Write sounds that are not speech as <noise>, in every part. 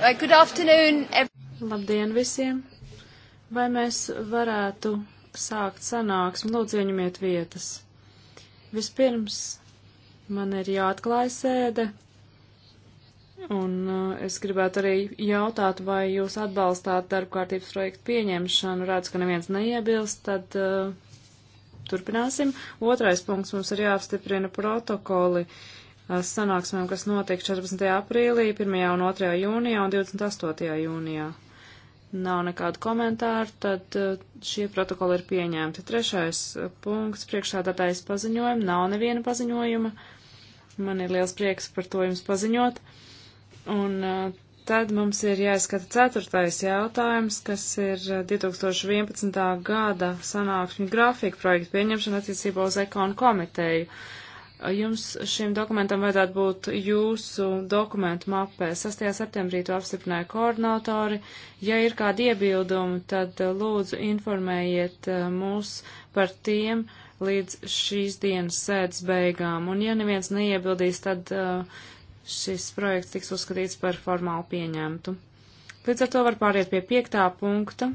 Good afternoon. Labdien visiem! Vai mēs varētu sākt sanāksmi? Lūdzu, ieņemiet vietas. Vispirms man ir jāatklāj sēde, un uh, es gribētu arī jautāt, vai jūs atbalstāt darbkārtības projektu pieņemšanu. Redz, ka neviens neiebilst, tad uh, turpināsim. Otrais punkts mums ir jāapstiprina protokoli Uh, sanāksmēm, kas notiek 14. aprīlī, 1. un 2. jūnijā un 28. jūnijā. Nav nekādu komentāru, tad uh, šie protokoli ir pieņemti. Trešais uh, punkts priekšsādātājs paziņojumi. Nav neviena paziņojuma. Man ir liels prieks par to jums paziņot. Un tad mums ir jāizskata ceturtais jautājums, kas ir 2011. gada sanāksmju grafika projekta pieņemšana attiecībā uz ekonu komiteju. Uh, Jums šim dokumentam vajadzētu būt jūsu dokumentu mapē. 6. septembrī to apstiprināja koordinatori. Ja ir kādi iebildumi, tad eh, lūdzu informējiet eh, mūs par tiem līdz šīs dienas sēdes beigām. Un ja neviens neiebildīs, tad eh, šis projekts tiks uzskatīts par formālu pieņemtu. Līdz ar to var pāriet pie piektā punkta,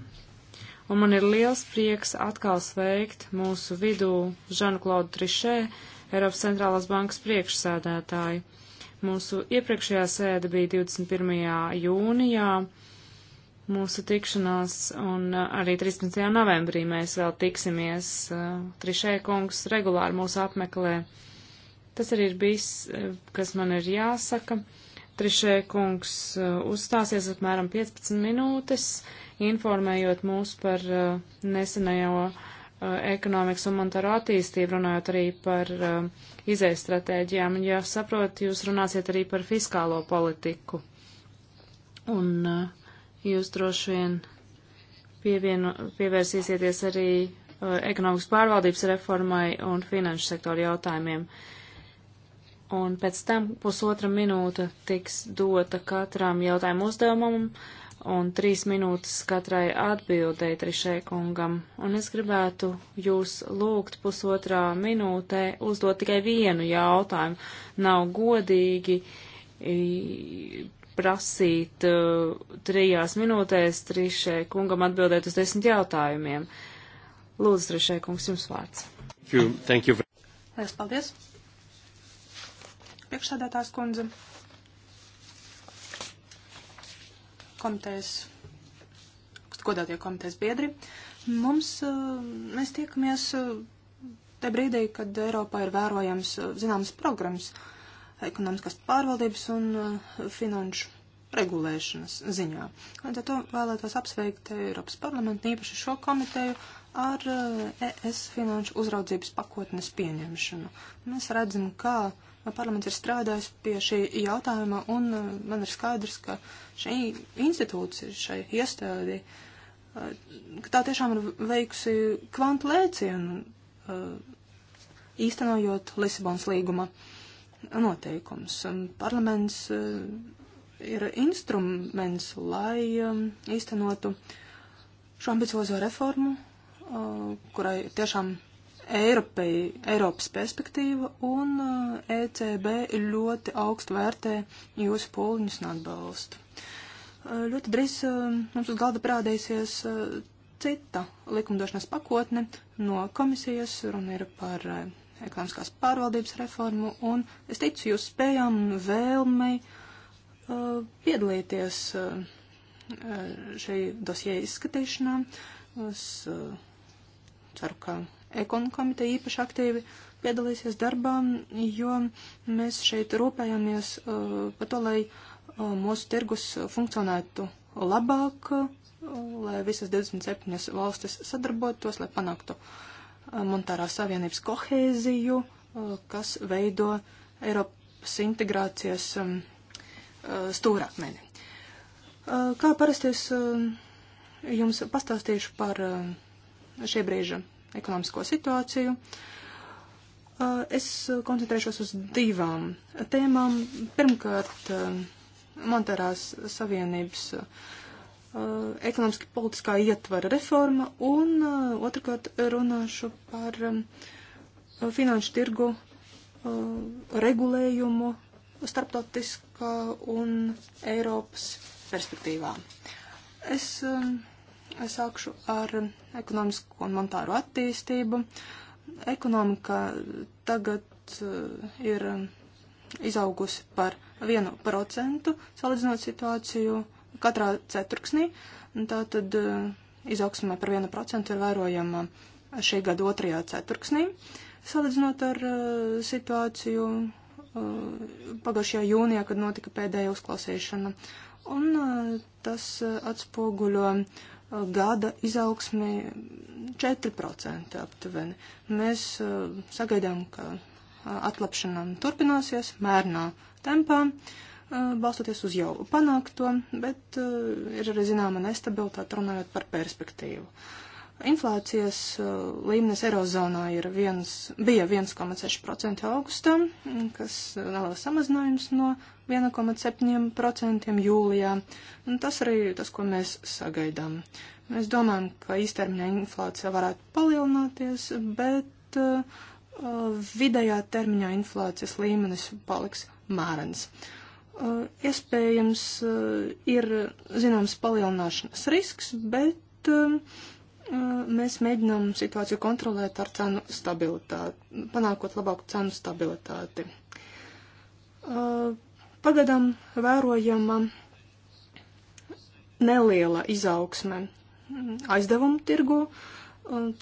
un man ir liels prieks atkal sveikt mūsu vidū Žanu Klaudu Trišē, Eiropas centrālās bankas priekšsēdētāji. Mūsu iepriekšējā sēde bija 21. jūnijā, mūsu tikšanās, un uh, arī 13. novembrī mēs vēl tiksimies. Uh, Trišēkungs regulāri mūs apmeklē. Tas arī ir bijis, uh, kas man ir jāsaka. Trišē kungs uzstāsies apmēram 15 minūtes, informējot mūs par nesenajā Uh, ekonomikas un monetāro attīstību, runājot arī par uh, izējas stratēģijām. Ja saprot, jūs runāsiet arī par fiskālo politiku. Un uh, jūs droši vien pievienu, pievērsīsieties arī uh, ekonomikas pārvaldības reformai un finanšu sektoru jautājumiem. Un pēc tam pusotra minūte tiks dota katram jautājumu uzdevumam. Uh, un trīs minūtes katrai atbildēji trešai kungam, un es gribētu jūs lūgt pusotrā minūtē uzdot tikai vienu jautājumu. Nav godīgi prasīt uh, trijās minūtēs trešai kungam atbildēt uz desmit jautājumiem. Lūdzu, trešai kungs, jums vārds. Thank you. Thank you. Lielas paldies. Priekšsēdētājs kundze. komitejas, godātie komitejas biedri, mums, eh, mēs tiekamies eh, te brīdī, kad Eiropā ir vērojams eh, zināms programmas ekonomiskās pārvaldības un finanšu regulēšanas ziņā. Līdz ar to vēlētos apsveikt Eiropas parlamentu, īpaši šo komiteju, ar ES eh, e finanšu uzraudzības pakotnes pieņemšanu. Mēs redzam, kā parlaments ir strādājis pie šī jautājuma, un eh, man ir skaidrs, ka šī institūcija, šai iestādi, eh, ka tā tiešām ir veikusi kvantu lēcienu, īstenojot Lisabons līguma noteikums. Parlaments ir instruments, lai īstenotu šo ambiciozo reformu Uh, kurai tiešām Eiropai, Eiropas perspektīva, un uh, ECB ļoti augstu vērtē jūsu pūliņus un atbalstu. Uh, ļoti drīz mums uz galda parādīsies cita likumdošanas pakotne no komisijas, runa ir par ekonomiskās pārvaldības reformu, un es ticu jūs spējām vēlmei piedalīties šai dosijai izskatīšanā. Es, uh, Ceru, ka ekonkomite īpaši aktīvi piedalīsies darbā, jo mēs šeit rūpējamies uh, par to, lai uh, mūsu tirgus funkcionētu labāk, uh, lai visas 27 valstis sadarbotos, lai panāktu uh, monetārās savienības kohēziju, uh, kas veido Eiropas integrācijas um, uh, stūrakmeni. Kā parasti es jums pastāstīšu par uh, šī brīža ekonomisko situāciju. Eh, es koncentrēšos uz divām tēmām. Pirmkārt, eh, monetārās savienības eh, ekonomiski politiskā ietvara reforma, un otrkārt runāšu par finanšu tirgu regulējumu starptautiskā un Eiropas perspektīvā. Es um, Es sākšu ar ekonomisko un monetāro attīstību. Ekonomika tagad eh, ir izaugusi par 1% salīdzinot situāciju katrā ceturksnī. Tātad eh, izaugsmē par 1% ir vērojama šī gada otrajā ceturksnī. Salīdzinot ar eh, situāciju pagājušajā jūnijā, kad notika pēdējā uzklausīšana. Un tas atspoguļo uh, Uh, gada izaugsmē 4% aptuveni. Mēs uh, sagaidām, ka uh, atlapšana turpināsies mērnā tempā, balstoties uz jau panākto, bet ir arī zināma nestabilitāte runājot par perspektīvu. Uh, Inflācijas uh, līmenis Eirozonā ir viens, bija 1,6% augustā, kas uh, neliels samazinājums no 1,7% jūlijā. Un tas arī tas, ko mēs sagaidām. Mēs domājam, ka īstermiņā inflācija varētu palielināties, bet uh, vidējā termiņā inflācijas līmenis paliks mērens. Uh, iespējams, uh, ir zināms palielināšanas risks, bet uh, Mēs mēģinām situāciju kontrolēt ar cenu stabilitāti, panākot labāku cenu stabilitāti. Pagadam vērojama neliela izaugsme aizdevumu tirgu.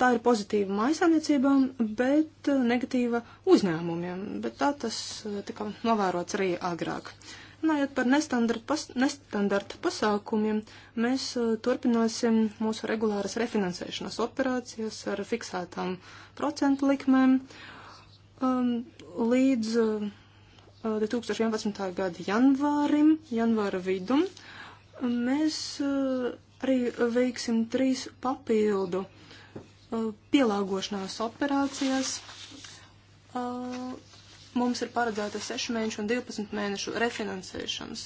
Tā ir pozitīva maisaimniecībām, bet negatīva uzņēmumiem, bet tā tas tika novērots arī agrāk. Uh, Runājot par nestandarta pas, nestandart pasākumiem, mēs uh, turpināsim mūsu regulāras refinansēšanas operācijas ar fiksētām procentu likmēm um, līdz uh, 2011. Uh, gada janvārim, janvāra vidum. Mēs uh, arī veiksim trīs papildu uh, pielāgošanās operācijas uh, mums ir paredzēta 6 mēnešu un 12 mēnešu refinansēšanas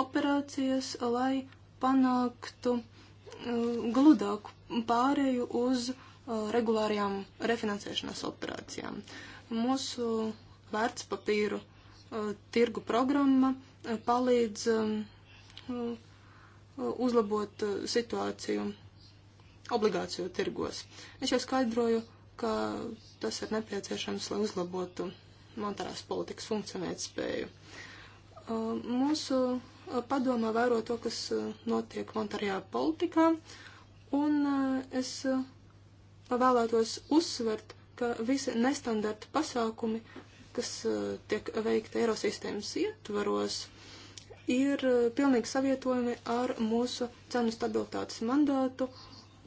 operācijas, lai panāktu uh, gludāku pārēju uz uh, regulārajām refinansēšanas operācijām. Mūsu vērtspapīru uh, tirgu programma uh, palīdz um, uh, uh, uzlabot situāciju obligāciju tirgos. Es jau skaidroju, ka tas ir nepieciešams, lai uzlabotu monetārās politikas funkcionēt spēju. Uh, mūsu uh, padomā vēro to, kas uh, notiek monetārajā politikā, un es vēlētos uzsvert, ka visi nestandarta pasākumi, kas tiek veikti Eirosistēmas ietvaros, ir pilnīgi savietojami ar mūsu cenu stabilitātes mandātu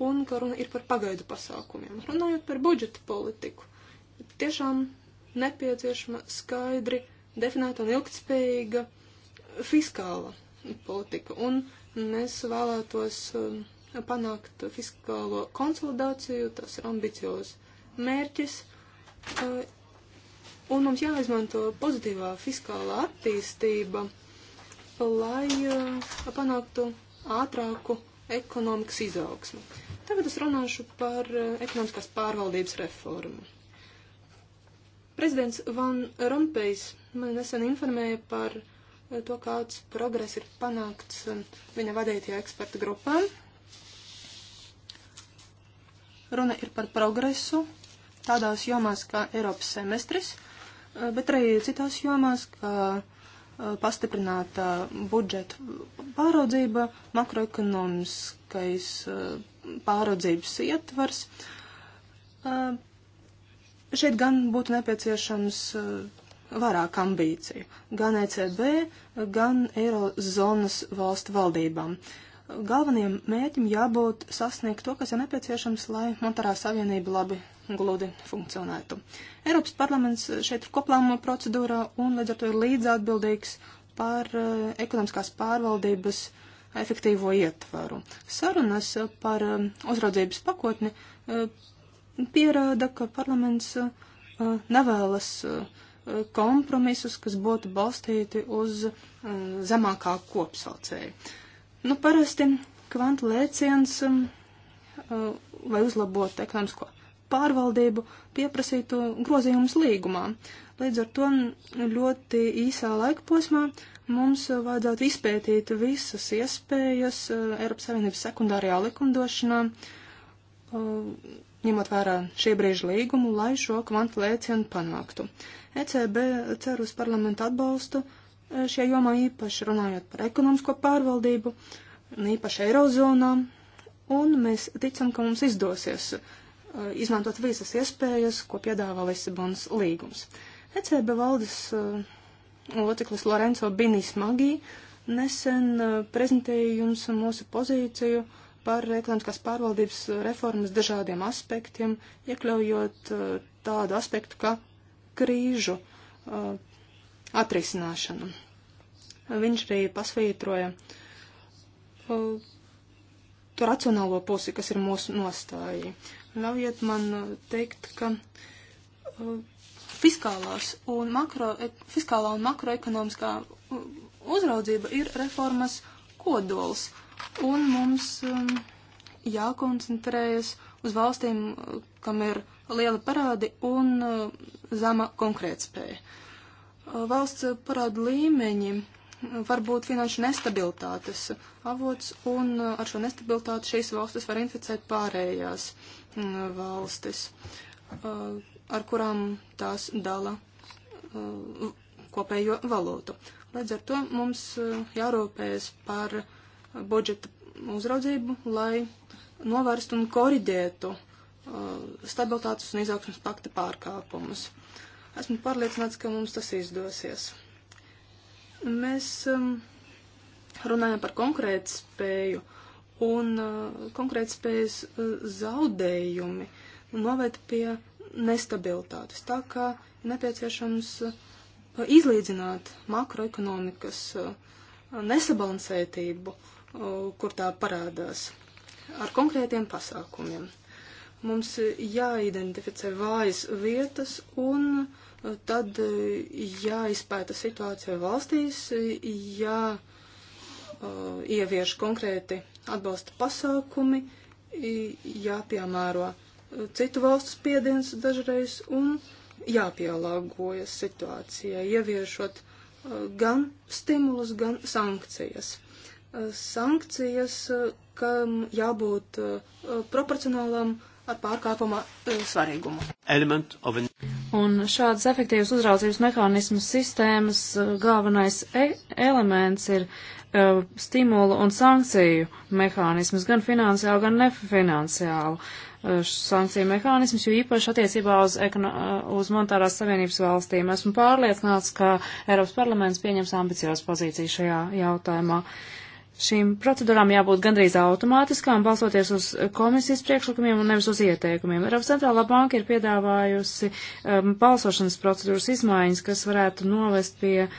un ka runa ir par pagaidu pasākumiem. Runājot par budžeta politiku, tiešām nepieciešama skaidri definēta un ilgtspējīga fiskāla politika. Un mēs vēlētos um, panākt fiskālo konsolidāciju, tas ir ambiciozs mērķis. Uh, un mums jāizmanto pozitīvā fiskālā attīstība, lai uh, panāktu ātrāku ekonomikas izaugsmu. Tagad es runāšu par uh, ekonomiskās pārvaldības reformu. Prezidents Van Rompējs man nesen informēja par eh, to, kāds progress ir panākts um, viņa vadītajā eksperta grupā. Runa ir par progresu tādās jomās kā Eiropas semestris, eh, bet arī citās jomās, kā eh, pastiprināta budžeta pāraudzība, makroekonomiskais pāraudzības ietvars, Šeit gan būtu nepieciešams eh, vairāk ambīciju gan ECB, gan Eirozonas valstu valdībām. Galvenajam mēķim jābūt sasniegt to, kas ir nepieciešams, lai monetārā savienība labi gludi funkcionētu. Eiropas parlaments šeit ir koplāma procedūrā un līdz ar to ir līdzatbildīgs par eh, ekonomiskās pārvaldības efektīvo ietvaru. Sarunas par eh, uzraudzības pakotni pierāda, ka parlaments uh, nevēlas uh, kompromisus, kas būtu balstīti uz uh, zemākā kopsaucēja. Nu, parasti kvantu lēciens, um, uh, lai uzlabotu ekonomisko pārvaldību, pieprasītu grozījumus līgumā. Līdz ar to ļoti īsā laika posmā mums vajadzētu izpētīt visas iespējas uh, Eiropas Savienības sekundārajā likumdošanā, uh, ņemot vērā šī brīža līgumu, lai šo kvantu lēcienu panāktu. ECB cer uz parlamentu atbalstu e, šajā jomā īpaši runājot par ekonomisko pārvaldību, īpaši Eirozonā, un mēs ticam, ka mums izdosies e, izmantot visas iespējas, ko piedāvā Lisabonas līgums. ECB valdes e, loceklis Lorenzo Binis Magī nesen prezentēja jums mūsu pozīciju uh, par ekonomiskās pārvaldības reformas dažādiem aspektiem, iekļaujot uh, tādu aspektu kā krīžu uh, atrisināšanu. Viņš arī pasvītroja uh, to racionālo pusi, kas ir mūsu nostāji. Ļaujiet man uh, teikt, ka uh, fiskālās un makro, e, fiskālā un makroekonomiskā uh, uzraudzība ir reformas kodols. Uh, Un mums um, jākoncentrējas uz valstīm, kam ir liela parādi un uh, zema konkrētspēja. Uh, valsts parāda līmeņi uh, var būt finanšu nestabilitātes avots, un ar šo nestabilitāti šīs valstis var inficēt pārējās valstis, ar kurām tās dala kopējo valūtu. Līdz ar to mums jārūpējas par uh, budžeta uzraudzību, lai novērstu un koriģētu uh, stabilitātes un izaugsmas pakta pārkāpumus. Esmu pārliecināts, ka mums tas izdosies. Mēs um, runājam par konkurētspēju, un uh, konkurētspējas uh, zaudējumi noved pie nestabilitātes. Tā kā nepieciešams uh, izlīdzināt makroekonomikas uh, nesabalansētību uh, kur tā parādās, ar konkrētiem pasākumiem. Mums jāidentificē vājas vietas un e, tad e, jāizpēta situācija valstīs, jā, e, ievieš konkrēti atbalsta pasākumi, jāpiemēro citu valstu spiediens dažreiz un jāpielāgojas situācijai, ieviešot gan stimulus, gan sankcijas sankcijas, kam jābūt eh, proporcionālam ar pārkāpuma eh, svarīgumu. An... Un šāds efektīvs uzraudzības mehānismas sistēmas eh, galvenais e elements ir uh, stimulu un sankciju mehānismus, gan finansiālu, gan nefinansiālu uh, sankciju mehānismus, jo īpaši attiecībā uz, ekono, uz monetārās savienības valstīm. Esmu pārliecināts, ka Eiropas parlaments pieņems ambiciozu pozīciju šajā jautājumā. Uh, Šīm procedūrām jābūt gandrīz automātiskām, balsoties uz komisijas priekšlikumiem un nevis uz ieteikumiem. Eiropas centrālā banka ir piedāvājusi um, balsošanas procedūras izmaiņas, kas varētu novest pie uh,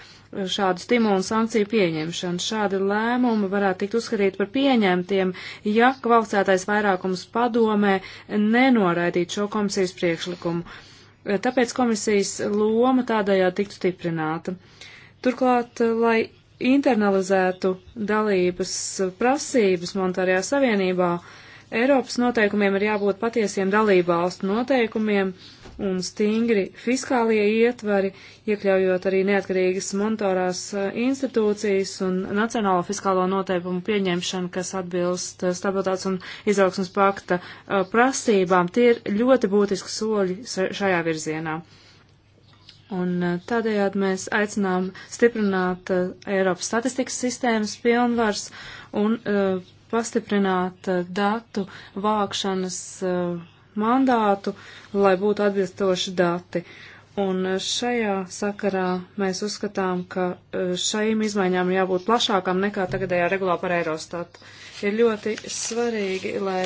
šādu stimulu un sankciju pieņemšanu. Šādi lēmumi varētu tikt uzskatīti par pieņemtiem, ja kvalificētais vairākums padomē nenoraidītu šo komisijas priekšlikumu. Uh, tāpēc komisijas loma tādējādi tiktu stiprināta. Turklāt, uh, lai internalizētu dalības prasības monetārajā savienībā, Eiropas noteikumiem ir jābūt patiesiem dalībvalstu noteikumiem un stingri fiskālie ietvari, iekļaujot arī neatkarīgas monetārās eh, institūcijas un nacionālo fiskālo noteikumu pieņemšanu, kas atbilst eh, stabilitātes un izaugsmas pakta eh, prasībām. Tie ir ļoti būtiski soļi šajā virzienā. Un e, tādējādi mēs aicinām stiprināt uh, Eiropas statistikas sistēmas pilnvars un uh, pastiprināt uh, datu vākšanas mandātu, lai būtu atbilstoši dati. Un šajā sakarā mēs uzskatām, ka šajām izmaiņām jābūt plašākām nekā tagadējā regulā par Eurostatu. Ir ļoti svarīgi, lai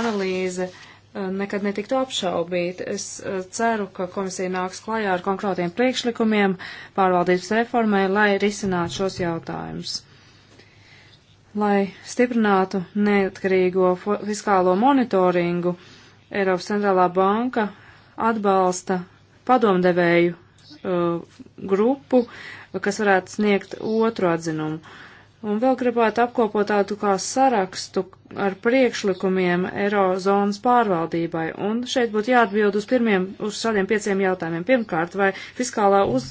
analīze uh, nekad netiktu apšaubīt. Es eh, ceru, ka komisija nāks klajā ar konkrētiem priekšlikumiem pārvaldības reformai, lai risinātu šos jautājumus. Lai stiprinātu neatkarīgo fiskālo monitoringu, Eiropas centrālā banka atbalsta padomdevēju uh, grupu, kas varētu sniegt otru atzinumu. Un vēl gribētu apkopot tādu kā sarakstu, ar priekšlikumiem Eirozonas pārvaldībai. Un šeit būtu jāatbild uz pirmiem, uz šādiem pieciem jautājumiem. Pirmkārt, vai fiskālā uz,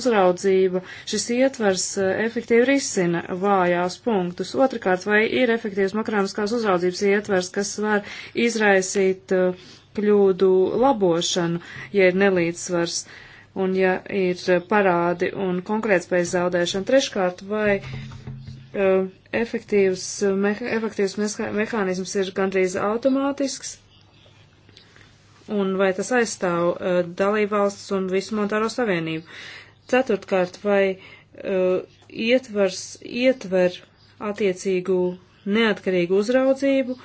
uzraudzība šis ietvers eh, efektīvi risina vājās punktus? Otrakārt, vai ir efektīvs makroniskās uzraudzības ietvers, kas var izraisīt eh, kļūdu labošanu, ja ir nelīdzsvars? Un ja ir parādi un konkrētspējas zaudēšana, treškārt, vai uh, efektīvs, eh, meha, efektīvs meha, mehānisms ir gandrīz automātisks, un vai tas aizstāv uh, eh, dalībvalsts un visu monetāro savienību. Ceturtkārt, vai uh, ietvers ietver attiecīgu neatkarīgu uzraudzību,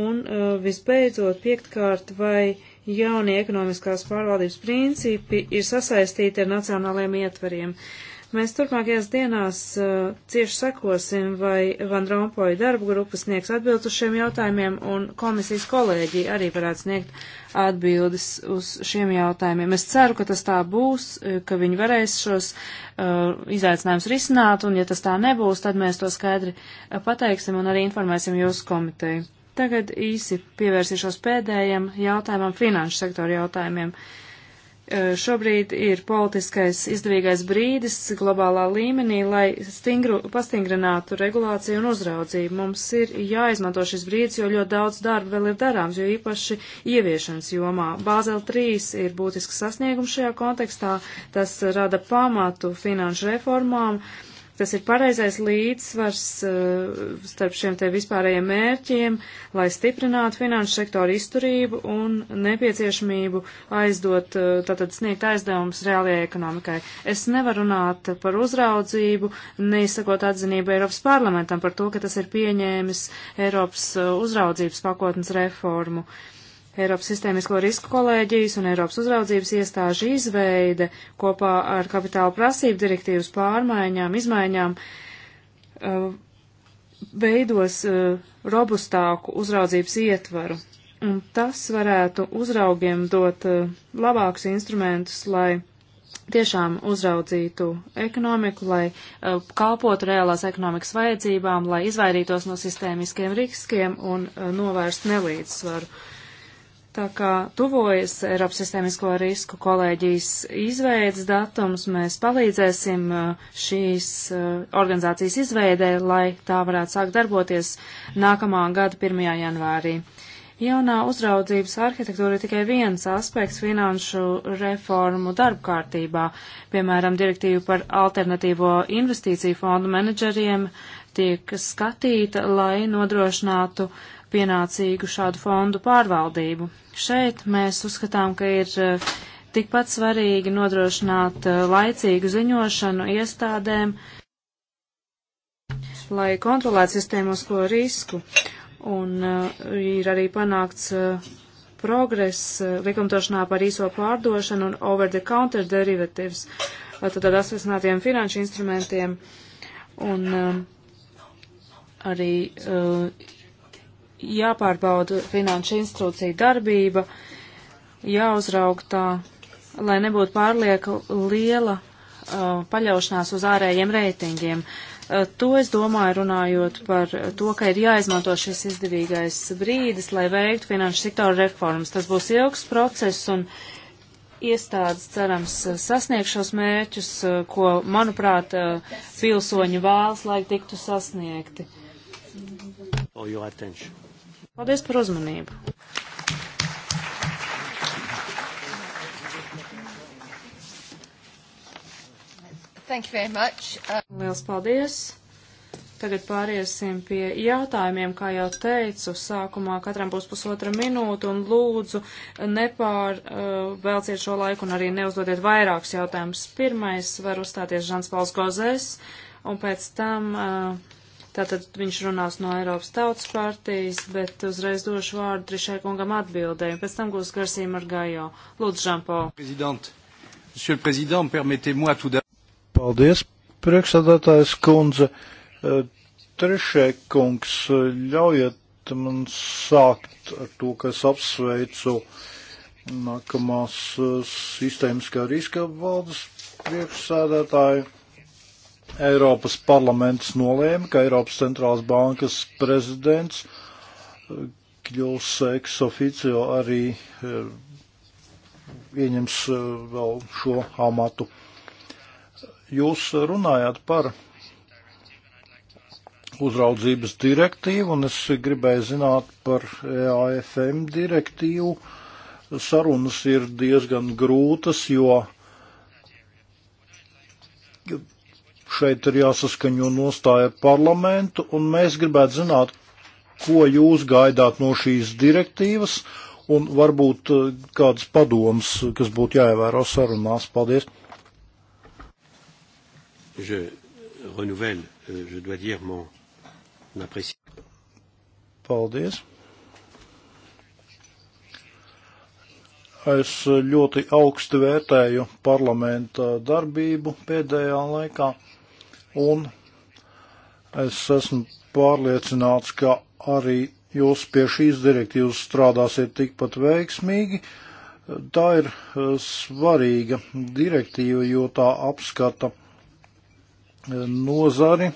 un uh, visbeidzot, piektkārt, vai jaunie ekonomiskās pārvaldības principi ir sasaistīti ar nacionālajiem ietveriem. Uh, Mēs turpmākajās dienās uh, cieši sekosim, vai Van Rompoja darba grupas sniegs atbildes uz šiem jautājumiem, un komisijas kolēģi arī varētu sniegt atbildes uz šiem jautājumiem. Es ceru, ka tas tā būs, eh, ka viņi varēs šos uh, izaicinājumus risināt, un ja tas tā nebūs, tad mēs to skaidri uh, pateiksim un arī informēsim jūsu komiteju. Tagad īsi pievērsīšos pēdējiem jautājumam, finanšu sektoru jautājumiem. Uh, Eh, šobrīd ir politiskais izdevīgais brīdis globālā līmenī, lai stingru, pastingrinātu regulāciju un uzraudzību. Mums ir jāizmanto šis brīdis, jo ļoti daudz darba vēl ir darāms, jo īpaši ieviešanas jomā. Bāzel 3 ir būtisks sasniegums šajā kontekstā, tas rada pamatu finanšu reformām, uh, Tas ir pareizais līdzsvars eh, starp šiem te vispārējiem mērķiem, lai stiprinātu finanšu sektoru izturību un nepieciešamību aizdot, eh, tātad sniegt aizdevumus reālajai ekonomikai. Es nevaru runāt par uzraudzību, neizsakot atzinību Eiropas parlamentam par to, ka tas ir pieņēmis Eiropas eh, uzraudzības pakotnes reformu. Uh, Eiropas sistēmisko risku kolēģijas un Eiropas uzraudzības iestāžu izveide kopā ar kapitāla prasību direktīvas pārmaiņām, izmaiņām uh, veidos uh, robustāku uzraudzības ietvaru. Un tas varētu uzraugiem dot uh, labākus instrumentus, lai tiešām uzraudzītu ekonomiku, lai uh, kalpotu reālās ekonomikas vajadzībām, lai izvairītos no sistēmiskiem riskiem un uh, novērstu nelīdzsvaru. Tā kā tuvojas Eiropas sistēmisko risku kolēģijas izveidas datums, mēs palīdzēsim uh, šīs uh, organizācijas izveidē, lai tā varētu sākt darboties nākamā gada 1. janvārī. Jaunā uzraudzības arhitektūra ir tikai viens aspekts finanšu reformu darba kārtībā, piemēram, direktīva par alternatīvo investīciju fondu menedžeriem tiek skatīta, lai nodrošinātu uh, pienācīgu šādu fondu pārvaldību. Šeit mēs uzskatām, ka ir eh, tikpat svarīgi nodrošināt eh, laicīgu ziņošanu iestādēm, lai kontrolētu sistēmisko risku. Un uh, ir arī panākts uh, progress uh, likumdošanā par īso pārdošanu un over-the-counter derivatives, tātad atvesinātiem finanšu instrumentiem. Un uh, arī uh, jāpārbauda finanšu institūcija darbība, jāuzraug tā, lai nebūtu pārlieku liela uh, paļaušanās uz ārējiem reitingiem. Uh, to es domāju runājot par to, ka ir jāizmanto šis izdevīgais brīdis, lai veiktu finanšu sektoru reformas. Tas būs ilgs process un iestādes cerams sasniegt šos mērķus, uh, ko, manuprāt, uh, pilsoņi vēlas, lai tiktu sasniegti. All your attention. Paldies par uzmanību! Thank you very much. Uh... Liels paldies! Tagad pāriesim pie jautājumiem, kā jau teicu, sākumā katram būs pusotra minūte un lūdzu nepārvelciet uh, šo laiku un arī neuzdodiet vairākus jautājumus. Pirmais var uzstāties Žans Pauls Gozēs un pēc tam uh, Tātad viņš runās no Eiropas tautas partijas, bet uzreiz došu vārdu trešai kungam atbildēju, pēc tam būs Garsīm ar Gajo. Lūdzu, Žampo. Paldies, priekšsādātājs kundze. Eh, trešai kungs, ļaujiet man sākt ar to, ka es apsveicu nākamās eh, sistēmiskā riska valdes priekšsādātāju Eiropas parlaments nolēma, ka Eiropas centrālās bankas prezidents eh, kļūs ex officio arī eh, ieņems eh, vēl šo amatu. Jūs runājāt par uzraudzības direktīvu, un es gribēju zināt par EAFM direktīvu. Sarunas ir diezgan grūtas, jo šeit ir jāsaskaņo nostāja parlamentu, un mēs gribētu zināt, ko jūs gaidāt no šīs direktīvas, un varbūt eh, kādas padomas, kas būtu jāievēro sarunās. Paldies! Je renouvelle, euh, je dois dire, mon appréciation. Paldies! Es ļoti augstu vērtēju parlamenta darbību pēdējā laikā un es esmu pārliecināts, ka arī jūs pie šīs direktīvas strādāsiet tikpat veiksmīgi. Tā ir eh, svarīga direktīva, jo tā apskata eh, nozari,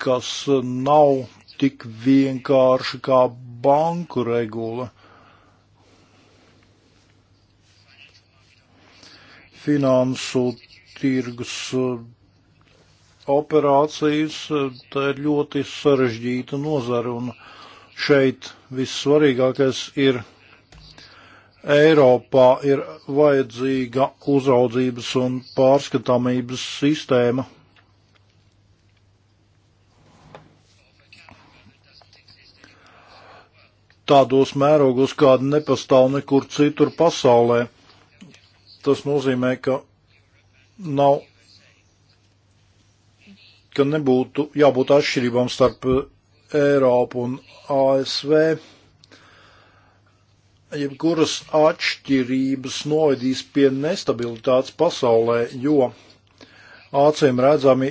kas eh, nav tik vienkārši kā banku regula. Finansu tirgus eh, operācijas, eh, tā ir ļoti sarežģīta nozara, un šeit vissvarīgākais ir Eiropā ir vajadzīga uzraudzības un pārskatāmības sistēma. Tādos mērogos, kāda nepastāv nekur citur pasaulē. Tas nozīmē, ka nav, ka nebūtu jābūt atšķirībām starp eh, Eiropu un ASV. Jebkuras atšķirības novedīs pie nestabilitātes pasaulē, jo acīm redzami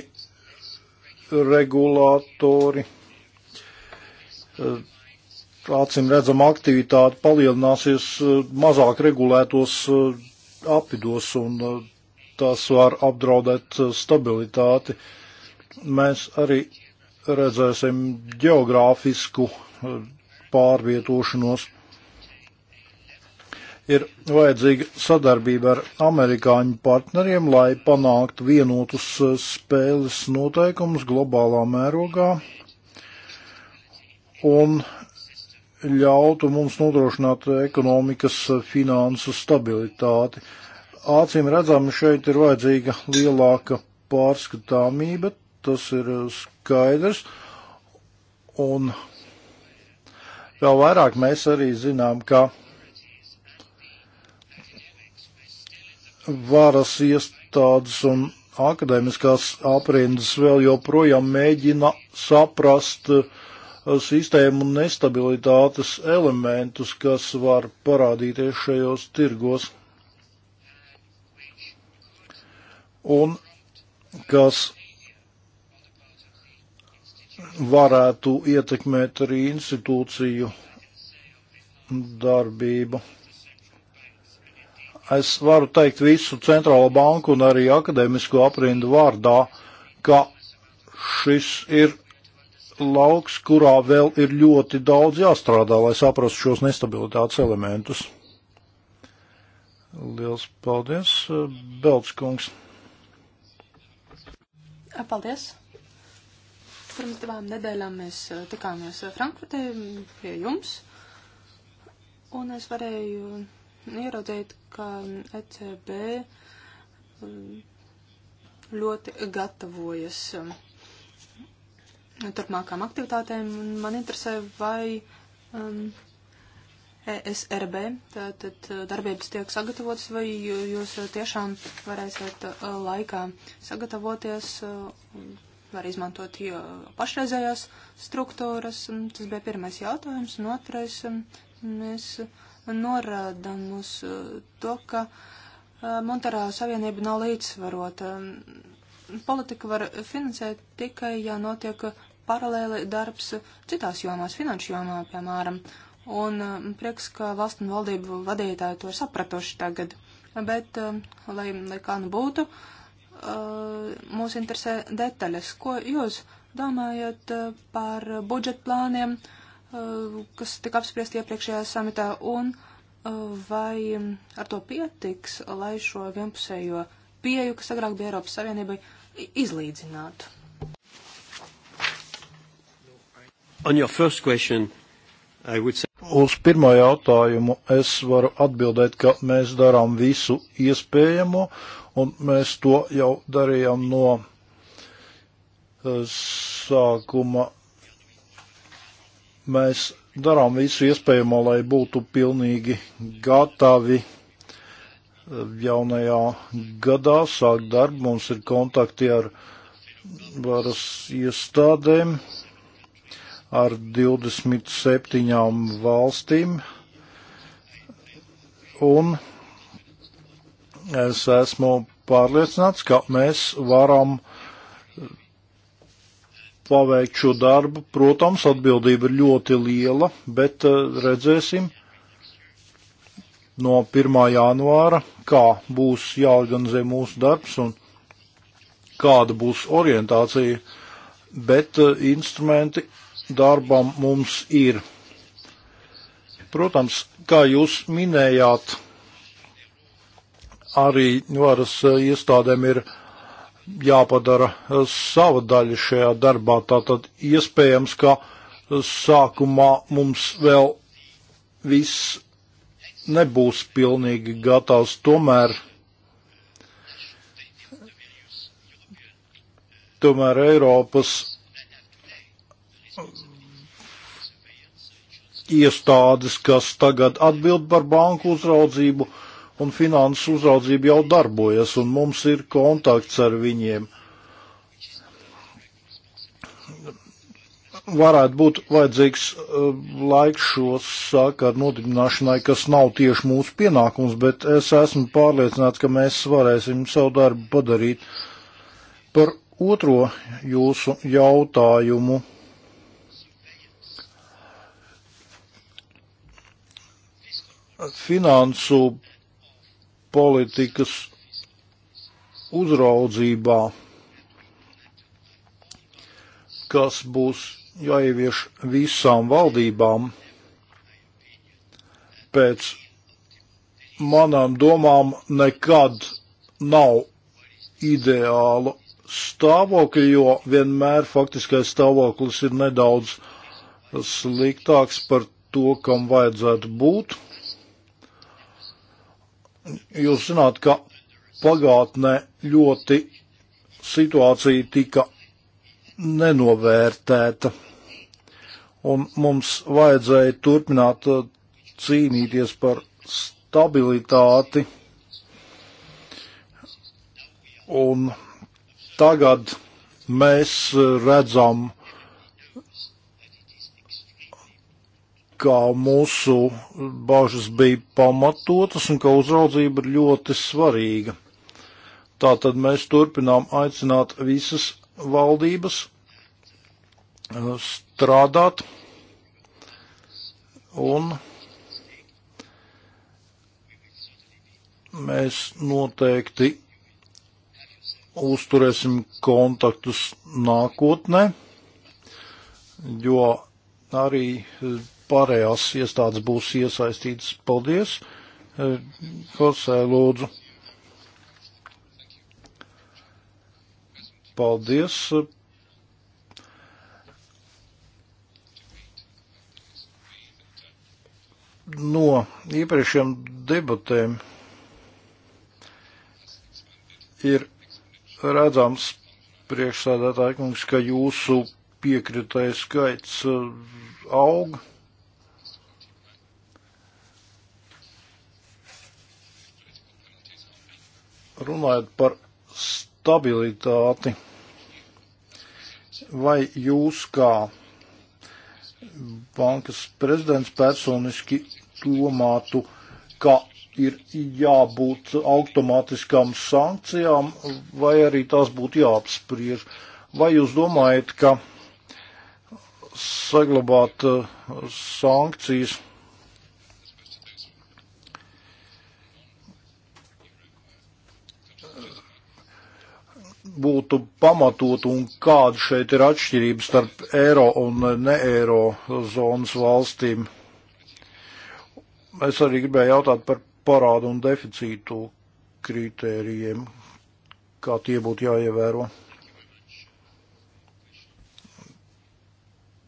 regulātori eh, acīm redzama aktivitāte palielināsies eh, mazāk regulētos apvidos, un tas var apdraudēt uh, stabilitāti. Mēs arī redzēsim geogrāfisku uh, pārvietošanos. Ir vajadzīga sadarbība ar amerikāņu partneriem, lai panāktu vienotus uh, spēles noteikumus globālā mērogā un ļautu mums nodrošināt ekonomikas finansu stabilitāti acīm redzami šeit ir vajadzīga lielāka pārskatāmība, tas ir uh, skaidrs. Un vēl vairāk mēs arī zinām, ka varas iestādes un akadēmiskās aprindas vēl joprojām mēģina saprast uh, sistēmu nestabilitātes elementus, kas var parādīties šajos tirgos. un kas varētu ietekmēt arī institūciju darbību. Es varu teikt visu centrālo banku un arī akadēmisko aprindu vārdā, ka šis ir lauks, kurā vēl ir ļoti daudz jāstrādā, lai saprastu šos nestabilitātes elementus. Liels paldies, Belts kungs! Paldies! Pirms divām nedēļām mēs eh, tikāmies eh, Frankfurtē pie jums, un es varēju ieraudzīt, ka ECB ļoti gatavojas turpmākām aktivitātēm, un man interesē, vai um, ESRB, tad uh, darbības tiek sagatavotas, vai jūs uh, tiešām varēsiet uh, laikā sagatavoties, var izmantot pašreizējās struktūras. Tas bija pirmais jautājums, un otrais um, mēs norādām uz to, ka Monterā Savienība nav līdzsvarota. Um, politika var finansēt tikai, ja notiek paralēli darbs citās jomās, finanšu jomā, piemēram. Uh, Un eh, man prieks, ka valstu un valdību vadītāji to ir sapratuši tagad. Bet, eh, lai, lai kā nu būtu, eh, mūs interesē detaļas. Ko jūs domājat par budžetplāniem, kas tika apspriesti iepriekšējā samitā, un vai mm, ar to pietiks, lai šo vienpusējo pieju, kas agrāk bija Eiropas Savienībai, izlīdzinātu? On your first question, Uz pirmo jautājumu es varu atbildēt, ka mēs darām visu iespējamo, un mēs to jau darījām no eh, sākuma. Mēs darām visu iespējamo, lai būtu pilnīgi gatavi eh, jaunajā gadā sākt darbu. Mums ir kontakti ar varas iestādēm, ar 27 valstīm. Un es esmu pārliecināts, ka mēs varam paveikt šo darbu. Protams, atbildība ir ļoti liela, bet eh, redzēsim no 1. janvāra, kā būs jāorganizē mūsu darbs un kāda būs orientācija, bet eh, instrumenti darbam mums ir. Protams, kā jūs minējāt, arī varas eh, iestādēm ir jāpadara eh, sava daļa šajā darbā. Tātad iespējams, ka eh, sākumā mums vēl viss nebūs pilnīgi gatavs. Tomēr, tomēr Eiropas iestādes, kas tagad atbild par banku uzraudzību un finanses uzraudzību jau darbojas, un mums ir kontakts ar viņiem. Varētu būt vajadzīgs eh, laiks šo sakaru nodibināšanai, kas nav tieši mūsu pienākums, bet es esmu pārliecināts, ka mēs varēsim savu darbu padarīt par otro jūsu jautājumu finansu politikas uzraudzībā, kas būs jāievieš visām valdībām pēc manām domām nekad nav ideāla stāvokļa, jo vienmēr faktiskais stāvoklis ir nedaudz sliktāks par to, kam vajadzētu būt. Jūs zināt, ka pagātnē ļoti situācija tika nenovērtēta, un mums vajadzēja turpināt uh, cīnīties par stabilitāti, un tagad mēs uh, redzam, uh, ka mūsu bažas bija pamatotas un ka uzraudzība ir ļoti svarīga. Tātad mēs turpinām aicināt visas valdības uh, strādāt un mēs noteikti uzturēsim kontaktus nākotnē, jo arī pārējās iestādes būs iesaistītas. Paldies! Hosē, eh, lūdzu! Paldies! No iepriekšējām debatēm ir redzams priekšsādātāji kungs, ka jūsu piekritēja skaits eh, aug. Uh, Runājot par stabilitāti, vai jūs kā bankas prezidents personiski domātu, ka ir jābūt automātiskām sankcijām, vai arī tās būtu jāapspriež. Vai jūs domājat, ka saglabāt eh, sankcijas būtu pamatot un kāda šeit ir atšķirība starp eiro un ne eiro zonas valstīm. Es arī gribēju jautāt par parādu un deficītu kritērijiem, kā tie būtu jāievēro.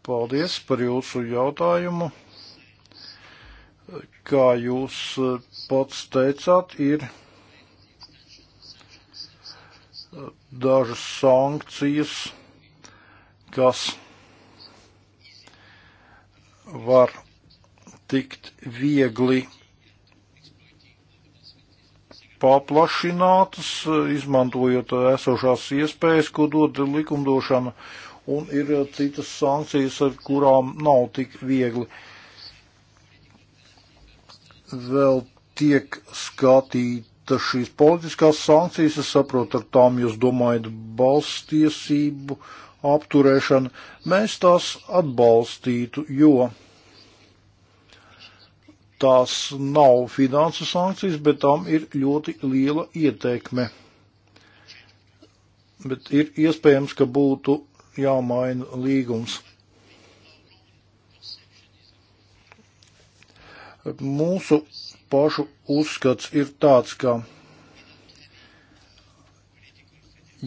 Paldies par jūsu jautājumu. Kā jūs pats teicāt, ir dažas sankcijas, kas var tikt viegli paplašinātas, izmantojot esošās iespējas, ko dod likumdošana, un ir citas sankcijas, ar kurām nav tik viegli. Vēl tiek skatīt šīs politiskās sankcijas, es saprotu, ar tām jūs domājat balstiesību apturēšanu, mēs tās atbalstītu, jo tās nav finansu sankcijas, bet tām ir ļoti liela ietekme. Bet ir iespējams, ka būtu jāmaina līgums. Mūsu pašu uzskats ir tāds, ka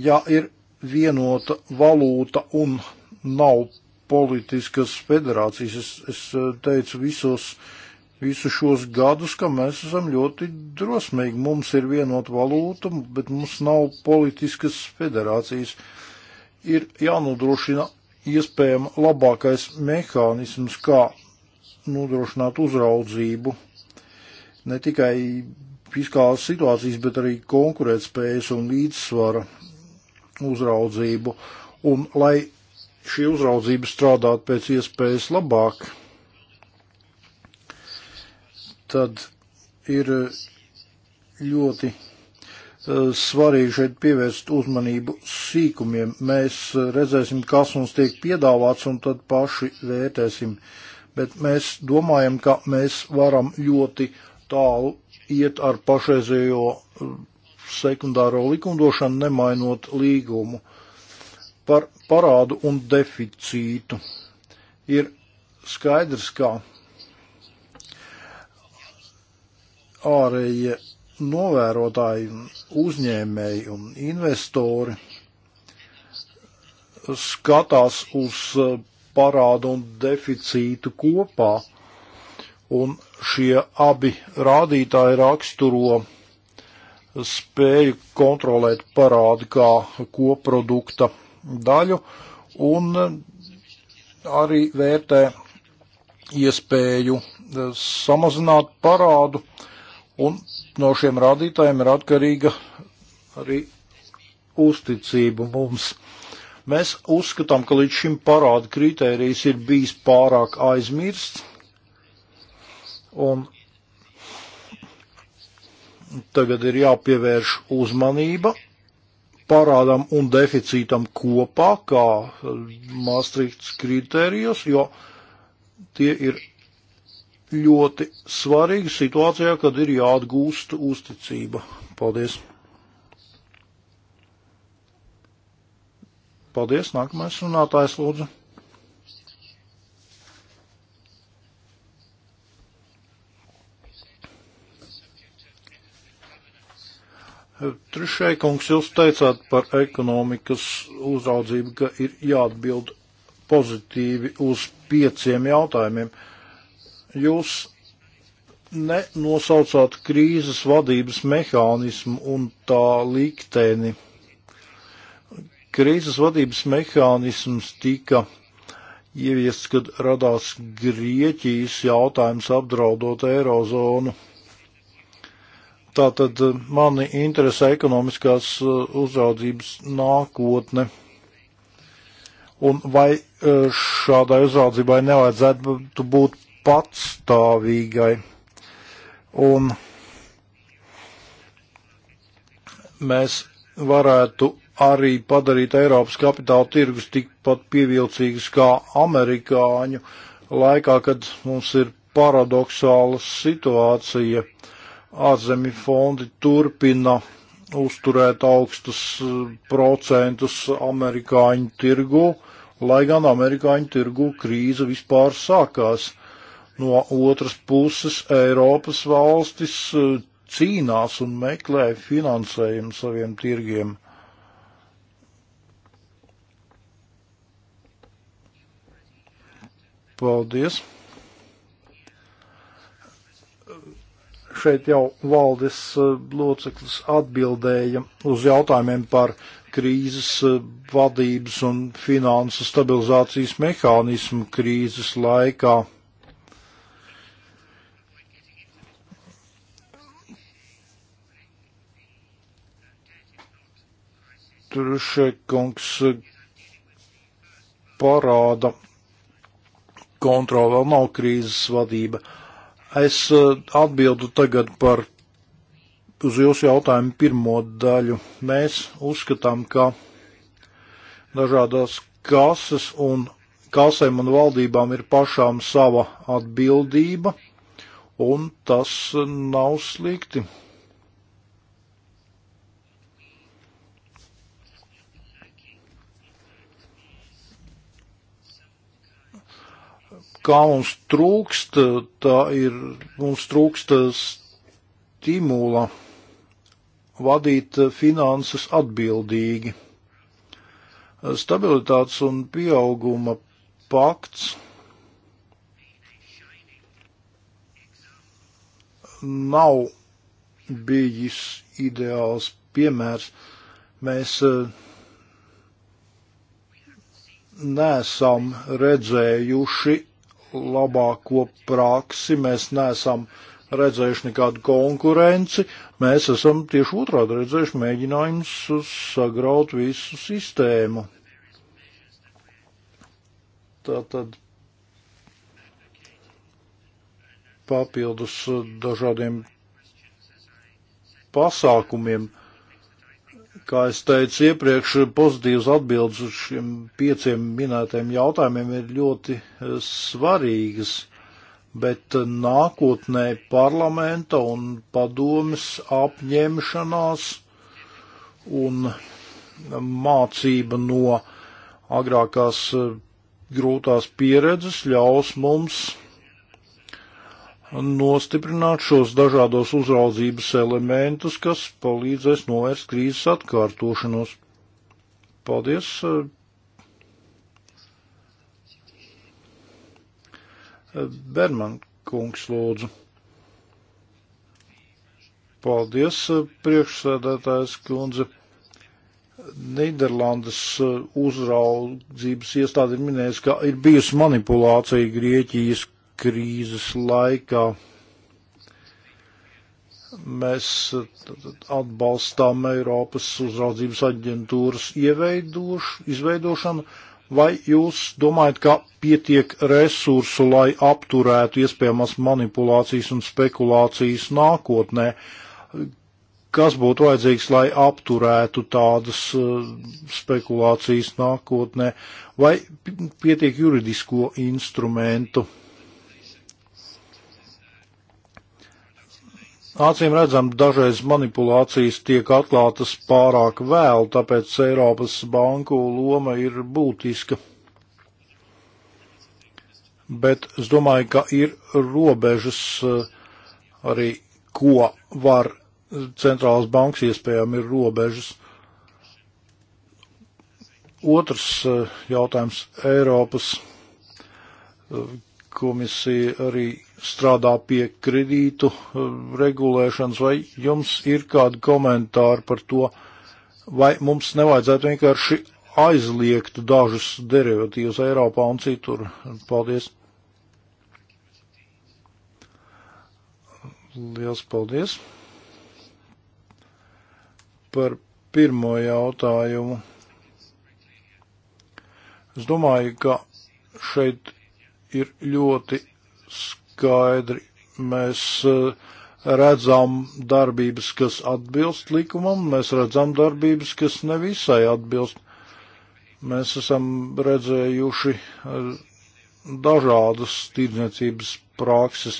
ja ir vienota valūta un nav politiskas federācijas, es, es eh, teicu visos, visu šos gadus, ka mēs esam ļoti drosmīgi. Mums ir vienota valūta, bet mums nav politiskas federācijas. Ir jānodrošina iespējama labākais mehānisms, kā nodrošināt uzraudzību ne tikai fiskālas situācijas, bet arī konkurētspējas un līdzsvara uzraudzību. Un, lai šī uzraudzība strādātu pēc iespējas labāk, tad ir ļoti eh, svarīgi šeit pievērst uzmanību sīkumiem. Mēs redzēsim, kas mums tiek piedāvāts, un tad paši vērtēsim. Bet mēs domājam, ka mēs varam ļoti uh, tālu iet ar pašreizējo um, sekundāro likumdošanu, nemainot līgumu par parādu un deficītu. Ir skaidrs, ka ārējie novērotāji, uzņēmēji un investori skatās uz uh, parādu un deficītu kopā, un šie abi rādītāji raksturo spēju kontrolēt parādi kā koprodukta daļu un arī vērtē iespēju samazināt parādu, un no šiem rādītājiem ir atkarīga arī uzticība mums. Mēs uzskatām, ka līdz šim parāda kritērijs ir bijis pārāk aizmirsts, Un tagad ir jāpievērš uzmanība parādam un deficītam kopā, kā Maastrichts kritērijos, jo tie ir ļoti svarīgi situācijā, kad ir jāatgūst uzticība. Paldies! Paldies, nākamais runātājs lūdzu. Trešai kungs, jūs teicāt par ekonomikas uzraudzību, ka ir jāatbild pozitīvi uz pieciem jautājumiem. Jūs nenosaucāt krīzes vadības mehānismu un tā likteni. Krīzes vadības mehānisms tika ieviests, kad radās Grieķijas jautājums apdraudot Eirozonu Tātad eh, mani interesē ekonomiskās eh, uzraudzības nākotne. Un vai eh, šādai uzraudzībai nevajadzētu būt patstāvīgai? Un mēs varētu arī padarīt Eiropas kapitāla tirgus tikpat pievilcīgus kā amerikāņu laikā, kad mums ir paradoxāla situācija. Uh, ārzemju fondi turpina uzturēt augstus eh, procentus amerikāņu tirgu, lai gan amerikāņu tirgu krīze vispār sākās. No otras puses Eiropas valstis eh, cīnās un meklē finansējumu saviem tirgiem. Paldies! šeit jau valdes eh, loceklis atbildēja uz jautājumiem par krīzes eh, vadības un finansu stabilizācijas mehānismu krīzes laikā. Trušekungs eh, parāda, kontrola vēl nav krīzes vadība. Uh, Es eh, atbildu tagad par uz jūsu jautājumu pirmo daļu. Mēs uzskatām, ka dažādās kases un kasēm un valdībām ir pašām sava atbildība, un tas nav slikti. kā mums trūkst, tā ir, mums trūkst stimula vadīt finanses atbildīgi. Stabilitātes un pieauguma pakts nav bijis ideāls piemērs. Mēs e, nesam redzējuši labāko praksi, mēs neesam redzējuši nekādu konkurenci, mēs esam tieši otrādi redzējuši mēģinājumus sagraut visu sistēmu. Tātad papildus dažādiem pasākumiem Kā es teicu iepriekš, pozitīvas atbildes uz šiem pieciem minētajiem jautājumiem ir ļoti eh, svarīgas, bet eh, nākotnē parlamenta un padomas apņemšanās un mācība no agrākās eh, grūtās pieredzes ļaus mums nostiprināt šos dažādos uzraudzības elementus, kas palīdzēs novērst krīzes atkārtošanos. Paldies! Eh, Berman kungs lūdzu. Paldies, priekšsēdētājs kundze. Nīderlandes eh, uzraudzības iestāde ir minējusi, ka ir bijusi manipulācija Grieķijas krīzes laikā. Mēs uh, atbalstām Eiropas uzraudzības aģentūras izveidošanu, vai jūs domājat, ka pietiek resursu, lai apturētu iespējamas manipulācijas un spekulācijas nākotnē? Kas būtu vajadzīgs, lai apturētu tādas uh, spekulācijas nākotnē, vai pietiek juridisko instrumentu? Acīm redzam, dažreiz manipulācijas tiek atklātas pārāk vēl, tāpēc Eiropas banku loma ir būtiska. Bet es domāju, ka ir robežas eh, arī, ko var centrālās bankas iespējām ir robežas. Otrs eh, jautājums - Eiropas eh, komisija arī strādā pie kredītu eh, regulēšanas, vai jums ir kādi komentāri par to, vai mums nevajadzētu vienkārši aizliegt dažus derivatīvus Eiropā un citur? Paldies! Liels paldies par pirmo jautājumu. Es domāju, ka šeit ir ļoti skaidri. Mēs eh, redzam darbības, kas atbilst likumam, mēs redzam darbības, kas nevisai atbilst. Mēs esam redzējuši eh, dažādas tirdzniecības prakses.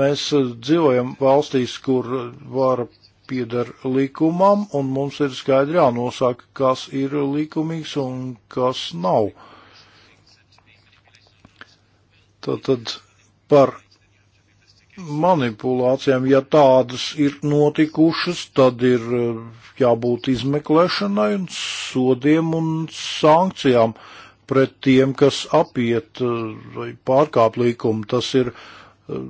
Mēs eh, dzīvojam valstīs, kur vara pieder likumam, un mums ir skaidri jānosaka, kas ir likumīgs un kas nav. Uh, Tātad par manipulācijām, ja tādas ir notikušas, tad ir eh, jābūt izmeklēšanai un sodiem un sankcijām pret tiem, kas apiet eh, vai pārkāp līkumu. Tas ir, eh,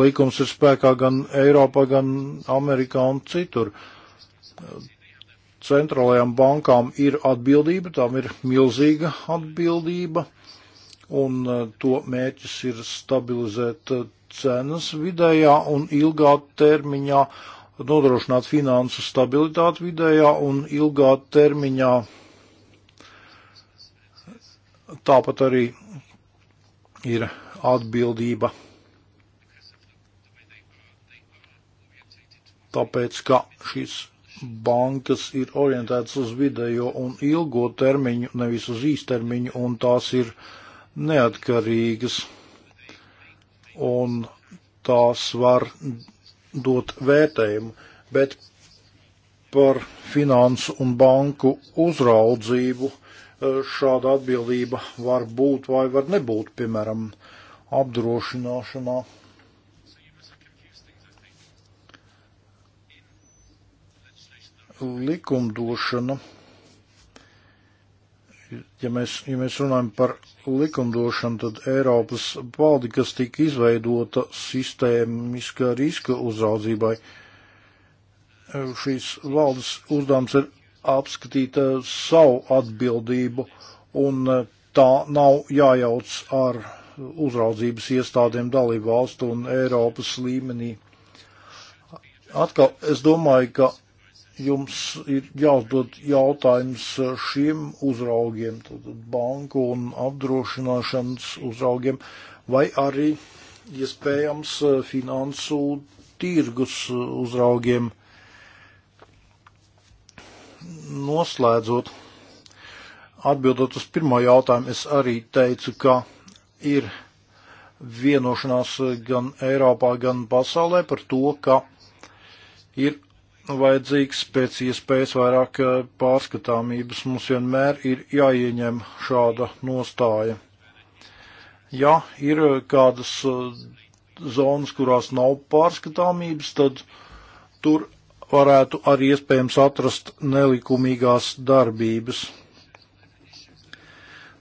līkums ir spēkā gan Eiropā, gan Amerikā un citur. Centrālajām bankām ir atbildība, tām ir milzīga atbildība un uh, to mērķis ir stabilizēt uh, cenas vidējā un ilgā termiņā, nodrošināt finansu stabilitāti vidējā un ilgā termiņā. Tāpat arī ir atbildība. Tāpēc, ka šīs bankas ir orientētas uz vidējo un ilgo termiņu, nevis uz īstermiņu, un tās ir uh, neatkarīgas, un tās var dot vērtējumu, bet par finansu un banku uzraudzību eh, šāda atbildība var būt vai var nebūt, piemēram, apdrošināšanā. Likumdošana ja mēs, ja mēs runājam par likumdošanu, tad Eiropas valdi, kas tika izveidota sistēmiskā riska uzraudzībai, šīs valdes uzdevums ir apskatīt eh, savu atbildību, un eh, tā nav jājauc ar uzraudzības iestādēm dalību valstu un Eiropas līmenī. Atkal es domāju, ka jums ir jāuzdod jautājums e, šiem uzraugiem, tātad banku un apdrošināšanas uzraugiem, vai arī iespējams e, finansu tirgus uzraugiem. Noslēdzot, atbildot uz pirmo jautājumu, es arī teicu, ka ir vienošanās gan Eiropā, gan pasaulē par to, ka ir vajadzīgs pēc iespējas vairāk eh, pārskatāmības. Mums vienmēr ir jāieņem šāda nostāja. Ja ir eh, kādas eh, zonas, kurās nav pārskatāmības, tad tur varētu arī iespējams atrast nelikumīgās darbības.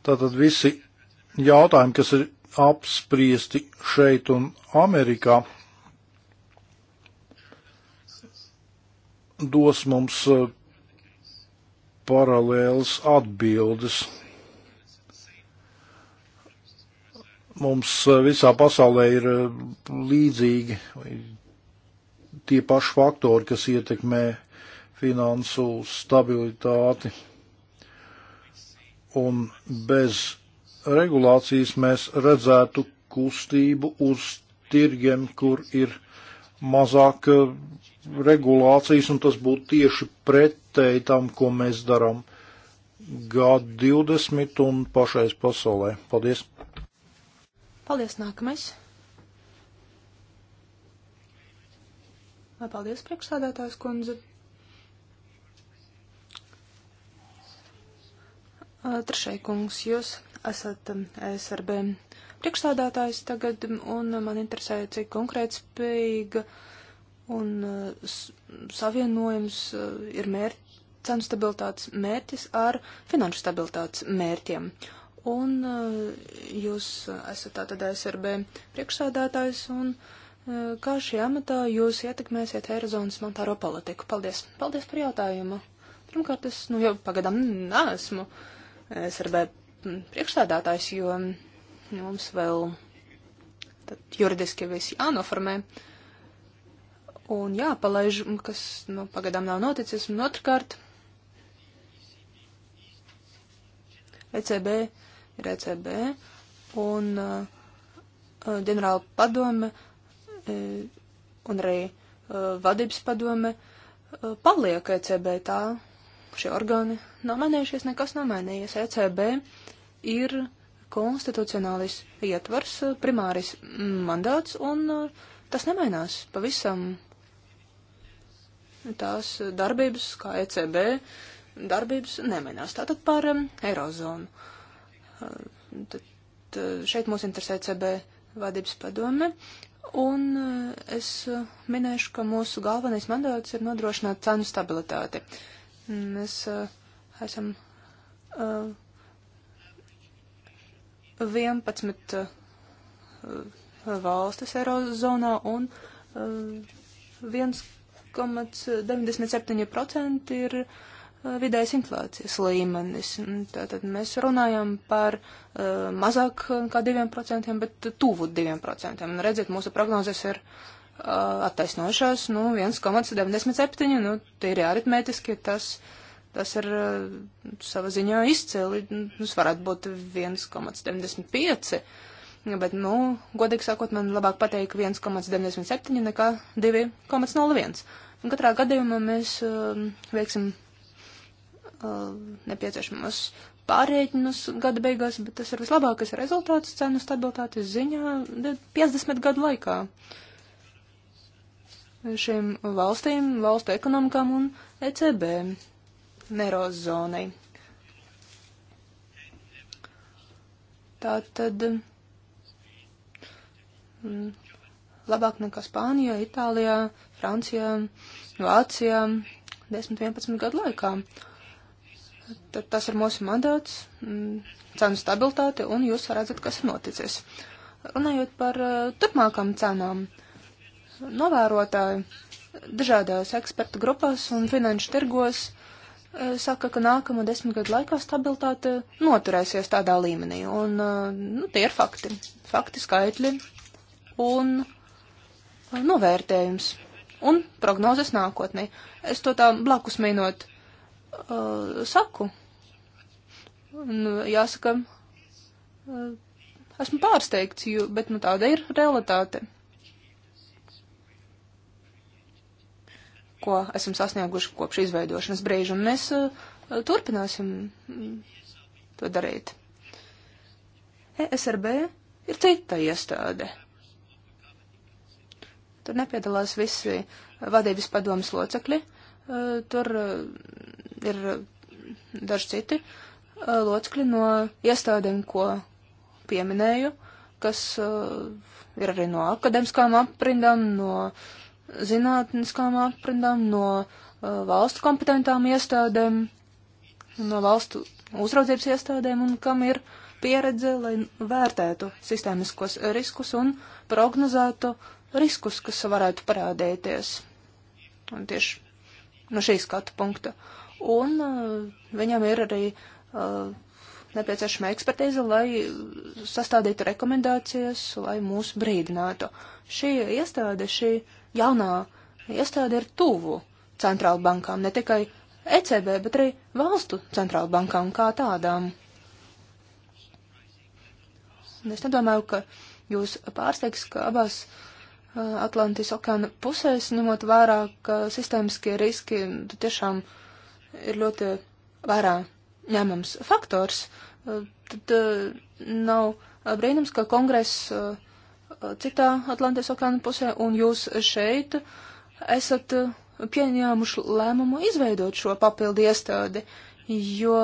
Tātad visi jautājumi, kas ir apspriesti šeit un Amerikā, dos mums eh, paralēlas atbildes. Mums eh, visā pasaulē ir eh, līdzīgi tie paši faktori, kas ietekmē finansu stabilitāti. Un bez regulācijas mēs redzētu kustību uz tirgiem, kur ir mazāk regulācijas, un tas būtu tieši pretēji tam, ko mēs darām G20 un pašais pasaulē. Paldies! Paldies, nākamais! Vai paldies, priekšsādātājs kundze! Trešai kungs, jūs esat um, SRB priekšstādātājs tagad, un man interesē, cik konkrētspējīga uh, Un uh, savienojums uh, ir mērķi, cenu stabilitātes mērķis ar finanšu stabilitātes mērķiem. Un uh, jūs uh, esat tātad SRB priekšsēdētājs, un uh, kā šī amatā jūs ietekmēsiet Eirozonas monetāro politiku? Paldies! Paldies par jautājumu! Pirmkārt, es nu, jau pagadām neesmu SRB priekšsēdētājs, jo mums vēl tad juridiski viss jānoformē. Uh, un jāpalaiž, kas nu, pagaidām nav noticis. Un otrkārt, ECB ir ECB, un uh, uh, ģenerāla padome uh, un arī uh, vadības padome uh, paliek ECB tā. Šie orgāni nav mainījušies, nekas nav mainījies. ECB ir konstitucionālis ietvars, uh, primāris mandāts, un uh, tas nemainās pavisam tās darbības, kā ECB darbības, nemainās. Tātad par um, Eirozonu. Uh, tad, uh, šeit mūs interesē ECB vadības padome. Un uh, es uh, minēšu, ka mūsu galvenais mandāts ir nodrošināt cenu stabilitāti. Mm, mēs uh, esam uh, 11 uh, valstis Eirozonā un uh, viens 1,97% ir eh, vidējais inflācijas līmenis. Tātad mēs runājam par uh, mazāk kā 2%, bet tuvu 2%. Un redziet, mūsu prognozes ir uh, attaisnojušās, nu, 1,97, nu, tie ir aritmētiski, tas, tas ir uh, sava ziņā izcēli, tas varētu būt 1,75. Bet, nu, godīgi sakot, man labāk pateikt 1,97 nekā 2,01. Un katrā gadījumā mēs uh, veiksim uh, nepieciešamos pārreikinus gada beigās, bet tas ir vislabākais rezultāts cenu stabilitātes ziņā 50 gadu laikā. Šiem valstīm, valstu ekonomikām un ECB nerozonai. Tā tad mm, labāk nekā Spānijā, Itālijā, Francijā, Vācijā 10-11 gadu laikā. Tad tas ir mūsu mandāts, mm, cenu stabilitāte, un jūs redzat, kas ir noticis. Runājot par eh, turpmākām cenām, novērotāji dažādās ekspertu grupās un finanšu tirgos eh, saka, ka nākamo desmit gadu laikā stabilitāte noturēsies tādā līmenī. Un, eh, nu, tie ir fakti. Fakti, skaitļi un novērtējums un prognozes nākotnē. Es to tā blakus mīnot uh, saku. Nu, jāsaka, uh, esmu pārsteigts, jo, bet nu, tāda ir realitāte. Ko esam sasnieguši kopš izveidošanas brīža, un mēs uh, turpināsim mm, to darīt. ESRB ir cita iestāde Tur nepiedalās visi vadības padomas locekļi, eh, tur eh, ir daži citi eh, locekļi no iestādēm, ko pieminēju, kas ir arī no akademiskām aprindām, no zinātniskām aprindām, no valstu kompetentām iestādēm, no valstu uzraudzības iestādēm un kam ir pieredze, lai vērtētu sistēmiskos riskus un prognozētu uh, riskus, kas varētu parādīties. Un tieši no šīs skatu punkta. Un uh, viņam ir arī uh, nepieciešama ekspertīze, lai sastādītu rekomendācijas, lai mūs brīdinātu. Šī iestāde, šī jaunā iestāde ir tuvu centrāla bankām, ne tikai ECB, bet arī valstu centrāla bankām kā tādām. Un es nedomāju, ka jūs pārsteigs, ka abās uh, Uh, Atlantijas okeāna pusēs, ņemot vērā, ka sistēmiskie riski nu, tiešām ir ļoti vērā ņemams faktors, uh, tad uh, nav brīnums, ka kongress citā Atlantijas okeāna pusē un jūs šeit esat pieņēmuši lēmumu izveidot šo papildu iestādi, jo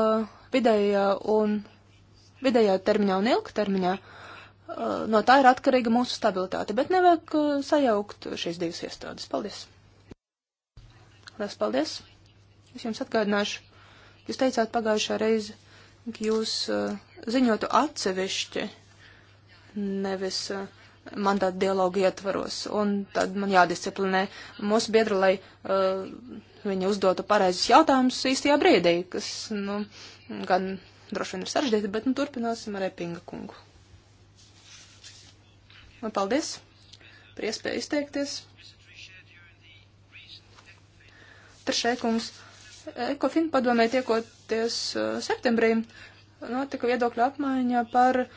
vidējā un vidējā termiņā un ilgtermiņā uh, Eh, no tā ir atkarīga mūsu stabilitāte, bet nevajag eh, sajaukt šīs divas iestādes. Paldies! Lielas paldies! Es jums atgādināšu, jūs teicāt pagājušā reize, ka jūs eh, ziņotu atsevišķi, nevis mandāta dialogu ietvaros, un tad man jādisciplinē mūsu biedru, lai uh, viņi uzdotu pareizus jautājumus īstajā brīdī, kas, nu, gan droši vien ir sarežģīti, bet, nu, turpināsim ar Epinga kungu. Un paldies par iespēju izteikties. Trešēkums. Ekofin padomē tiekoties uh, septembrī notika viedokļu apmaiņa par uh,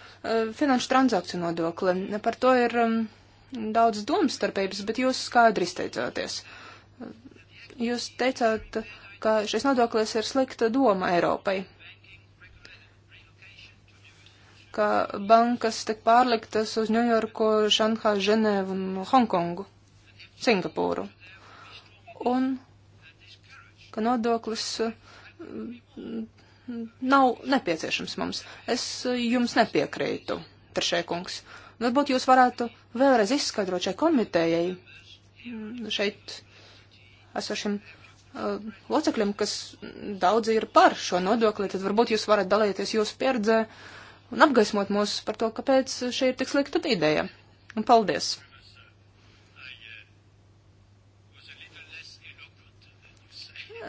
finanšu transakciju nodokli. Par to ir um, daudz domstarpības, bet jūs skaidri izteicāties. Jūs teicāt, ka šis nodoklis ir slikta doma Eiropai ka bankas tiek pārliktas uz Ņujorku, Šanhāju, Ženēvu un Hongkongu, Singapūru. Un ka nodoklis uh, nav nepieciešams mums. Es uh, jums nepiekrītu, trešai kungs. Varbūt jūs varētu vēlreiz izskaidrot šai komitējai, mm, šeit esošiem uh, locekļiem, kas daudzi ir par šo nodokli, tad varbūt jūs varat dalīties jūsu pieredzē, uh, un apgaismot mūs par to, kāpēc šī ir tik slikta ideja. Un paldies!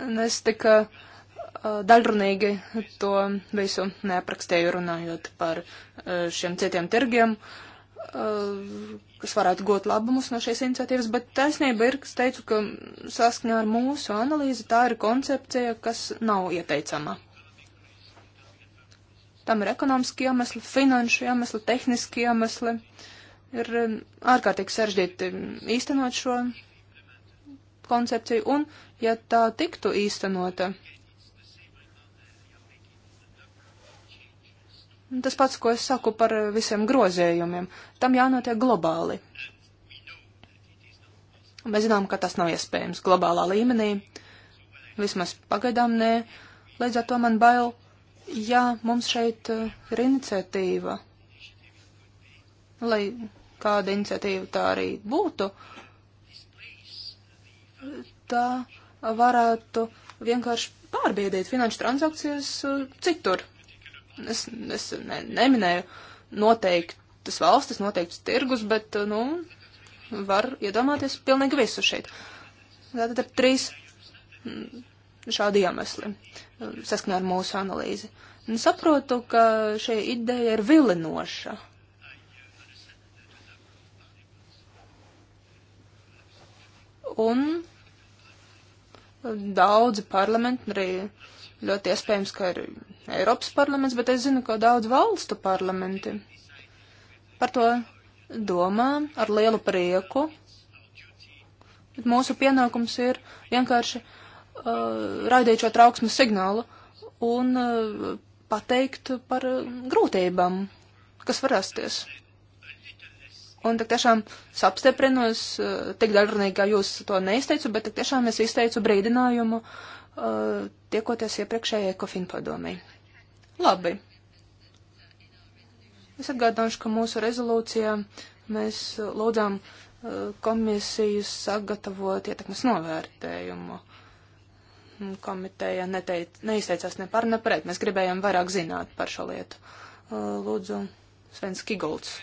Un es tik uh, daļrunīgi to visu neaprakstēju runājot par uh, šiem citiem tirgiem, uh, kas varētu gūt labumus no šīs iniciatīvas, bet taisnība ir, kas teicu, ka saskņā ar mūsu analīzi tā ir koncepcija, kas nav ieteicama. Tam ir ekonomiski iemesli, finanšu iemesli, tehniski iemesli. Ir um, ārkārtīgi sarežģīti īstenot šo koncepciju, un, ja tā tiktu īstenota, tas pats, ko es saku par visiem grozējumiem, tam jānotiek globāli. Mēs zinām, ka tas nav iespējams globālā līmenī, vismaz pagaidām nē, līdz ar to man bail ja mums šeit eh, ir iniciatīva, lai kāda iniciatīva tā arī būtu, tā varētu vienkārši pārbiedīt finanšu transakcijas eh, citur. Es, es ne, neminēju noteiktas valstis, noteiktas tirgus, bet, eh, nu, var iedomāties pilnīgi visu šeit. Tātad ir trīs šādi iemesli, um, saskaņā ar mūsu analīzi. Un saprotu, ka šī ideja ir vilinoša. Un um, daudzi parlamenti, arī ļoti iespējams, ka ir Eiropas parlaments, bet es zinu, ka daudz valstu parlamenti par to domā ar lielu prieku. Bet mūsu pienākums ir vienkārši uh, uh, raidīt šo trauksmu signālu un uh, pateikt par uh, grūtībām, kas var rasties. Un tik tiešām apstiprinos, uh, tik daļrunīgā jūs to neizteicu, bet tik tiešām es izteicu brīdinājumu uh, tiekoties iepriekšējai kofinu padomī. Labi. Es atgādināšu, ka mūsu rezolūcijā mēs uh, lūdzām komisiju sagatavot ietekmes novērtējumu. Uh, komiteja neteic, neizteicās ne par, ne pret. Mēs gribējām vairāk zināt par šo lietu. Uh, lūdzu, Svens Kigolds.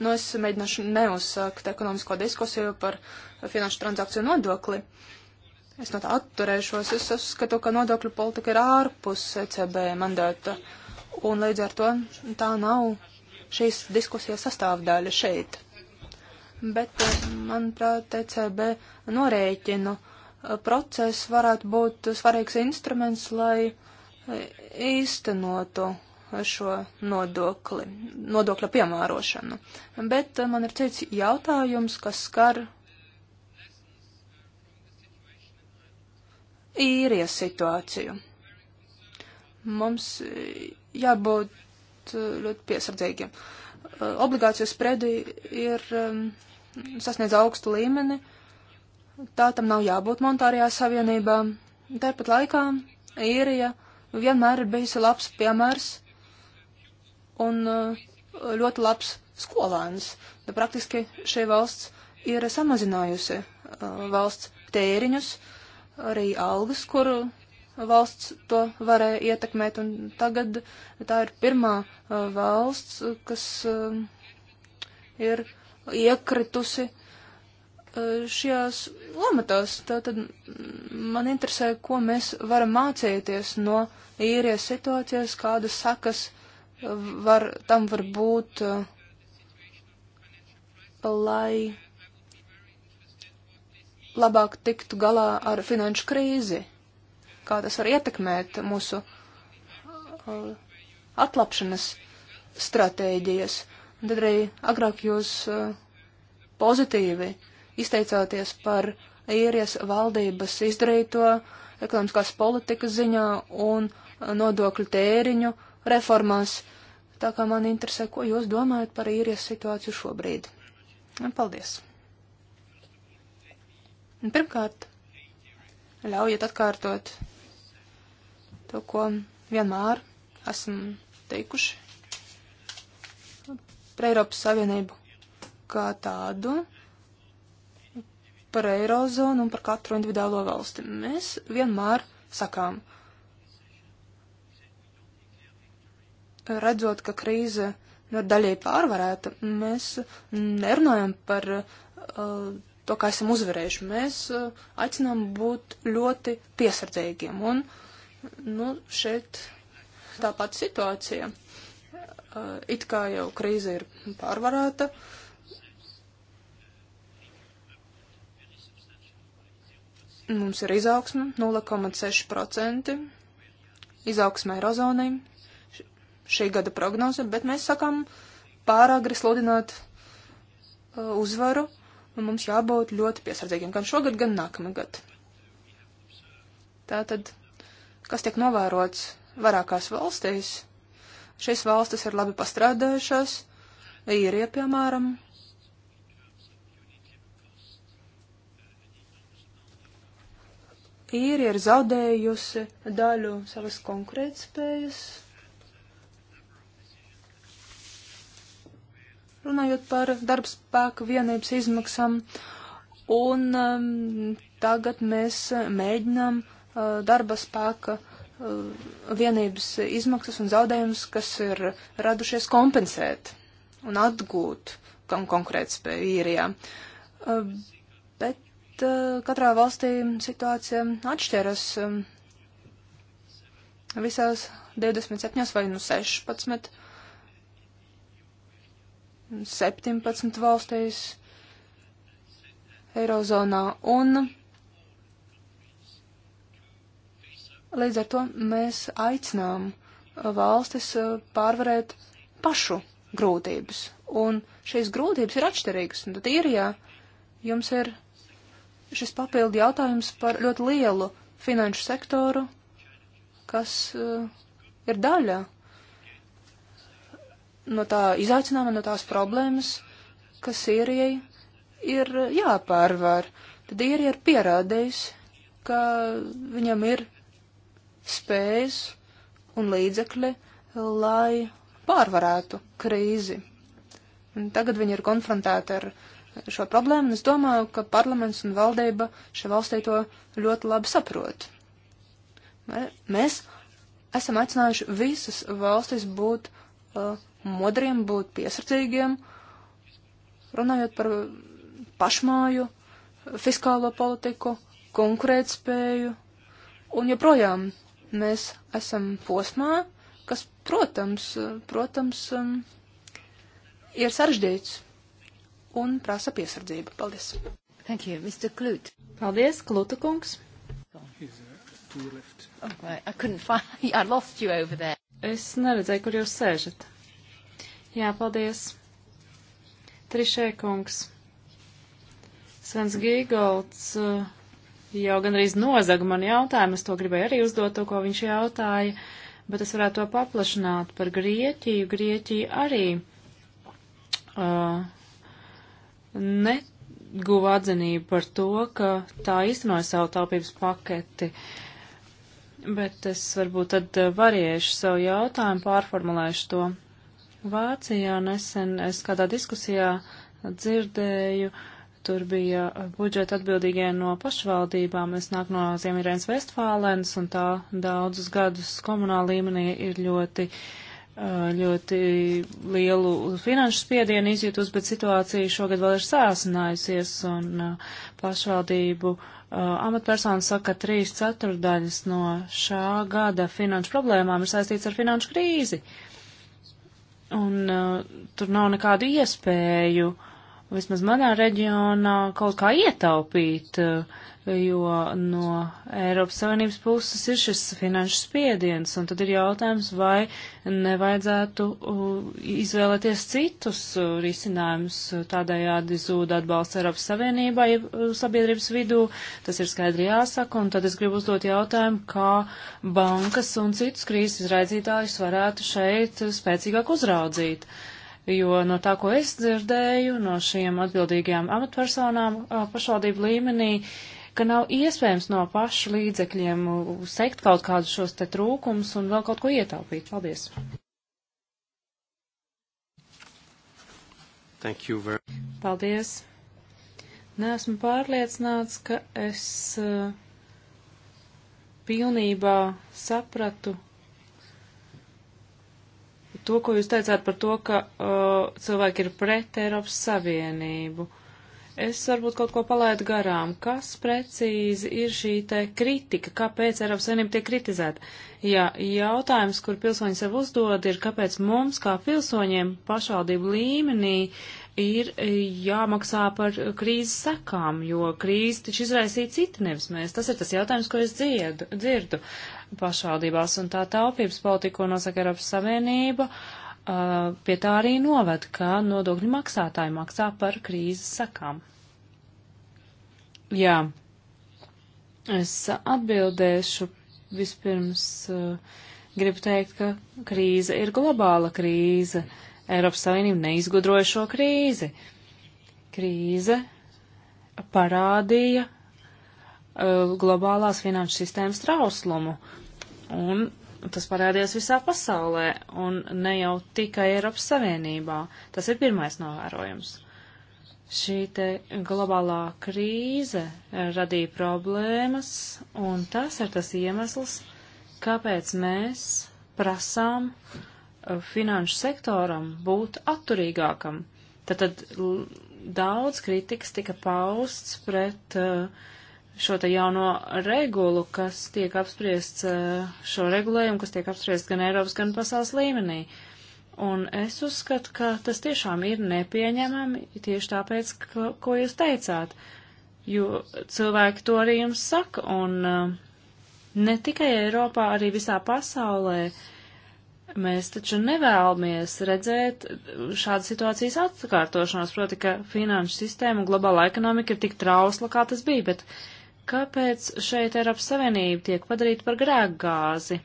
Nu, es mēģināšu neuzsākt ekonomisko diskusiju par finanšu transakciju nodokli. Es no tā atturēšos. Es uzskatu, ka nodokļu politika ir ārpus ECB mandāta. Un līdz ar to tā nav šīs diskusijas sastāvdaļa šeit bet, eh, manuprāt, ECB norēķinu eh, process varētu būt svarīgs instruments, lai eh, īstenotu šo nodokli, nodokļa piemērošanu. Bet man ir cits jautājums, kas skar īrijas situāciju. Mums jābūt ļoti piesardzīgiem. Obligācijas spredi ir ehm, sasniedz augstu līmeni. Tā tam nav jābūt monetārajā savienībā. Tāpat laikā īrija vienmēr ir bijusi labs piemērs un uh, ļoti labs skolēns. Ja nu, praktiski šī valsts ir samazinājusi uh, valsts tēriņus, arī algas, kuru valsts to varēja ietekmēt, un tagad tā ir pirmā uh, valsts, kas ir iekritusi e, šajās lomatās. Tātad man interesē, ko mēs varam mācīties no īrijas situācijas, kādas sakas var, tam var būt, e, lai labāk tiktu galā ar finanšu krīzi, kā tas var ietekmēt mūsu e, atlapšanas stratēģijas. Un tad arī agrāk jūs eh, pozitīvi izteicāties par īrijas valdības izdarīto ekonomiskās politikas ziņā un eh, nodokļu tēriņu reformās. Tā kā man interesē, ko jūs domājat par īrijas situāciju šobrīd. Paldies! Pirmkārt, ļaujiet atkārtot to, ko vienmēr esam teikuši par Eiropas Savienību kā tādu, par Eirozonu un par katru individuālo valsti. Mēs vienmēr sakām, redzot, ka krīze ir daļai pārvarēta, mēs nerunājam par uh, to, kā esam uzvarējuši. Mēs uh, aicinām būt ļoti piesardzīgiem. Un, nu, šeit tā pati situācija. Uh, Eh, it kā jau krīze ir pārvarēta. Mums ir izaugsme 0,6%, izaugsme Eirozonai, šī gada prognoze, bet mēs sakām pāragri sludināt uh, uzvaru, un mums jābūt ļoti piesardzīgiem gan šogad, gan nākamgad. Tātad, kas tiek novērots vairākās valstīs? Šīs valstis ir labi pastrādājušās, īrie, piemēram. Īri ir zaudējusi daļu savas konkurētspējas. Runājot par darbspēku vienības izmaksām, un um, tagad mēs mēģinām uh, darba spēka uh, Uh, vienības izmaksas un zaudējumus, kas ir radušies kompensēt un atgūt konkrēt spēju īrijā. Uh, bet uh, katrā valstī situācija atšķiras um, visās 27 vai nu 16, 17 valstīs Eirozonā un Līdz ar to mēs aicinām uh, valstis uh, pārvarēt pašu grūtības. Un šīs grūtības ir atšķirīgas. Un tad īrijā jums ir šis papildu jautājums par ļoti lielu finanšu sektoru, kas uh, ir daļa no tā izaicinājuma, no tās problēmas, kas īrijai ir uh, jāpārvar. Tad īrija ir pierādījusi, ka viņam ir spējas un līdzekļi, lai pārvarētu krīzi. Un tagad viņi ir konfrontēti ar šo problēmu, un es domāju, ka parlaments un valdība šai valstī to ļoti labi saprot. Mēs esam aicinājuši visas valstis būt uh, modriem, būt piesardzīgiem, runājot par pašmāju, fiskālo politiku, konkurētspēju, un joprojām Mēs esam posmā, kas, protams, protams um, ir sarežģīts un prasa piesardzību. Paldies! Thank you, Mr. Klut. Paldies, Kluta kungs. Oh, right. I couldn't find, <laughs> I lost you over there. Es neredzēju, kur jūs sēžat. Jā, paldies. Trišē kungs. Svens Gīgolds. Uh, jau gandrīz nozaga man jautājumu, es to gribēju arī uzdot, to, ko viņš jautāja, bet es varētu to paplašināt par Grieķiju. Grieķija arī uh, neguva atzinību par to, ka tā īstenoja savu taupības paketi. Bet es varbūt tad uh, variešu savu jautājumu, pārformulēšu to. Vācijā nesen es kādā diskusijā dzirdēju, uh, Tur bija eh, budžeta atbildīgie no pašvaldībām. Es nāku no Ziemirēnas Vestfālēnas, un tā daudzus gadus komunāla līmenī ir ļoti, eh, ļoti lielu finanšu spiedienu izjūtus, bet situācija šogad vēl ir sāsinājusies, un eh, pašvaldību amatpersonas saka, ka trīs ceturdaļas no šā gada finanšu problēmām ir saistīts ar finanšu krīzi. Un uh, tur nav nekādu iespēju uh, vismaz manā reģionā kaut kā ietaupīt, eh, jo no Eiropas Savienības puses ir šis finanšu spiediens, un tad ir jautājums, vai nevajadzētu eh, izvēlēties citus eh, risinājumus, tādējādi zūd atbalsts Eiropas Savienībai sabiedrības vidū, tas ir skaidri jāsaka, un tad es gribu uzdot jautājumu, kā bankas un citus krīzes izraidzītājus varētu šeit spēcīgāk uzraudzīt. Uh, jo no tā, ko es dzirdēju no šiem atbildīgajām amatpersonām pašvaldību līmenī, ka nav iespējams no pašu līdzekļiem sekt kaut kādus šos te trūkums un vēl kaut ko ietaupīt. Paldies! Thank you very... Paldies! Neesmu pārliecināts, ka es uh, pilnībā sapratu to, ko jūs teicāt par to, ka uh, cilvēki ir pret Eiropas Savienību. Es varbūt kaut ko palaidu garām. Kas precīzi ir šī te kritika? Kāpēc Eiropas Savienība tiek kritizēta? Ja jautājums, kur pilsoņi sev uzdod, ir, kāpēc mums, kā pilsoņiem, pašvaldību līmenī ir jāmaksā par krīzes sekām, jo krīze taču izraisīja citi, nevis mēs. Tas ir tas jautājums, ko es dziedu, dzirdu. Uh, pašvaldībās, un tā taupības politika, ko nosaka Eiropas Savienība, uh, pie tā arī noved, ka nodokļu maksātāji maksā par krīzes sakām. Jā, es atbildēšu vispirms. Uh, gribu teikt, ka krīze ir globāla krīze. Eiropas Savienība neizgudroja šo krīzi. Krīze parādīja uh, globālās finanšu sistēmas trauslumu. Un tas parādījās visā pasaulē, un ne jau tikai Eiropas Savienībā. Tas ir pirmais novērojums. Šī te globālā krīze radīja problēmas, un tas ir tas iemesls, kāpēc mēs prasām uh, finanšu sektoram būt atturīgākam. Tad, tad daudz kritikas tika pausts pret uh, šo te jauno regulu, kas tiek apspriests, eh, šo regulējumu, kas tiek apspriests gan Eiropas, gan pasaules līmenī. Un es uzskatu, ka tas tiešām ir nepieņemami tieši tāpēc, ka, ko jūs teicāt, jo cilvēki to arī jums saka, un eh, ne tikai Eiropā, arī visā pasaulē mēs taču nevēlamies redzēt šādas situācijas atkārtošanos, proti, ka finanšu sistēma un globāla ekonomika ir tik trausla, kā tas bija, bet Kāpēc šeit Eiropas Savienība tiek padarīta par grēkgāzi?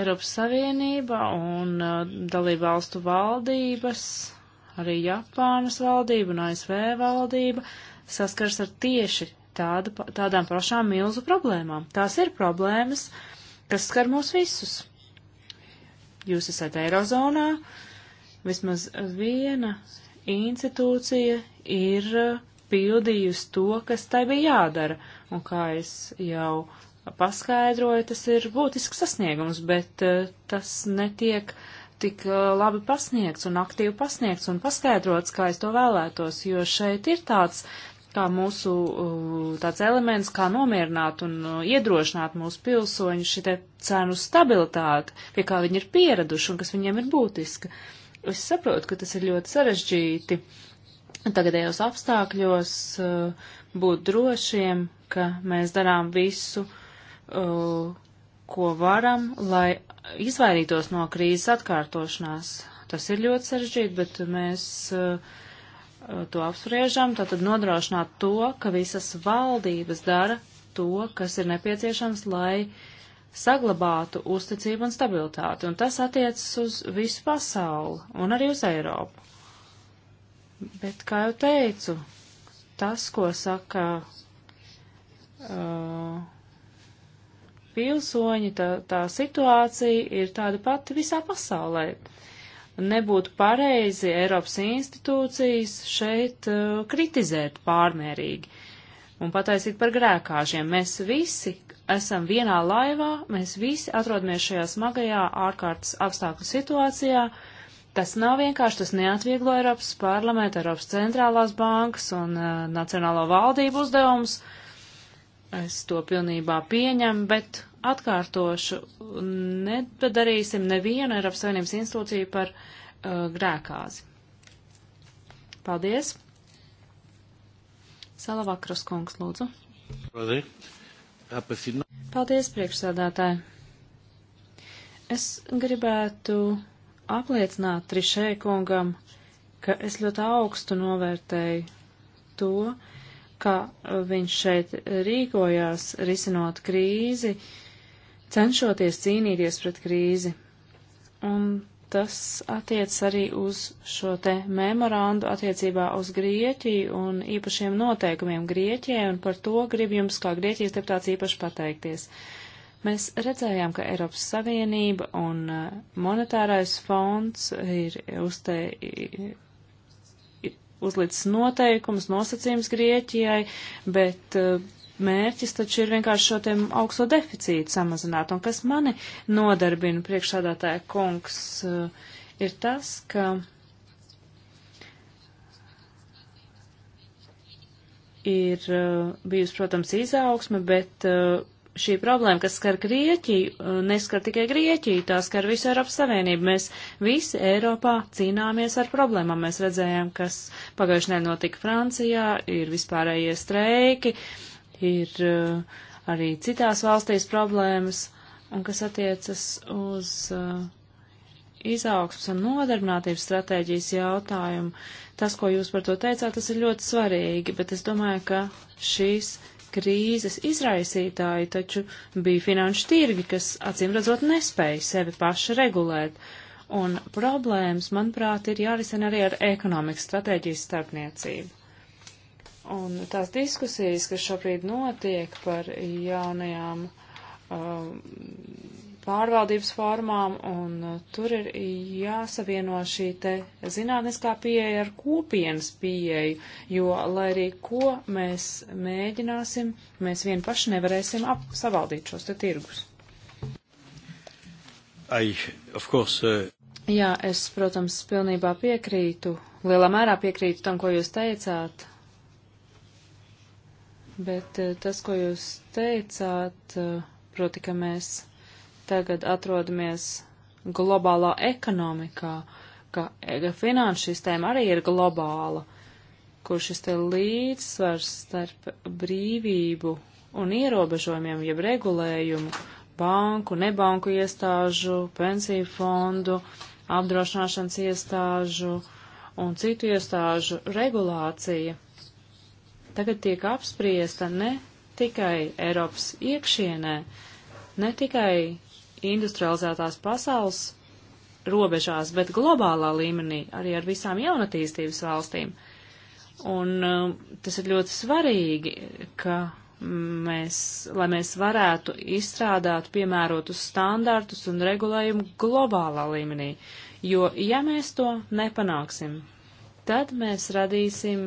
Eiropas Savienība un uh, dalību valstu valdības, arī Japānas valdība un ASV valdība saskars ar tieši tādu, tādām pašām milzu problēmām. Tās ir problēmas, kas skar mūs visus. Jūs esat Eirozonā, vismaz viena institūcija ir uh, pildījusi to, kas tai bija jādara. Un kā es jau paskaidroju, tas ir būtisks sasniegums, bet uh, tas netiek tik uh, labi pasniegts un aktīvi pasniegts un paskaidrots, kā es to vēlētos, jo šeit ir tāds kā mūsu uh, tāds elements, kā nomierināt un iedrošināt mūsu pilsoņu šitai cenu stabilitāti, pie kā viņi ir pieraduši un kas viņiem ir būtiska. Es saprotu, ka tas ir ļoti sarežģīti tagadējos apstākļos, uh, būt drošiem, ka mēs darām visu, uh, ko varam, lai izvairītos no krīzes atkārtošanās. Tas ir ļoti sarežģīti, bet mēs uh, uh, to apspriežam, tātad nodrošināt to, ka visas valdības dara to, kas ir nepieciešams, lai saglabātu uzticību un stabilitāti. Un tas attiecas uz visu pasauli un arī uz Eiropu. Bet, kā jau teicu, tas, ko saka uh, pilsoņi, tā, tā situācija ir tāda pati visā pasaulē. Nebūtu pareizi Eiropas institūcijas šeit uh, kritizēt pārmērīgi un pataisīt par grēkāžiem. Mēs visi esam vienā laivā, mēs visi atrodamies šajā smagajā ārkārtas apstākļu situācijā, uh, Tas nav vienkārši, tas neatvieglo Eiropas parlamentu, Eiropas centrālās bankas un uh, Nacionālo valdību uzdevums. Es to pilnībā pieņemu, bet atkārtošu, nepadarīsim nevienu Eiropas Savienības institūciju par uh, grēkāzi. Paldies! Salavakras kungs, lūdzu. Paldies, priekšsādātāji. Es gribētu apliecināt Trišē kungam, ka es ļoti augstu novērtēju to, kā viņš šeit rīkojās, risinot krīzi, cenšoties cīnīties pret krīzi. Un tas attiec arī uz šo te memorandu attiecībā uz Grieķiju un īpašiem noteikumiem Grieķijai, un par to grib jums kā Grieķijas deputāts īpaši pateikties. Uh, Mēs redzējām, ka Eiropas Savienība un uh, monetārais fonds ir uzte, uzlicis noteikumus, nosacījums Grieķijai, bet uh, mērķis taču ir vienkārši šo te augsto deficītu samazināt. Un kas mani nodarbina priekšādātāja kungs, uh, ir tas, ka ir bijusi, protams, izaugsme, bet uh, šī problēma, kas skar Grieķiju, uh, neskar tikai Grieķiju, tā skar visu Eiropas Savienību. Mēs visi Eiropā cīnāmies ar problēmām. Mēs redzējām, kas pagājušajā nedēļā notika Francijā, ir vispārējie streiki, ir uh, arī citās valstīs problēmas, un kas attiecas uz uh, izaugsmas un nodarbinātības stratēģijas jautājumu. Tas, ko jūs par to teicāt, tas ir ļoti svarīgi, bet es domāju, ka šīs krīzes izraisītāji taču bija finanšu tirgi, kas acīm redzot nespēja sevi paši regulēt. Un problēmas, manuprāt, ir jārisina arī ar ekonomikas stratēģijas starpniecību. Un tās diskusijas, kas šobrīd notiek par jaunajām um, pārvaldības formām, un uh, tur ir jāsavieno šī te zinātniskā pieeja ar kopienas pieeju, jo, lai arī ko mēs mēģināsim, mēs vien paši nevarēsim ap, savaldīt šos te tirgus. I, course, uh... Jā, es, protams, pilnībā piekrītu, lielā mērā piekrītu tam, ko jūs teicāt, bet uh, tas, ko jūs teicāt, uh, proti, ka mēs tagad atrodamies globālā ekonomikā, ka finanšu sistēma arī ir globāla, kur šis te līdzsvars starp brīvību un ierobežojumiem, jeb regulējumu, banku, nebanku iestāžu, pensiju fondu, apdrošināšanas iestāžu un citu iestāžu regulācija tagad tiek apspriesta ne tikai Eiropas iekšienē, ne tikai industrializētās pasaules robežās, bet globālā līmenī, arī ar visām jaunatīstības valstīm. Un um, tas ir ļoti svarīgi, ka mēs, lai mēs varētu izstrādāt piemērotus standartus un regulējumu globālā līmenī, jo ja mēs to nepanāksim, tad mēs radīsim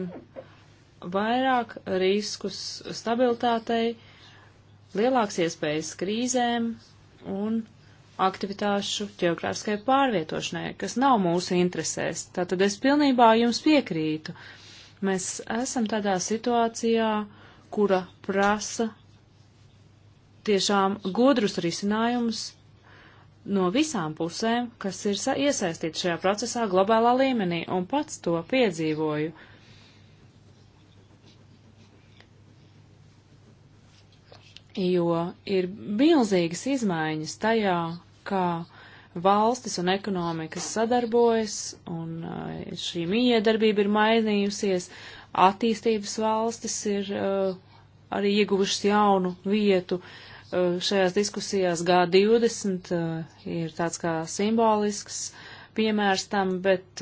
vairāk riskus stabilitātei, lielāks iespējas krīzēm un aktivitāšu ģeogrāfiskai pārvietošanai, kas nav mūsu interesēs. Tātad es pilnībā jums piekrītu. Mēs esam tādā situācijā, kura prasa tiešām godrus risinājumus no visām pusēm, kas ir iesaistīti šajā procesā globālā līmenī, un pats to piedzīvoju. Uh, jo ir milzīgas izmaiņas tajā, kā valstis un ekonomikas sadarbojas, un eh, šī miedarbība ir mainījusies, attīstības valstis ir uh, arī ieguvušas jaunu vietu. Uh, šajās diskusijās G20 uh, ir tāds kā simbolisks piemērs tam, bet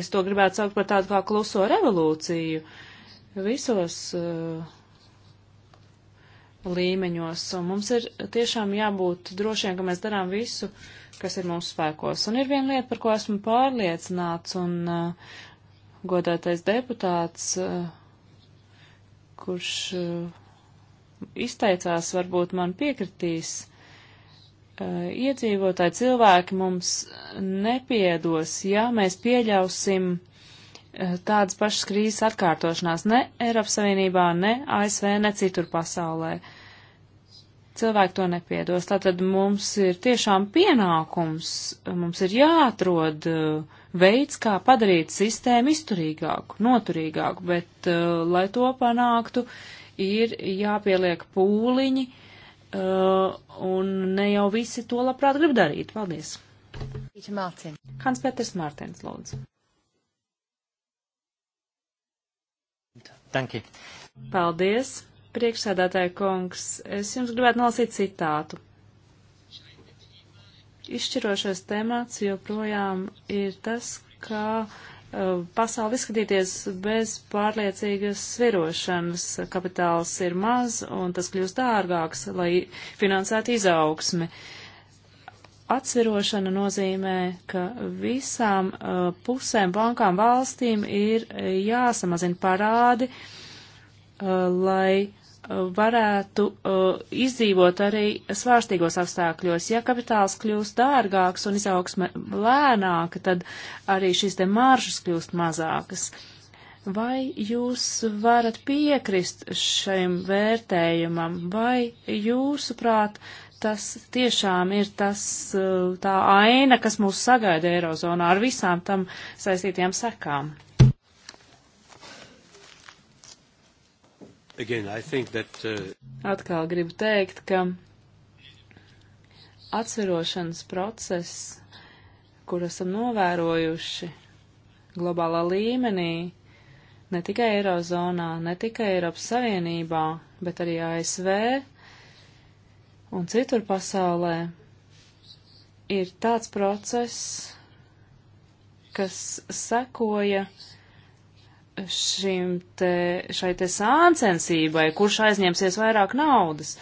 es to gribētu saukt par tādu kā kluso revolūciju. Visos uh, līmeņos, un mums ir tiešām jābūt drošiem, ka mēs darām visu, kas ir mūsu spēkos. Un ir viena lieta, par ko esmu pārliecināts, un uh, godātais deputāts, uh, kurš uh, izteicās, varbūt man piekritīs, uh, iedzīvotāji cilvēki mums nepiedos, ja mēs pieļausim Eh, tādas pašas krīzes atkārtošanās ne Eiropas Savienībā, ne ASV, ne citur pasaulē. Cilvēki to nepiedos. Tātad mums ir tiešām pienākums, mums ir jāatrod eh, veids, kā padarīt sistēmu izturīgāku, noturīgāku, bet, eh, lai to panāktu, ir jāpieliek pūliņi, un ne jau visi to labprāt grib darīt. Paldies! Hans Peters Mārtens, lūdzu. Danki. Paldies, priekšsēdētāja kungs. Es jums gribētu nolasīt citātu. Izšķirošais temats joprojām ir tas, kā uh, pasauli izskatīties bez pārliecīgas svirošanas. Kapitāls ir maz un tas kļūst dārgāks, lai finansētu izaugsmi. Uh, Atsvirošana nozīmē, ka visām uh, pusēm, bankām, valstīm ir uh, jāsamazina parādi, uh, lai uh, varētu uh, izdzīvot arī svārstīgos apstākļos. Ja kapitāls kļūst dārgāks un izaugsme lēnāka, tad arī šīs te māršas kļūst mazākas. Vai jūs varat piekrist šim vērtējumam, vai jūsuprāt, uh, tas tiešām ir tas, uh, tā aina, kas mūs sagaida Eirozonā ar visām tam saistītajām sekām. Again, that, uh... Atkal gribu teikt, ka atcerošanas process, kur esam novērojuši globālā līmenī, ne tikai Eirozonā, ne tikai Eiropas Savienībā, bet arī ASV, un citur pasaulē ir tāds process, kas sekoja šim te, šai te sāncensībai, kurš aizņemsies vairāk naudas,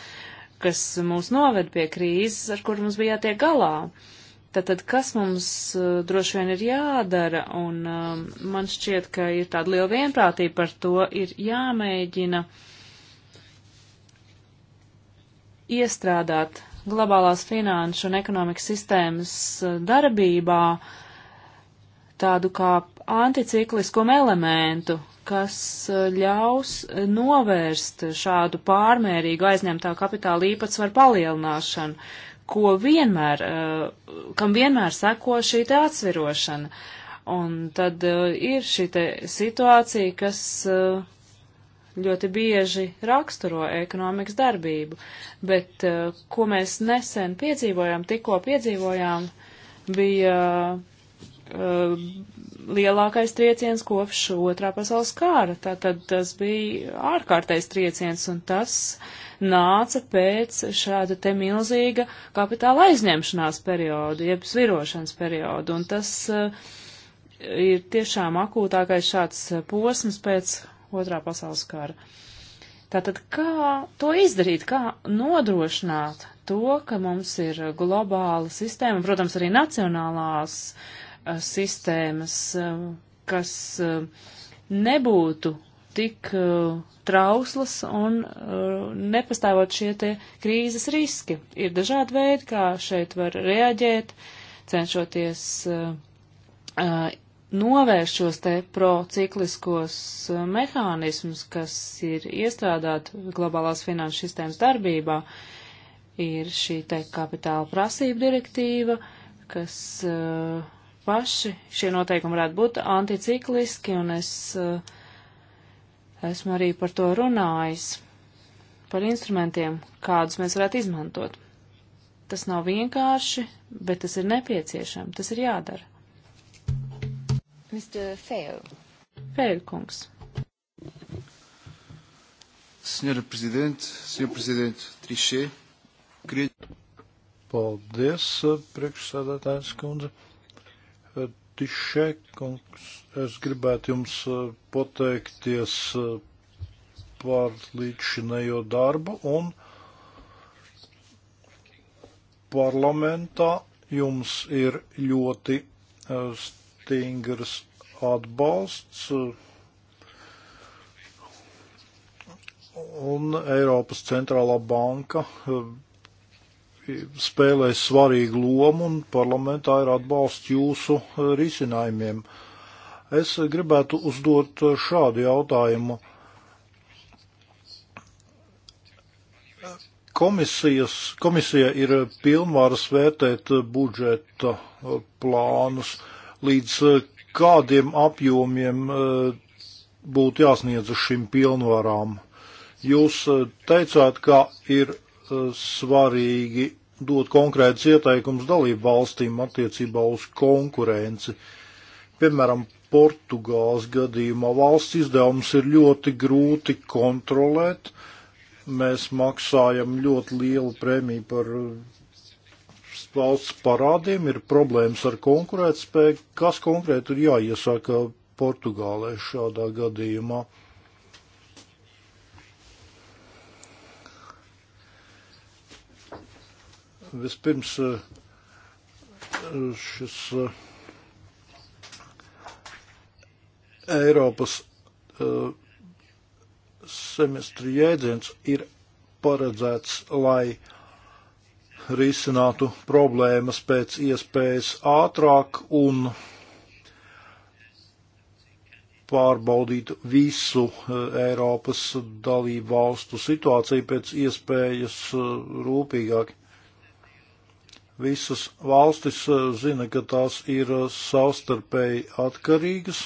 kas mūs noved pie krīzes, ar kur mums bija jātiek galā. Tātad, kas mums uh, droši vien ir jādara, un uh, man šķiet, ka ir tāda liela vienprātība par to, ir jāmēģina uh, iestrādāt globālās finanšu un ekonomikas sistēmas eh, darbībā tādu kā anticiklisko elementu, kas eh, ļaus novērst šādu pārmērīgu aizņemtā kapitāla īpatsvaru palielināšanu, ko vienmēr, eh, kam vienmēr seko šī te atsvirošana. Un tad ir šī te situācija, kas ļoti bieži raksturo ekonomikas darbību, bet uh, ko mēs nesen piedzīvojām, tikko piedzīvojām, bija uh, lielākais trieciens kopš otrā pasaules kāra. Tātad tas bija ārkārtais trieciens un tas nāca pēc šāda te milzīga kapitāla aizņemšanās perioda, jeb svirošanas perioda. Un tas uh, ir tiešām akūtākais šāds posms pēc otrā pasaules kara. Tātad, kā to izdarīt, kā nodrošināt to, ka mums ir globāla sistēma, protams, arī nacionālās uh, sistēmas, uh, kas uh, nebūtu tik trauslas un nepastāvot šie tie krīzes riski. Ir dažādi veidi, kā šeit var reaģēt, cenšoties novērš šos te procikliskos eh, mehānismus, kas ir iestrādāti globālās finanšu sistēmas darbībā. Ir šī te kapitāla prasība direktīva, kas uh, paši šie noteikumi varētu būt anticikliski, un es uh, esmu arī par to runājis, par instrumentiem, kādus mēs varētu izmantot. Tas nav vienkārši, bet tas ir nepieciešams, tas ir jādara. Mr. Fejo. Fejo kungs. Senhora Presidente, Senhor Presidente Trichê, queria. Paldies, priekšsēdētājs kundze. Trichē kungs, es gribētu jums eh, pateikties eh, par līdzinējo darbu un parlamentā jums ir ļoti eh, stingrs atbalsts un Eiropas centrālā banka eh, spēlē svarīgu lomu un parlamentā ir atbalsts jūsu eh, risinājumiem. Es gribētu uzdot eh, šādu jautājumu. Komisijas, komisija ir pilnvaras vērtēt budžeta plānus. Uh, līdz e, kādiem apjomiem e, būtu jāsniedz šim pilnvarām. Jūs e, teicāt, ka ir svarīgi dot konkrētas ieteikums dalību valstīm attiecībā uz konkurenci. Piemēram, Portugāles gadījumā valsts izdevums ir ļoti grūti kontrolēt. Mēs maksājam ļoti lielu prēmiju par valsts parādiem ir problēmas ar konkurētspēju. Kas konkrēti ir jāiesaka Portugālē šādā gadījumā? Vispirms eh, šis eh, Eiropas eh, semestri jēdziens ir paredzēts, lai uh, risinātu problēmas pēc iespējas ātrāk un pārbaudītu visu eh, Eiropas dalību valstu situāciju pēc iespējas eh, rūpīgāk. Visas valstis eh, zina, ka tās ir savstarpēji atkarīgas,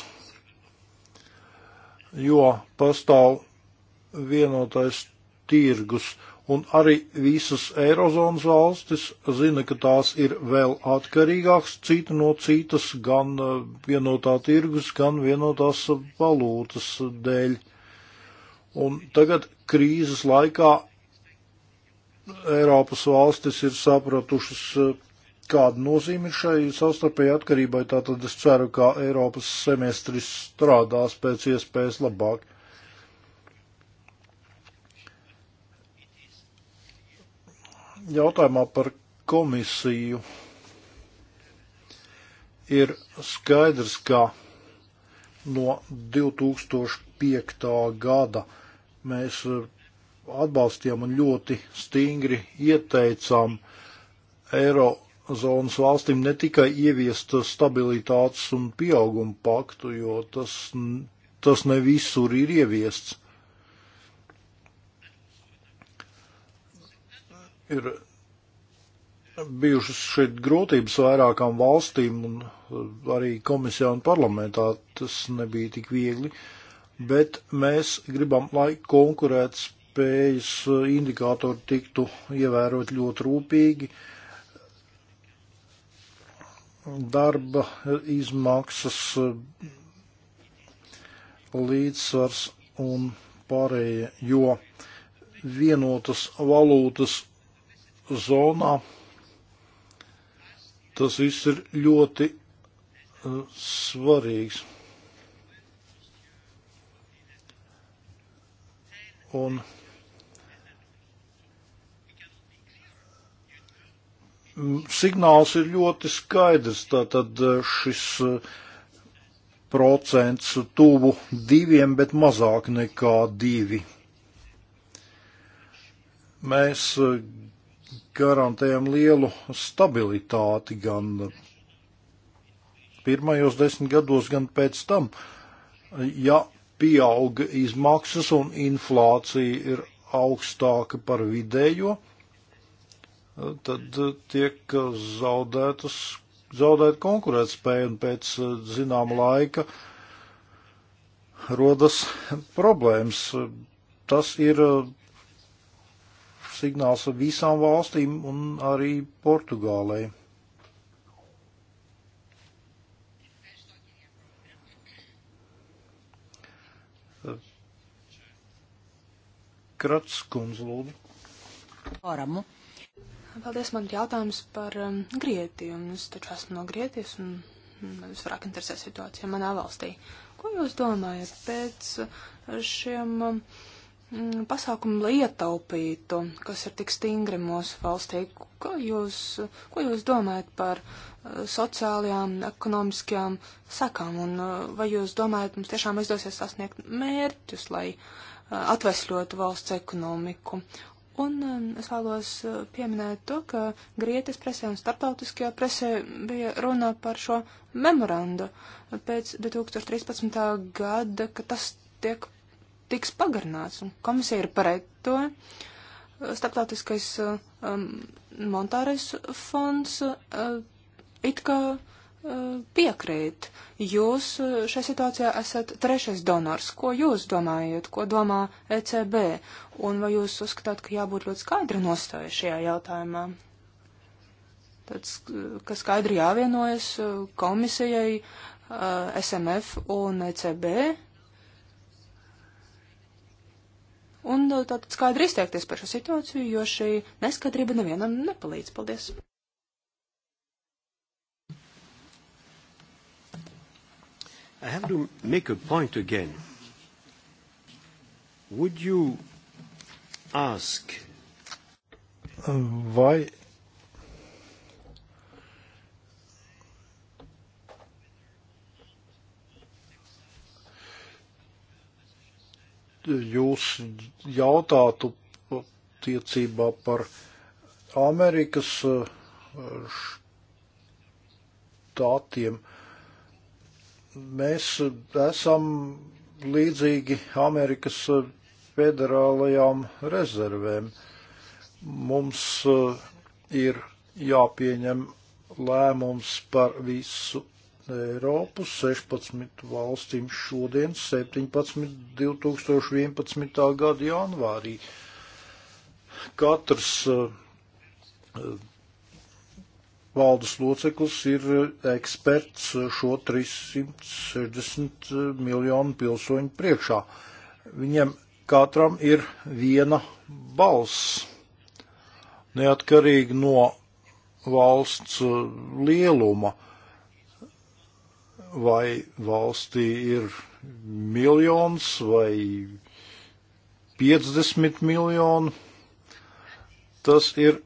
jo pastāv vienotais tirgus. Uh, un arī visas Eirozonas valstis zina, ka tās ir vēl atkarīgākas cita no citas gan eh, vienotā tirgus, gan vienotās valūtas dēļ. Un tagad krīzes laikā Eiropas valstis ir sapratušas, eh, kāda nozīme ir šai savstarpēji atkarībai, tātad es ceru, ka Eiropas semestris strādās pēc iespējas labāk. jautājumā par komisiju ir skaidrs, ka no 2005. gada mēs atbalstījām un ļoti stingri ieteicām Eirozonas valstīm ne tikai ieviest stabilitātes un pieauguma paktu, jo tas, tas ne visur ir ieviests, Ir bijušas šeit grūtības vairākām valstīm, un uh, arī komisijā un parlamentā tas nebija tik viegli, bet mēs gribam, lai konkurēt spējas uh, indikātori tiktu ievērot ļoti rūpīgi. Darba izmaksas uh, līdzsvars un pārējie, jo vienotas valūtas zonā. Tas viss ir ļoti uh, svarīgs. Un signāls ir ļoti skaidrs. Tātad uh, šis uh, procents tuvu diviem, bet mazāk nekā divi. Mēs uh, garantējam lielu stabilitāti gan pirmajos desmit gados, gan pēc tam. Ja pieauga izmaksas un inflācija ir augstāka par vidējo, tad tiek zaudētas, zaudēt konkurētspēja un pēc zināma laika rodas problēmas. Tas ir signāls visām valstīm un arī Portugālei. Krats kundze, lūdzu. Oramu. Paldies, man ir jautājums par um, Grietiju. Es taču esmu no Grietijas un man visvairāk interesē situācija manā valstī. Ko jūs domājat pēc uh, šiem um, Mm, pasākumu, lai ietaupītu, kas ir tik stingri mūsu valstī. Ko jūs, ko jūs domājat par eh, sociālajām, ekonomiskajām sakām, un eh, vai jūs domājat, mums tiešām izdosies sasniegt mērķus, lai eh, atvesļotu valsts ekonomiku? Un es vēlos pieminēt to, ka Grietas presē un starptautiskajā presē bija runa par šo memorandu pēc 2013. gada, ka tas tiek tiks pagarināts, un komisija ir pret to. Starptautiskais um, monetārais fonds uh, it kā uh, piekrīt. Jūs uh, šajā situācijā esat trešais donors. Ko jūs domājat, ko domā ECB? Un vai jūs uzskatāt, ka jābūt ļoti skaidri nostāja šajā jautājumā? Tāds, uh, ka skaidri jāvienojas komisijai, SMF un ECB un eh, tātad skaidri izteikties par šo situāciju, jo šī neskaidrība nevienam nepalīdz. Paldies! I have to make a point again. Would you ask? Vai jūs jautātu tiecībā par Amerikas eh, štatiem, mēs esam līdzīgi Amerikas federālajām rezervēm. Mums eh, ir jāpieņem lēmums par visu Eiropas 16 valstīm šodien 17. 2011. gada janvārī. Katrs eh, eh, valdes loceklis ir eksperts šo 360 eh, miljonu pilsoņu priekšā. Viņiem katram ir viena balss. Neatkarīgi no valsts lieluma. Uh, vai valstī ir miljons vai 50 miljoni, tas ir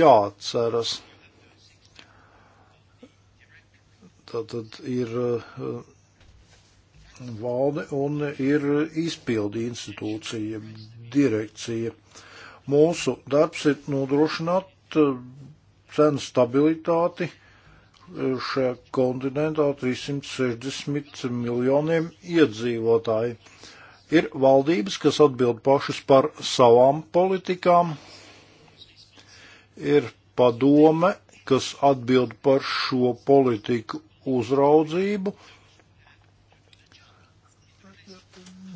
jāatceras. Tātad ir uh, valde un ir izpildi institūcija, direkcija. Mūsu darbs ir nodrošināt uh, cenu stabilitāti, uh, šajā kontinentā 360 miljoniem iedzīvotāji. Ir valdības, kas atbild pašas par savām politikām, ir padome, kas atbild par šo politiku uzraudzību.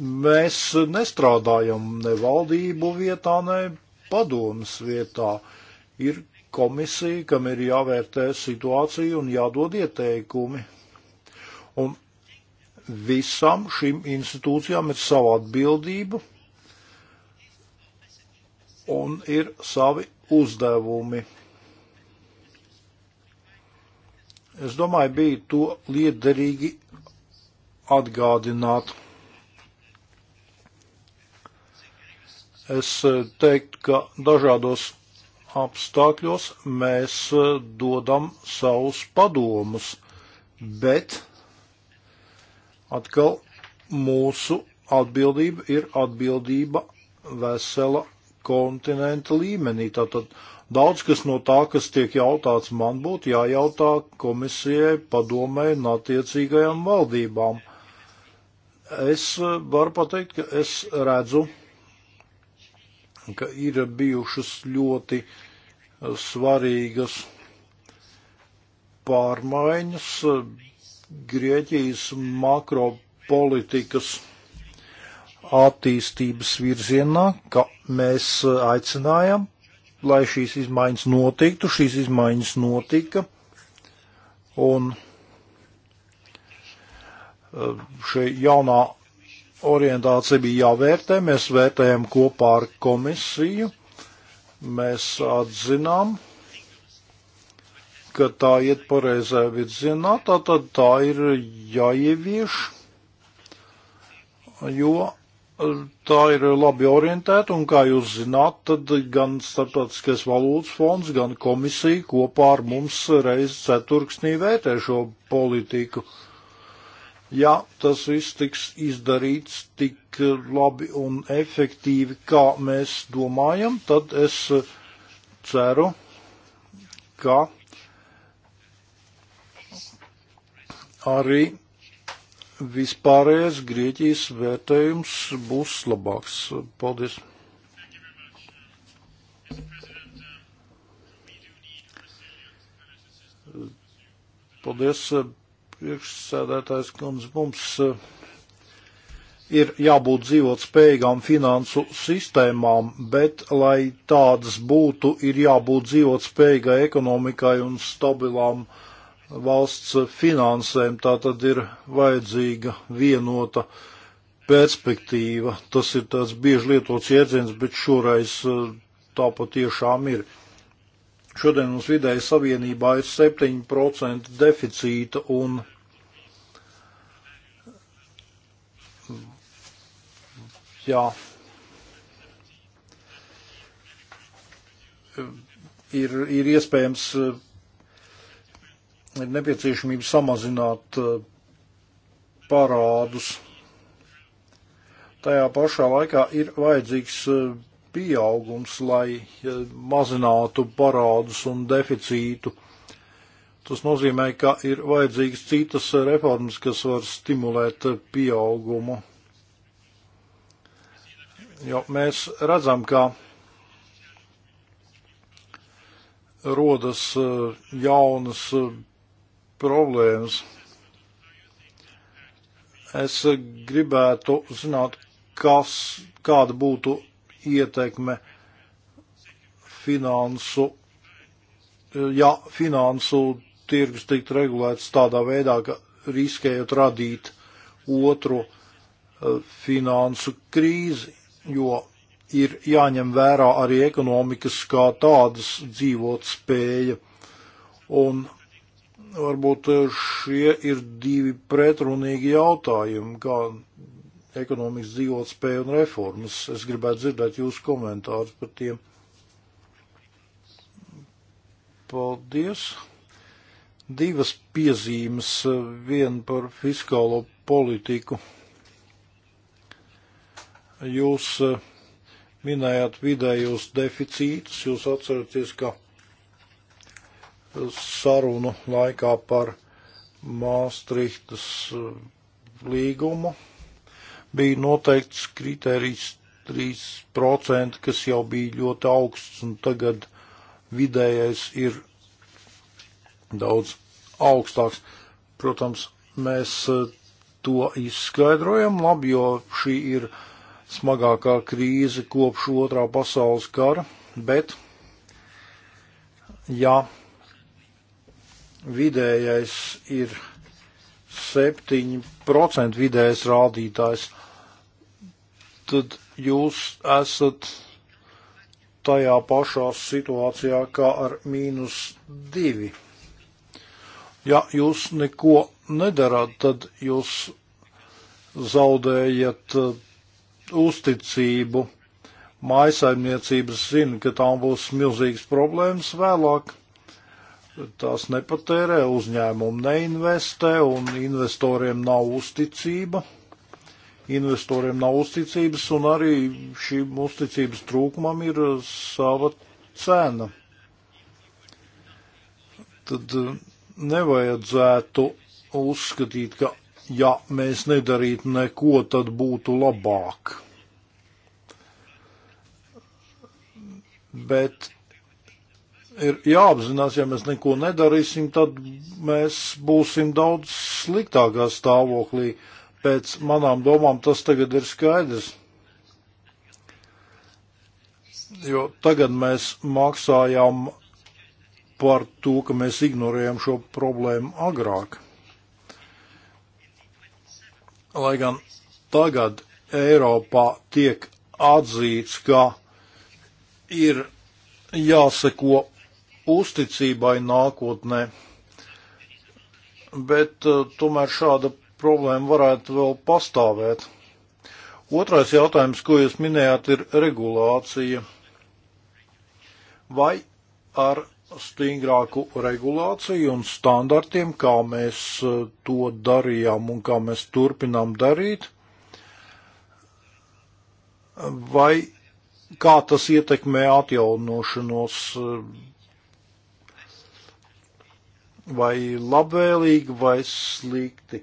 Mēs nestrādājam ne valdību vietā, ne padomas vietā. Ir komisija, kam ir jāvērtē situācija un jādod ieteikumi. Un visam šīm institūcijām ir sava atbildība un ir savi uzdevumi. Es domāju, bija to liederīgi atgādināt. Es teiktu, ka dažādos apstākļos mēs eh, dodam savus padomus, bet atkal mūsu atbildība ir atbildība vesela kontinenta līmenī. Tātad daudz kas no tā, kas tiek jautāts, man būtu jājautā komisijai, padomē un attiecīgajām valdībām. Es eh, varu pateikt, ka es redzu, ka ir bijušas ļoti uh, svarīgas pārmaiņas Grieķijas makropolitikas attīstības virzienā, ka mēs aicinājām, lai šīs izmaiņas notiktu, šīs izmaiņas notika, un eh, šī jaunā orientācija bija jāvērtē, mēs vērtējam kopā ar komisiju Mēs atzinām, ka tā iet pareizē virzienā, tātad tā ir jāievieš, jo tā ir labi orientēta, un kā jūs zināt, tad gan Startautiskais valūtas fonds, gan komisija kopā ar mums reiz ceturksnī vērtē šo politiku. Uh, ja tas viss tiks izdarīts tik labi un efektīvi, kā mēs domājam, tad es eh, ceru, ka arī vispārējais Grieķijas vērtējums būs labāks. Paldies! Paldies, eh, priekšsēdētājs kundze, mums eh, ir jābūt dzīvot spējīgām finansu sistēmām, bet, lai tādas būtu, ir jābūt dzīvot spējīgai ekonomikai un stabilām valsts finansēm. Tā tad ir vajadzīga vienota perspektīva. Tas ir tāds bieži lietots jēdziens, bet šoreiz eh, tā patiešām ir. Šodien mums vidēji savienībā ir 7% deficīta un jā, ir, ir iespējams, ir nepieciešamība samazināt parādus. Tajā pašā laikā ir vajadzīgs pieaugums, lai mazinātu parādus un deficītu. Tas nozīmē, ka ir vajadzīgas citas reformas, kas var stimulēt pieaugumu. Jo mēs redzam, ka rodas e, jaunas e, problēmas. Es gribētu zināt, kas, kāda būtu ietekme finansu, ja finansu tirgus tiktu regulēts tādā veidā, ka riskējot radīt otru e, finansu krīzi, jo ir jāņem vērā arī ekonomikas kā tādas dzīvot spēja. Un varbūt e, šie ir divi pretrunīgi jautājumi, kā ekonomikas dzīvotspēju un reformas. Es gribētu dzirdēt jūsu komentārus par tiem. Paldies! Divas piezīmes, viena par fiskālo politiku. Jūs eh, minējāt vidējos deficītus, jūs atceraties, ka eh, sarunu laikā par Māstrihtas eh, līgumu bija noteikts kritērijs 3%, kas jau bija ļoti augsts, un tagad vidējais ir daudz augstāks. Protams, mēs eh, to izskaidrojam labi, jo šī ir smagākā krīze kopš otrā pasaules kara, bet, ja vidējais ir 7% vidējais rādītājs, tad jūs esat tajā pašā situācijā kā ar mīnus 2. Ja jūs neko nedarāt, tad jūs zaudējat eh, uzticību. Mājasaimniecības zina, ka tām būs milzīgas problēmas vēlāk tās nepatērē, uzņēmumi neinvestē un investoriem nav uzticība. Investoriem nav uzticības un arī šīm uzticības trūkumam ir sava cena. Tad eh, nevajadzētu uzskatīt, ka ja mēs nedarītu neko, tad būtu labāk. Bet ir jāapzinās, ja mēs neko nedarīsim, tad mēs būsim daudz sliktākā stāvoklī. Pēc manām domām tas tagad ir skaidrs. Jo tagad mēs maksājām par to, ka mēs ignorējam šo problēmu agrāk. Lai gan tagad Eiropā tiek atzīts, ka ir jāseko uzticībai nākotnē. Bet uh, tomēr šāda problēma varētu vēl pastāvēt. Otrais jautājums, ko jūs minējāt, ir regulācija. Vai ar stingrāku regulāciju un standartiem, kā mēs uh, to darījām un kā mēs turpinām darīt, vai kā tas ietekmē atjaunošanos uh, vai labvēlīgi vai slikti.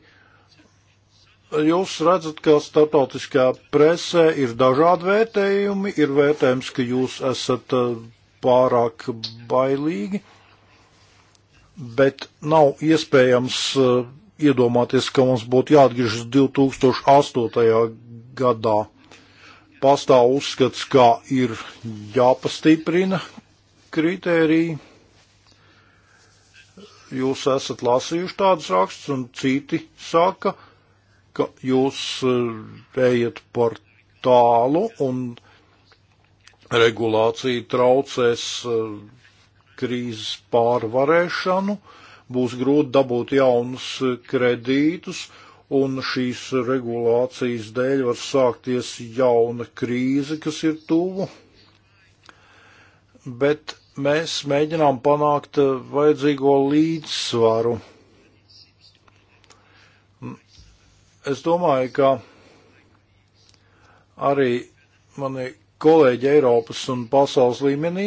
Jūs redzat, ka starptautiskā presē ir dažādi vērtējumi, ir vērtējums, ka jūs esat eh, pārāk bailīgi, bet nav iespējams eh, iedomāties, ka mums būtu jāatgriežas 2008. gadā. Pastāv uzskats, kā ir jāpastiprina kritērija jūs esat lasījuši tādus rakstus, un citi saka, ka jūs eh, ejat par tālu un regulācija traucēs eh, krīzes pārvarēšanu, būs grūti dabūt jaunus eh, kredītus, un šīs regulācijas dēļ var sākties jauna krīze, kas ir tuvu. Bet mēs mēģinām panākt eh, vajadzīgo līdzsvaru. Es domāju, ka arī mani kolēģi Eiropas un pasaules līmenī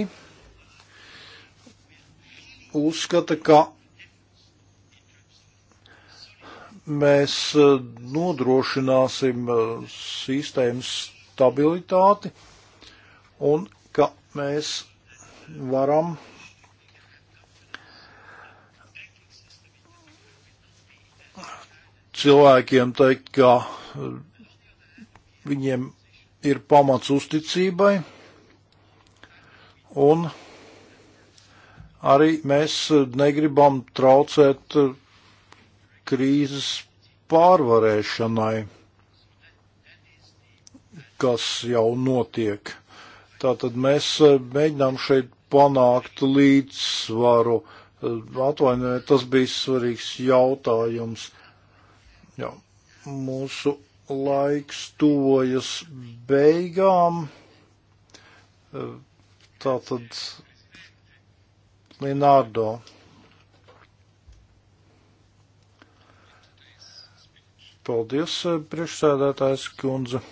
uzskata, ka mēs eh, nodrošināsim eh, sistēmas stabilitāti un ka mēs varam cilvēkiem teikt, ka viņiem ir pamats uzticībai, un arī mēs negribam traucēt krīzes pārvarēšanai, kas jau notiek. Tātad mēs eh, mēģinām šeit panākt līdzsvaru. Atvainojiet, tas bija svarīgs jautājums. Jā, mūsu laiks tuvojas beigām. Tātad Leonardo. Paldies, priekšsēdētājs kundze.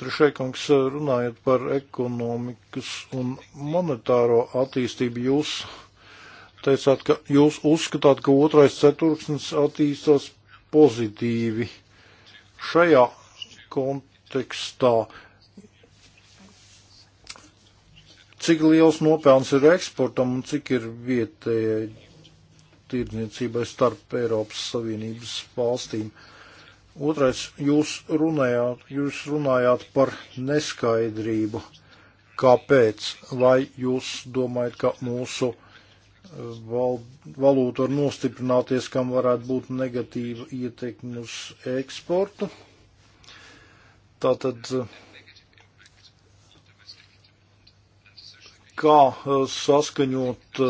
Trišēkungs, runājot par ekonomikas un monetāro attīstību, jūs teicāt, ka jūs uzskatāt, ka otrais ceturksnis attīstās pozitīvi. Šajā kontekstā cik liels nopelns ir eksportam un cik ir vietējai tirdzniecībai starp Eiropas Savienības valstīm? Uh, Otrais, jūs runājāt, jūs runājāt par neskaidrību. Kāpēc? Vai jūs domājat, ka mūsu eh, val, valūta var nostiprināties, kam varētu būt negatīva ietekme uz eksportu? Tātad, eh, kā eh, saskaņot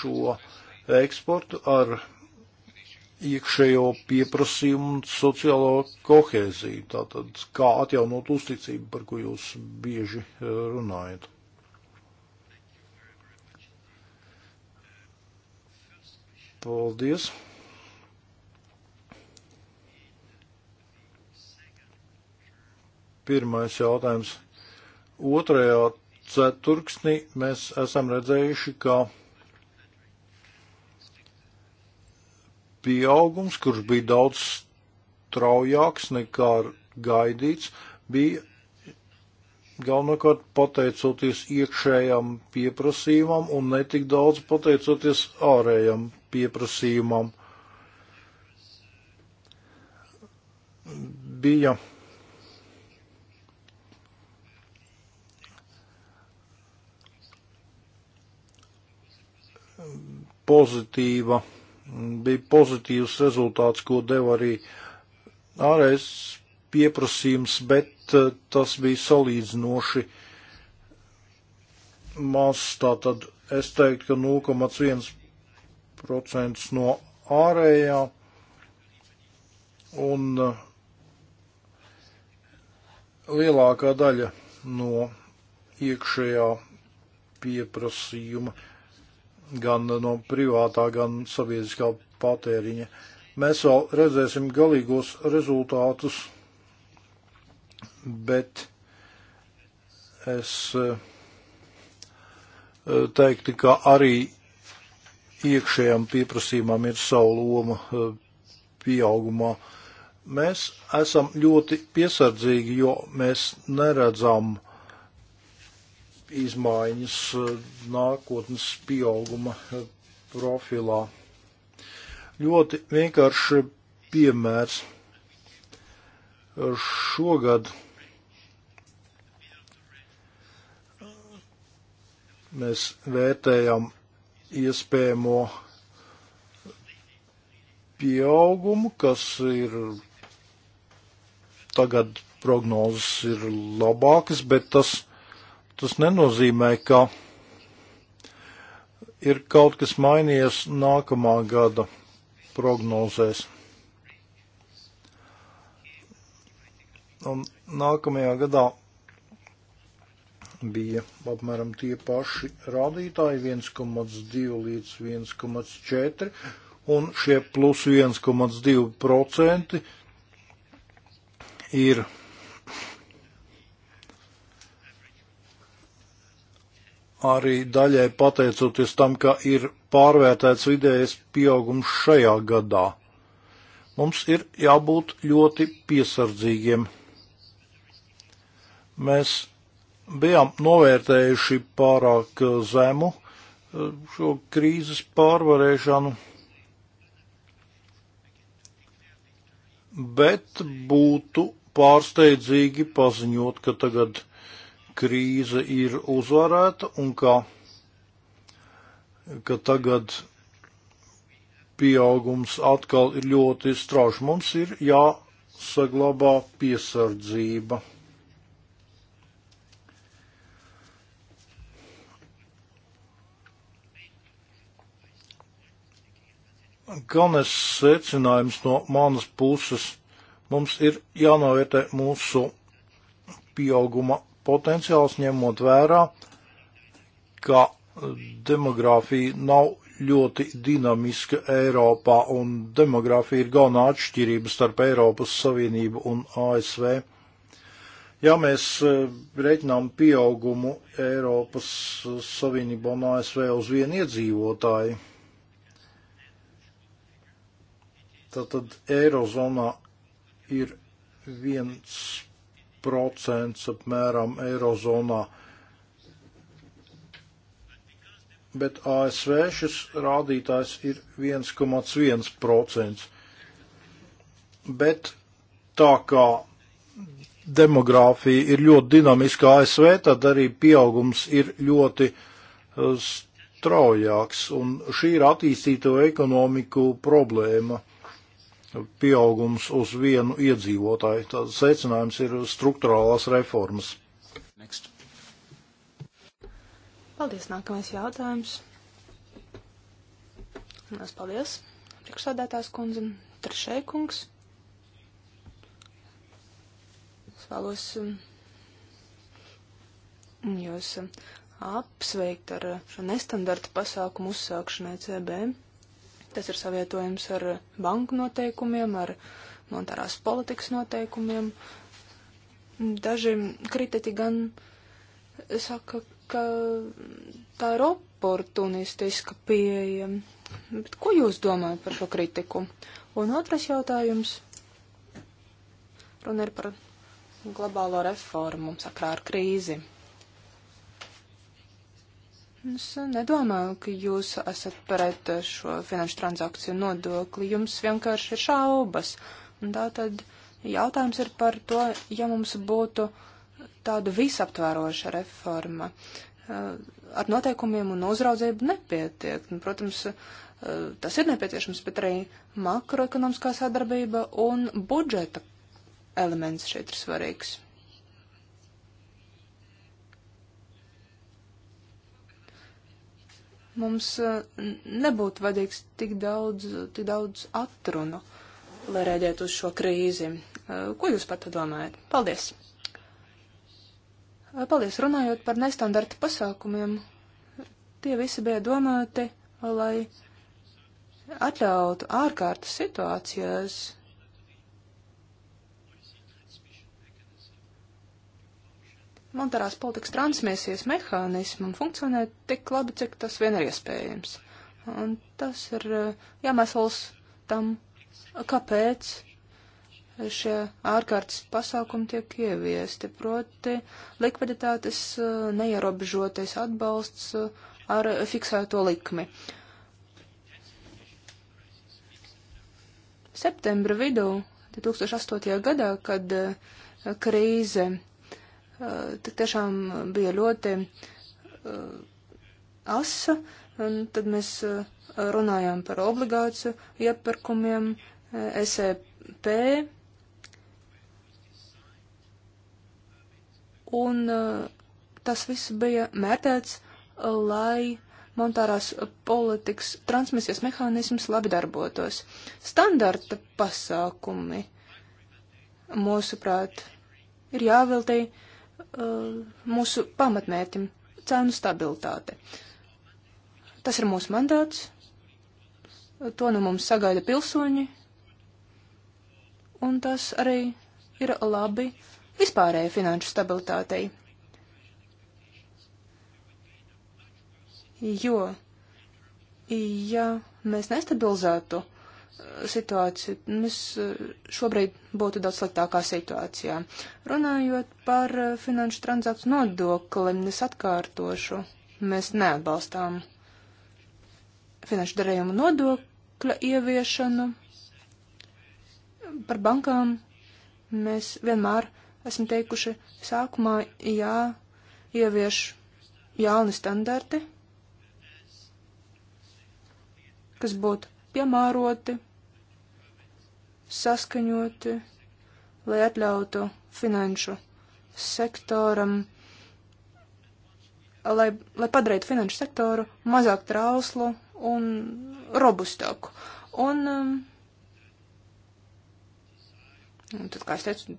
šo eksportu ar iekšējo pieprasījumu un sociālo kohēziju. Tātad, kā atjaunot uzticību, par ko jūs bieži eh, runājat? Paldies! Pirmais jautājums. Otrajā ceturksnī mēs esam redzējuši, ka pieaugums, kurš bija daudz straujāks nekā gaidīts, bija galvenokārt pateicoties iekšējam pieprasījumam un netik daudz pateicoties ārējam pieprasījumam. Bija pozitīva bija pozitīvs rezultāts, ko deva arī ārējais pieprasījums, bet eh, tas bija salīdzinoši maz. Tātad es teiktu, ka 0,1% no ārējā un eh, lielākā daļa no iekšējā pieprasījuma gan no privātā, gan sabiedriskā patēriņa. Mēs vēl redzēsim galīgos rezultātus, bet es eh, teiktu, ka arī iekšējām pieprasījumam ir savu loma eh, pieaugumā. Mēs esam ļoti piesardzīgi, jo mēs neredzam izmaiņas eh, nākotnes pieauguma eh, profilā. Ļoti vienkārši piemērs. Šogad mēs vērtējam iespējamo pieaugumu, kas ir tagad prognozes ir labākas, bet tas tas nenozīmē, ka ir kaut kas mainījies nākamā gada prognozēs. Un nākamajā gadā bija apmēram tie paši rādītāji 1,2 līdz 1,4 un šie plus 1,2% ir arī daļai pateicoties tam, ka ir pārvērtēts vidējais pieaugums šajā gadā. Mums ir jābūt ļoti piesardzīgiem. Mēs bijām novērtējuši pārāk zemu eh, šo krīzes pārvarēšanu, bet būtu pārsteidzīgi paziņot, ka tagad krīze ir uzvarēta un ka, ka tagad pieaugums atkal ir ļoti strauši. Mums ir jāsaglabā piesardzība. Galvenais secinājums no manas puses mums ir jānovērtē mūsu pieauguma potenciāls, ņemot vērā, ka e, demogrāfija nav ļoti dinamiska Eiropā, un demogrāfija ir galvenā atšķirība starp Eiropas Savienību un ASV. Ja mēs e, reiķinām pieaugumu Eiropas Savienībā un ASV uz vienu iedzīvotāju, tad Eirozonā ir viens procents apmēram Eirozonā. Bet ASV šis rādītājs ir 1,1%. Bet tā kā demogrāfija ir ļoti dinamiska ASV, tad arī pieaugums ir ļoti eh, straujāks, un šī ir attīstīto ekonomiku problēma pieaugums uz vienu iedzīvotāju. Tāds secinājums ir struktūrālās reformas. Next. Paldies, nākamais jautājums. Mēs paldies, priekšsādātājs kundze, trešai kungs. Es vēlos um, jūs um, apsveikt ar uh, šo nestandarta pasākumu uzsākšanai CB. Tas ir savietojams ar banku noteikumiem, ar monetārās politikas noteikumiem. Daži kritiķi gan saka, ka tā ir oportunistiska pieeja. Bet ko jūs domājat par šo kritiku? Un otrs jautājums. Runa ir par globālo reformu sakrā ar krīzi. Es nedomāju, ka jūs esat pret šo finanšu transakciju nodokli. Jums vienkārši ir šaubas. Un tā tad jautājums ir par to, ja mums būtu tāda visaptvēroša reforma. Eh, ar noteikumiem un uzraudzību nepietiek. Un, protams, eh, tas ir nepieciešams, bet arī makroekonomiskā sadarbība un budžeta elements šeit ir svarīgs. Mums eh, nebūtu vajadzīgs tik daudz, tik daudz atrunu, lai rēģētu uz šo krīzi. Eh, ko jūs par to domājat? Paldies! Eh, paldies, runājot par nestandarta pasākumiem. Tie visi bija domāti, lai atļautu ārkārtas situācijās monetārās politikas transmisijas mehānismam funkcionē tik labi, cik tas vien ir iespējams. Un tas ir jāmēsls uh, tam, kāpēc šie ārkārtas pasākumi tiek ieviesti, proti likviditātes uh, neierobežotais atbalsts uh, ar fiksēto likmi. Septembra vidū 2008. gadā, kad krīze Eh, tik tiešām bija ļoti eh, asa, un tad mēs eh, runājām par obligāciju iepirkumiem, SEP, un tas viss bija mērķēts, lai monetārās politikas transmisijas mehānisms labi darbotos. Standarta pasākumi, mūsuprāt, ir jāveltīja Uh, mūsu pamatmērķim - cenu stabilitāte. Tas ir mūsu mandāts, to no nu mums sagaida pilsoņi, un tas arī ir labi vispārējai finanšu stabilitātei. Jo, ja mēs nestabilizētu situāciju. Mēs eh, šobrīd būtu daudz sliktākā situācijā. Runājot par eh, finanšu transakciju nodokli, es atkārtošu, mēs neatbalstām finanšu darījumu nodokļa ieviešanu. Par bankām mēs vienmēr esam teikuši sākumā jāievieš jauni standarti, kas būtu piemēroti, saskaņoti, lai atļautu finanšu sektoram, lai, lai padarītu finanšu sektoru mazāk trauslu un robustāku. Un, um, un tad, kā es teicu,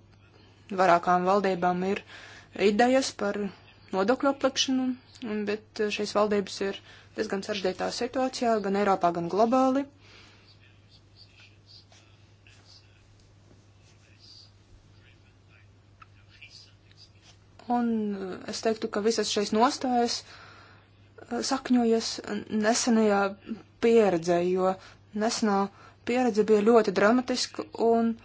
vairākām valdībām ir idejas par nodokļu aplikšanu, bet šīs valdības ir diezgan saržģītā situācijā, gan Eiropā, gan globāli. Un es teiktu, ka visas šīs nostājas eh, sakņojas nesenajā pieredzē, jo nesenā pieredze bija ļoti dramatiska un eh,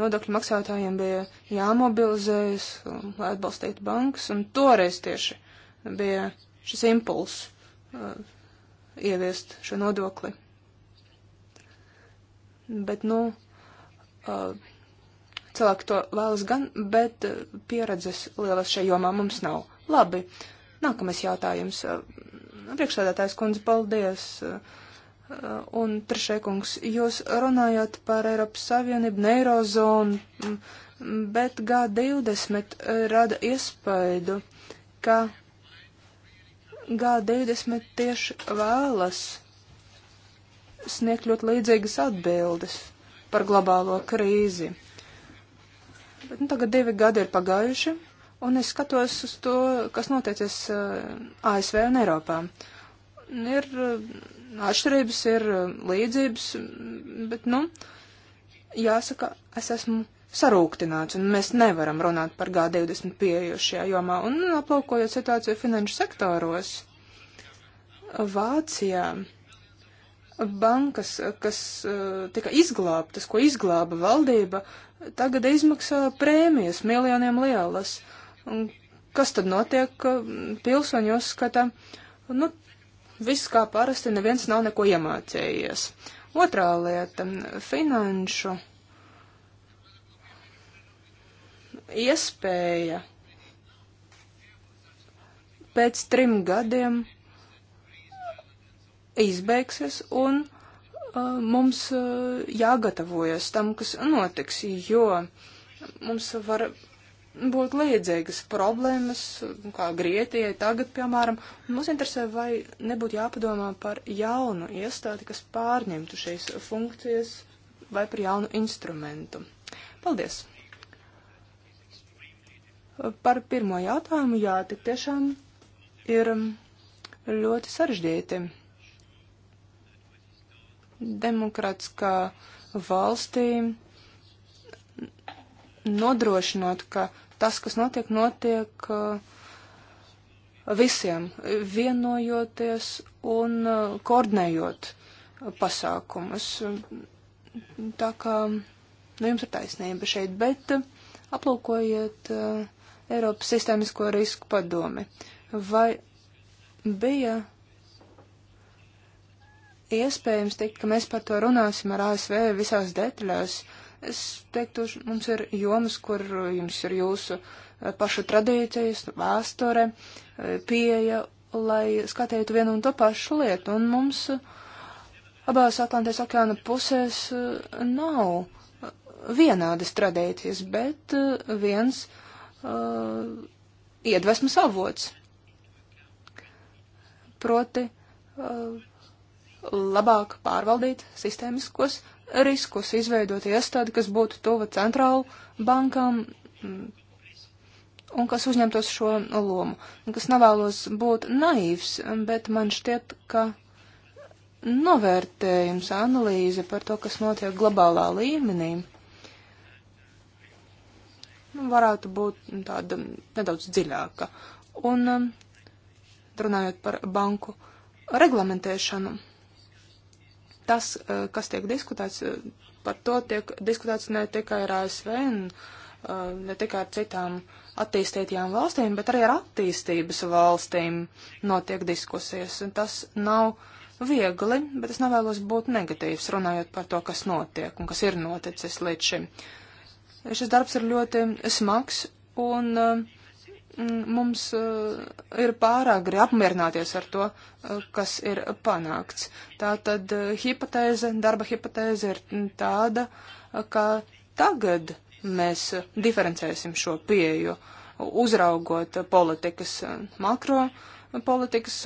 nodokļu maksātājiem bija jāmobilizējas, lai atbalstītu bankas, un toreiz tieši bija šis impuls uh, eh, ieviest šo nodokli. Bet, nu, uh, Cilvēki to vēlas gan, bet eh, pieredzes lielas šajā jomā mums nav. Labi, nākamais jautājums. Eh, priekšsēdētājs kundze, paldies. Eh, un trešēkungs, jūs runājāt par Eiropas Savienību, neirozonu, bet G20 rada iespaidu, ka G20 tieši vēlas sniegt ļoti līdzīgas atbildes par globālo krīzi. Bet nu, tagad divi gadi ir pagājuši, un es skatos uz to, kas noticis uh, eh, ASV un Eiropā. Ir uh, atšķirības, ir uh, līdzības, bet, nu, jāsaka, es esmu sarūktināts, un mēs nevaram runāt par G20 pieeju šajā jomā. Un nu, aplaukojot situāciju finanšu sektoros, Vācijā bankas, kas uh, tika izglābtas, ko izglāba valdība, uh, tagad izmaksā prēmijas miljoniem lielas. Un kas tad notiek pilsoņu uzskata? Nu, viss kā parasti, neviens nav neko iemācējies. Otrā lieta - finanšu iespēja pēc trim gadiem izbeigsies un mums jāgatavojas tam, kas notiks, jo mums var būt līdzīgas problēmas, kā Grietijai tagad, piemēram. Mums interesē, vai nebūtu jāpadomā par jaunu iestādi, kas pārņemtu šīs funkcijas, vai par jaunu instrumentu. Paldies! Par pirmo jautājumu, jā, tik tiešām ir ļoti sarežģīti demokrātiskā valstī nodrošināt, ka tas, kas notiek, notiek uh, visiem, vienojoties un uh, koordinējot pasākumus. Tā kā nu, jums ir taisnība šeit, bet uh, aplūkojiet Eiropas sistēmisko risku padomi. Vai bija iespējams teikt, ka mēs par to runāsim ar ASV visās detaļās. Es teiktu, mums ir jomas, kur jums ir jūsu eh, pašu tradīcijas, vēsture, eh, pieeja, lai skatītu vienu un to pašu lietu. Un mums eh, abās Atlantijas okeāna pusēs nav vienādas tradīcijas, bet viens uh, iedvesmas avots. Proti, uh, labāk pārvaldīt sistēmiskos riskus, izveidot iestādi, kas būtu tuva centrālu bankām mm, un kas uzņemtos šo lomu. Un kas nevēlos būt naivs, bet man šķiet, ka novērtējums, analīze par to, kas notiek globālā līmenī, varētu būt tāda nedaudz dziļāka. Un mm, runājot par banku reglamentēšanu tas, eh, kas tiek diskutēts, eh, par to tiek diskutēts ne tikai ar ASV un eh, ne tikai ar citām attīstītajām valstīm, bet arī ar attīstības valstīm notiek diskusijas. Un tas nav viegli, bet es nevēlos būt negatīvs runājot par to, kas notiek un kas ir noticis līdz šim. Šis darbs ir ļoti smags un uh, Mm, mums eh, ir pārāk grūti apmierināties ar to, eh, kas ir panākts. Tātad eh, hipotēze, darba hipotēze ir mm, tāda, ka tagad mēs diferencēsim šo pieju, uzraugot politikas makro, politikas,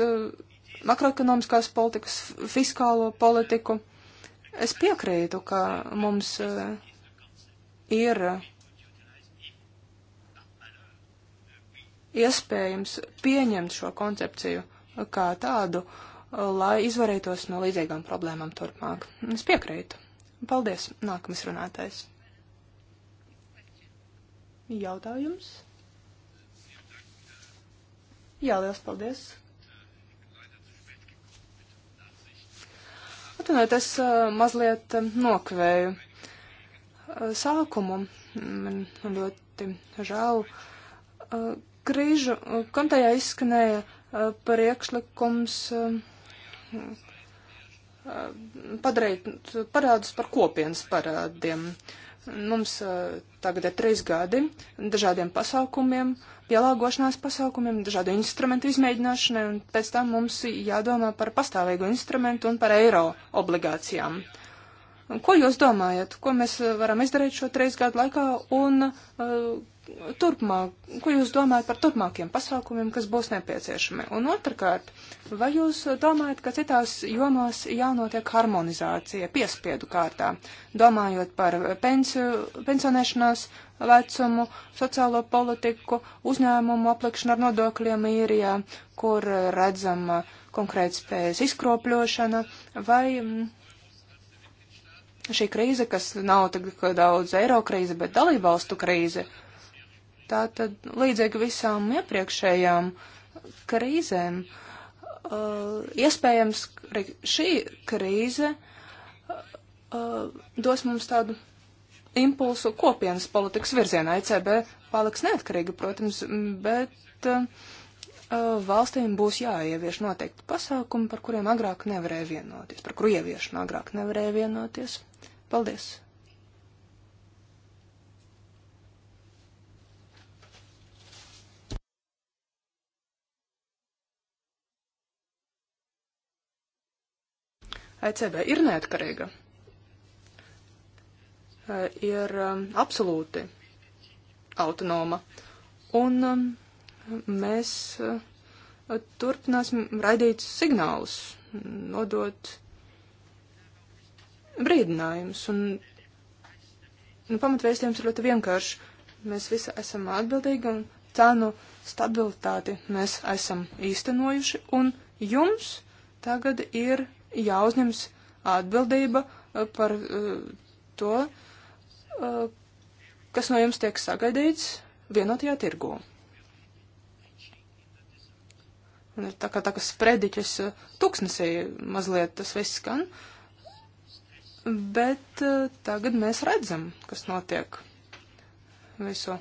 makroekonomiskās politikas, fiskālo politiku. Es piekrītu, ka mums ir iespējams pieņemt šo koncepciju kā tādu, lai izvarītos no līdzīgām problēmām turpmāk. Es piekrītu. Paldies. Nākamais runātais. Jautājums? Jā, liels paldies. Atvainojiet, es eh, mazliet eh, nokvēju eh, sākumu. Man ļoti žēl, Krīžu uh, komitejā izskanēja uh, par iekšlikums um, uh, padarīt parādus par kopienas parādiem. Mums tagad ir trīs gadi dažādiem pasākumiem, pielāgošanās pasākumiem, dažādu instrumentu izmēģināšanai, un pēc tam mums jādomā par pastāvīgu instrumentu un par eiro obligācijām. Uh, Ko jūs domājat, ko mēs eh, varam izdarīt šo trīs gadu laikā un uh, turpmāk, ko jūs domājat par turpmākiem pasākumiem, kas būs nepieciešami? Un otrkārt, vai jūs domājat, ka citās jomās jānotiek harmonizācija piespiedu kārtā, domājot par pensiju, pensionēšanās vecumu, sociālo politiku, uzņēmumu aplikšanu ar nodokļiem īrijā, kur redzama konkrētspējas izkropļošana vai. Mm, Šī krīze, kas nav tik daudz eiro krīze, bet dalībvalstu krīze, tā tad līdzīgi visām iepriekšējām krīzēm, uh, iespējams, šī krīze uh, dos mums tādu impulsu kopienas politikas virzienā. ECB paliks neatkarīga, protams, bet uh, valstīm būs jāievieš noteikti pasākumi, par kuriem agrāk nevarēja vienoties, par kuru ieviešanu agrāk nevarēja vienoties. Paldies! ECB ir neatkarīga, ir um, absolūti autonoma, un um, mēs uh, turpināsim raidīt signālus, nodot brīdinājums. Un, nu, pamatvēstījums ir ļoti vienkāršs. Mēs visi esam atbildīgi un cenu stabilitāti mēs esam īstenojuši, un jums tagad ir jāuzņems atbildība uh, par uh, to, uh, kas no jums tiek sagaidīts vienotajā tirgū. Un ir tā kā, tā kā sprediķis uh, tuksnesī mazliet tas viss skan. Uh, Bet eh, tagad mēs redzam, kas notiek. Visu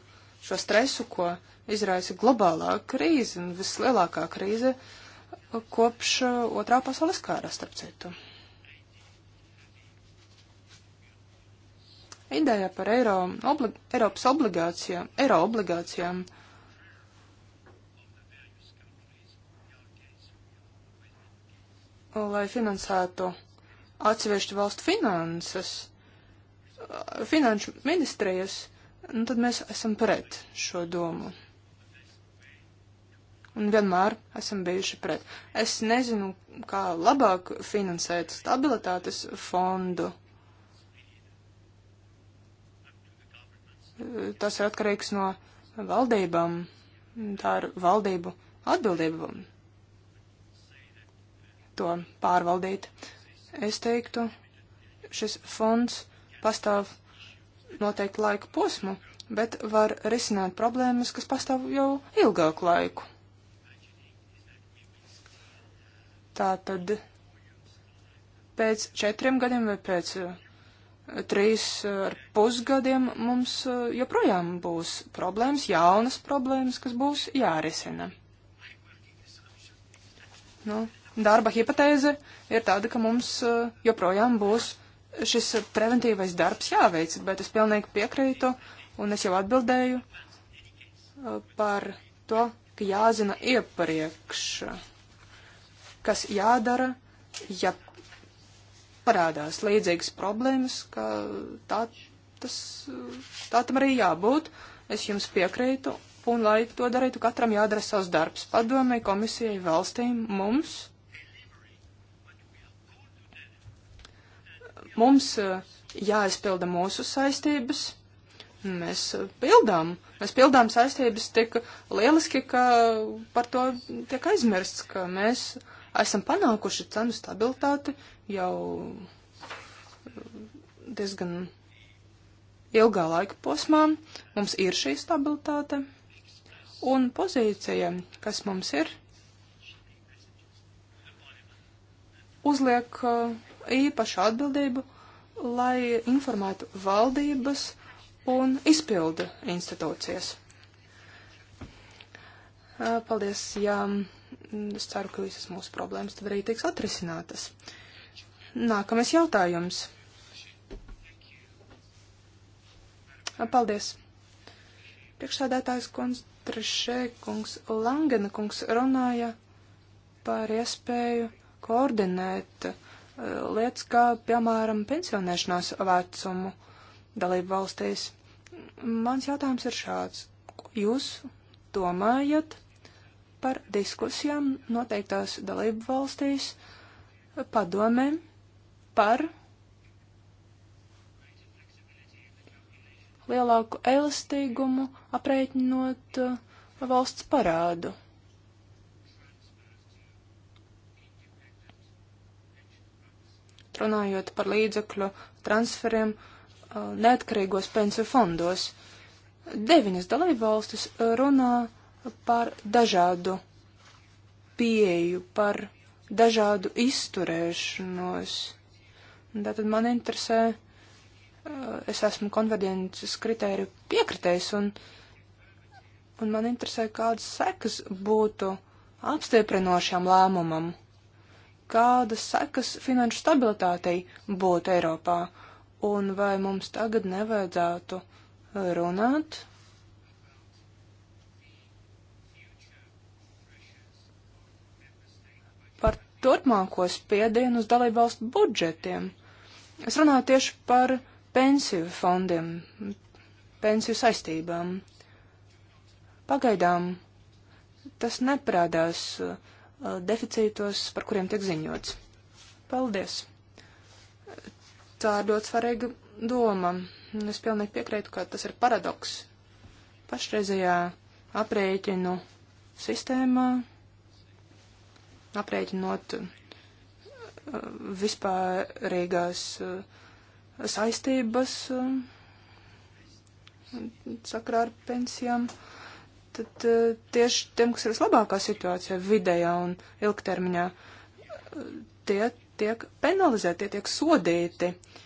šo stresu, ko izraisa globālā krīze un vislielākā krīze eh, kopš eh, otrā pasaules kārā, starp citu. Ideja par eiro, obli, Eiropas obligācijām, eiro obligācijām lai finansētu atsevišķu valstu finanses, finanšu ministrijas, nu, tad mēs esam pret šo domu. Un vienmēr esam bijuši pret. Es nezinu, kā labāk finansēt stabilitātes fondu. Tas ir atkarīgs no valdībām. Tā ir valdību atbildība to pārvaldīt. Uh, es teiktu, šis fonds pastāv noteikti laika posmu, bet var risināt problēmas, kas pastāv jau ilgāku laiku. Tātad pēc četriem gadiem vai pēc eh, trīs eh, ar pusgadiem mums eh, joprojām būs problēmas, jaunas problēmas, kas būs jārisina. Nu, darba hipotēze ir tāda, ka mums eh, joprojām būs šis preventīvais darbs jāveic, bet es pilnīgi piekrītu, un es jau atbildēju eh, par to, ka jāzina iepriekš, kas jādara, ja parādās līdzīgas problēmas, ka tā, tas, tā tam arī jābūt. Es jums piekrītu, un lai to darītu, katram jādara savs darbs padomē, komisijai, valstīm, mums Mums eh, jāizpilda mūsu saistības. Mēs eh, pildām, mēs pildām saistības tik lieliski, ka par to tiek aizmirsts, ka mēs esam panākuši cenu stabilitāti jau eh, diezgan ilgā laika posmā. Mums ir šī stabilitāte un pozīcija, kas mums ir, uzliek uh, īpašu atbildību, lai informētu valdības un izpildu institūcijas. Paldies, jā, es ceru, ka visas mūsu problēmas tad arī tiks atrisinātas. Nākamais jautājums. Paldies. Priekšsādātājs kundze Trešē kungs Langena kungs runāja par iespēju koordinēt uh, lietas, kā piemēram pensionēšanās vecumu dalību valstīs. Mans jautājums ir šāds. Ko jūs domājat par diskusijām noteiktās dalību valstīs padomē par lielāku elastīgumu aprēķinot valsts parādu? runājot par līdzekļu transferiem uh, neatkarīgos pensiju fondos. Deviņas dalībvalstis runā par dažādu pieeju, par dažādu izturēšanos. Tātad man interesē, uh, es esmu konverģences kritēriju piekritējis, un, un man interesē, kādas sekas būtu apstieprinošām lēmumam kādas sekas finanšu stabilitātei būtu Eiropā, un vai mums tagad nevajadzētu runāt par turpmāko spiedienu uz dalībvalstu budžetiem. Es runāju tieši par pensiju fondiem, pensiju saistībām. Pagaidām tas neprādās uh, Uh, deficītos, par kuriem tiek ziņots. Paldies! Tā ir ļoti svarīga doma. Es pilnīgi piekrītu, ka tas ir paradoks. Pašreizajā aprēķinu sistēmā, aprēķinot uh, vispārīgās uh, saistības sakrā ar pensijām, uh, tad eh, tieši tiem, kas ir vislabākā situācijā vidējā un ilgtermiņā, tie tiek penalizēti, tie tiek sodīti eh,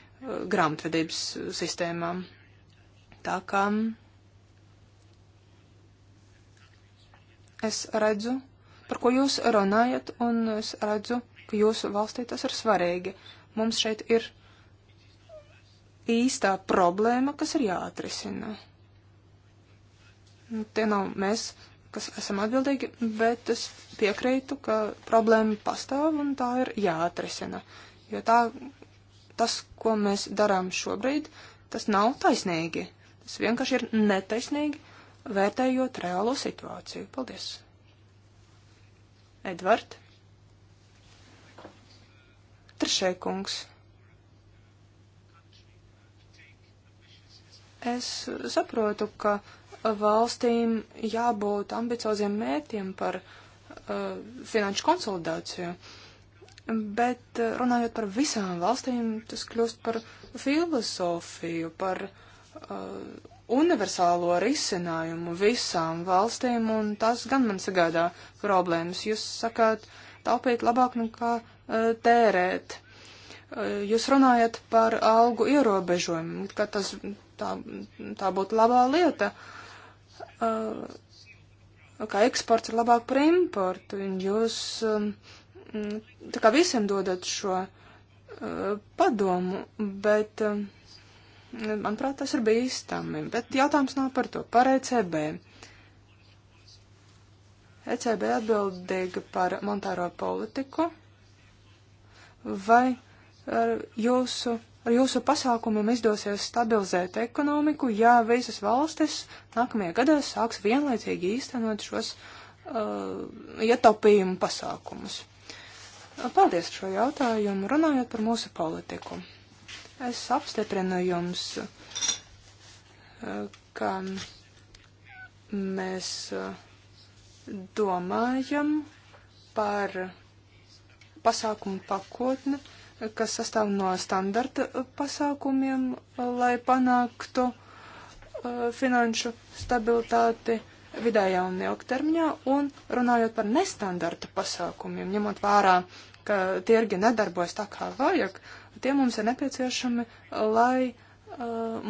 grāmatvedības sistēmām. Tā kā es redzu, par ko jūs runājat, un es redzu, ka jūsu valstī tas ir svarīgi. Mums šeit ir īstā problēma, kas ir jāatrisina. Tie nav mēs, kas esam atbildīgi, bet es piekrītu, ka problēma pastāv un tā ir jāatrisina. Jo tā, tas, ko mēs darām šobrīd, tas nav taisnīgi. Tas vienkārši ir netaisnīgi, vērtējot reālo situāciju. Paldies! Edvard? Trešai kungs. Es saprotu, ka valstīm jābūt ambicioziem mērķiem par uh, finanšu konsolidāciju. Bet uh, runājot par visām valstīm, tas kļūst par filozofiju, par uh, universālo risinājumu visām valstīm, un tas gan man sagādā problēmas. Jūs sakāt, taupīt labāk nekā uh, tērēt. Uh, jūs runājat par algu ierobežojumu, ka tas tā, tā būtu labā lieta. Uh, Uh, ka eksports ir labāk par importu, un jūs um, tā kā visiem dodat šo uh, padomu, bet, um, manuprāt, tas ir bīstami. Bet jautājums nav par to, par ECB. ECB atbildīga par monetāro politiku, vai uh, jūsu ar jūsu pasākumiem izdosies stabilizēt ekonomiku, ja visas valstis nākamajā gadā sāks vienlaicīgi īstenot šos uh, ietaupījumu pasākumus? Paldies par šo jautājumu, runājot par mūsu politiku. Es apstiprinu jums, uh, ka mēs uh, domājam par pasākumu pakotni, kas sastāv no standarta pasākumiem, lai panāktu uh, finanšu stabilitāti vidējā un ilgtermiņā, un runājot par nestandarta pasākumiem, ņemot vērā, ka tirgi nedarbojas tā kā vajag, tie mums ir nepieciešami, lai uh,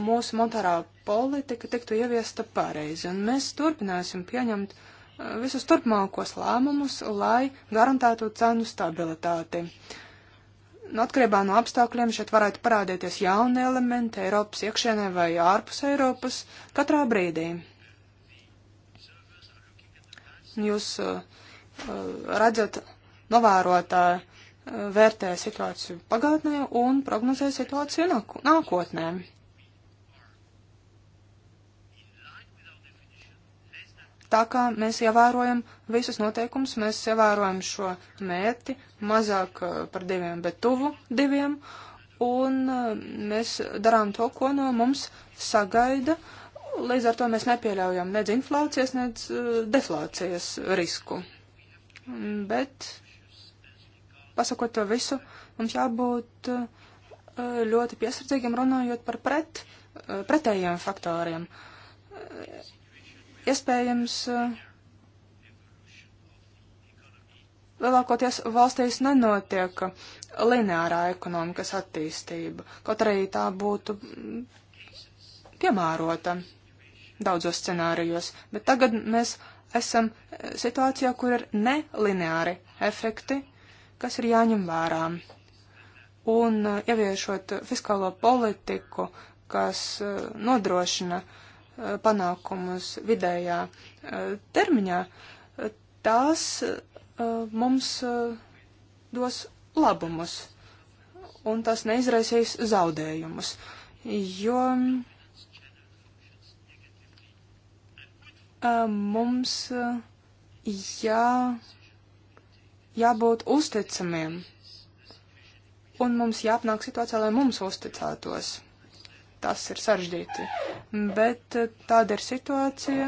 mūsu monetārā politika tiktu ieviesta pareizi, un mēs turpināsim pieņemt uh, visus turpmākos lēmumus, lai garantētu cenu stabilitāti. Uh, atkarībā no apstākļiem šeit varētu parādīties jauni elementi Eiropas iekšienē vai ārpus Eiropas katrā brīdī. Jūs uh, uh redzat, novērotāji uh, vērtē situāciju pagātnē un prognozē situāciju nākotnē. Nāku, Tā kā mēs ievērojam visus noteikumus, mēs ievērojam šo mērķi mazāk eh, par diviem, bet tuvu diviem, un eh, mēs darām to, ko no mums sagaida. Līdz ar to mēs nepieļaujam nec inflācijas, nec eh, deflācijas risku. Bet, pasakot to visu, mums jābūt ļoti piesardzīgiem runājot par pret, pretējiem faktoriem. Iespējams, eh, lielākoties valstīs nenotiek lineārā ekonomikas attīstība, kaut arī tā būtu mm, piemērota daudzos scenārijos, bet tagad mēs esam eh, situācijā, kur ir nelineāri efekti, kas ir jāņem vērā. Un eh, ieviešot fiskālo politiku, kas nodrošina uh, panākumus vidējā e, termiņā, tās e, mums e, dos labumus un tas neizraisīs zaudējumus, jo mums jā, jābūt uzticamiem un mums jāpanāk situācijā, lai mums uzticētos tas ir sarežģīti. Bet eh, tāda ir situācija,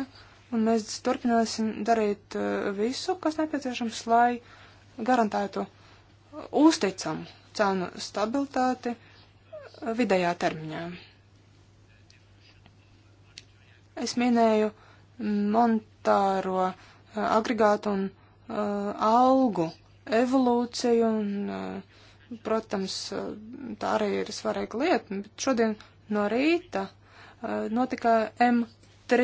un mēs turpināsim darīt eh, visu, kas nepieciešams, lai garantētu uzticamu cenu stabilitāti eh, vidējā termiņā. Es minēju monetāro agregātu un uh, algu evolūciju, un, uh, protams, tā arī ir svarīga lieta, bet šodien No rīta eh, notika M3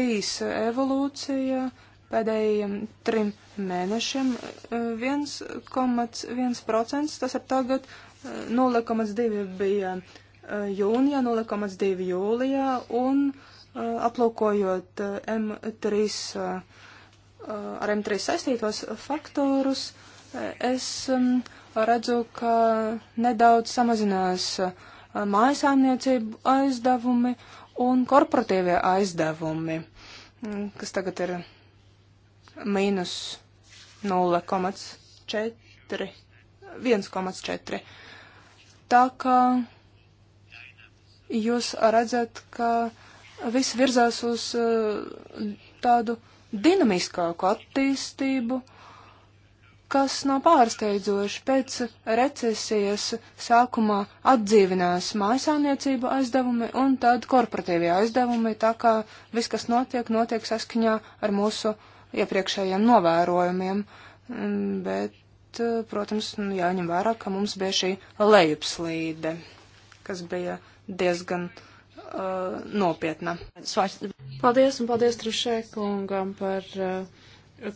evolūcija pēdējiem trim mēnešiem 1,1%, eh, tas ir tagad 0,2 eh, bija jūnijā, 0,2 jūlijā, un aplūkojot M3, ar M3 saistītos faktorus, es mm, redzu, ka nedaudz samazinās uh, mājasāimniecību aizdevumi un korporatīvie aizdevumi, mm, kas tagad ir mīnus 0,4, 1,4. Tā kā jūs redzat, ka viss virzās uz tādu dinamiskāku attīstību, uh, kas nav pārsteidzoši. Pēc recesijas sākumā atdzīvinās mājasāniecību aizdevumi un tad korporatīvie aizdevumi, tā kā viss, kas notiek, notiek saskaņā ar mūsu iepriekšējiem novērojumiem. Mm, bet, eh, protams, nu, jāņem vērā, ka mums bija šī lejupslīde, kas bija diezgan uh, nopietna. Paldies un paldies Trišē kungam par. Uh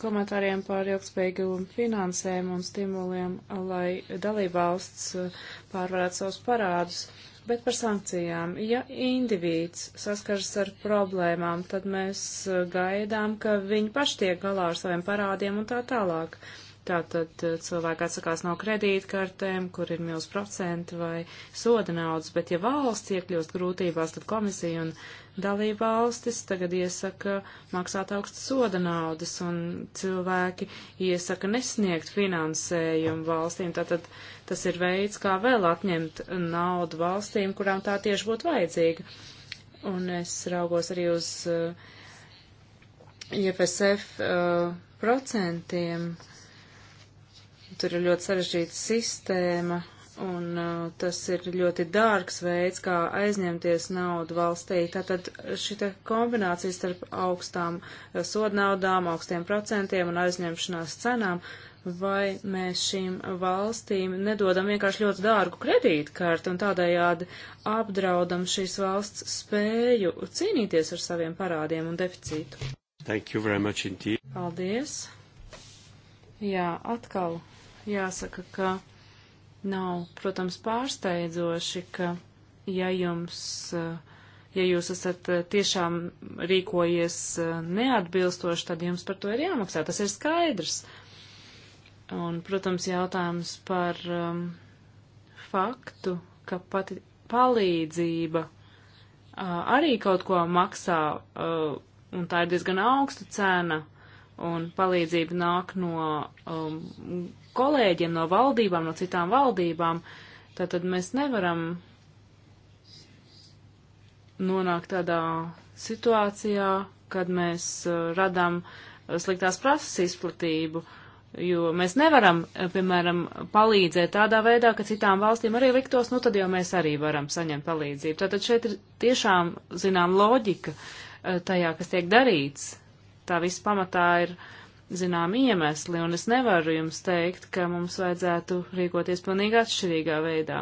komentāriem par ilgspējīgu finansēm un stimuliem, lai dalībvalsts eh, pārvarētu savus parādus, bet par sankcijām. Ja indivīds saskaras ar problēmām, tad mēs eh, gaidām, ka viņi paši tiek galā ar saviem parādiem un tā tālāk. Tātad eh, cilvēki atsakās no kredītkartēm, kur ir milz procenti vai soda naudas, bet ja valsts iekļūst grūtībās, tad komisija un Dalībvalstis tagad iesaka maksāt augstas soda naudas, un cilvēki iesaka nesniegt finansējumu valstīm. Tātad tas ir veids, kā vēl atņemt naudu valstīm, kurām tā tieši būtu vajadzīga. Un es raugos arī uz uh, IFSF uh, procentiem. Tur ir ļoti sarežģīta sistēma, un uh, tas ir ļoti dārgs veids, kā aizņemties naudu valstī. Tātad šita kombinācija starp augstām uh, sodnaudām, augstiem procentiem un aizņemšanās cenām, vai mēs šīm valstīm nedodam vienkārši ļoti dārgu kredītkarti un tādējādi apdraudam šīs valsts spēju cīnīties ar saviem parādiem un deficītu. Thank you very much indeed. Paldies. Jā, atkal jāsaka, ka Nav, protams, pārsteidzoši, ka ja jums. Uh, ja jūs esat eh, tiešām rīkojies eh, neatbilstoši, tad jums par to ir jāmaksā. Tas ir skaidrs. Un, protams, jautājums par um, faktu, ka pati palīdzība uh, arī kaut ko maksā, uh, un tā ir diezgan augsta cena, un palīdzība nāk no um, kolēģiem no valdībām, no citām valdībām. Tātad mēs nevaram nonākt tādā situācijā, kad mēs uh, radām uh, sliktās prasas izplatību, jo mēs nevaram, uh, piemēram, palīdzēt tādā veidā, ka citām valstīm arī liktos, nu tad jau mēs arī varam saņemt palīdzību. Tātad šeit ir tiešām, zinām, loģika tajā, kas tiek darīts. Tā viss pamatā ir uh, zinām iemesli, un es nevaru jums teikt, ka mums vajadzētu rīkoties pilnīgi atšķirīgā veidā.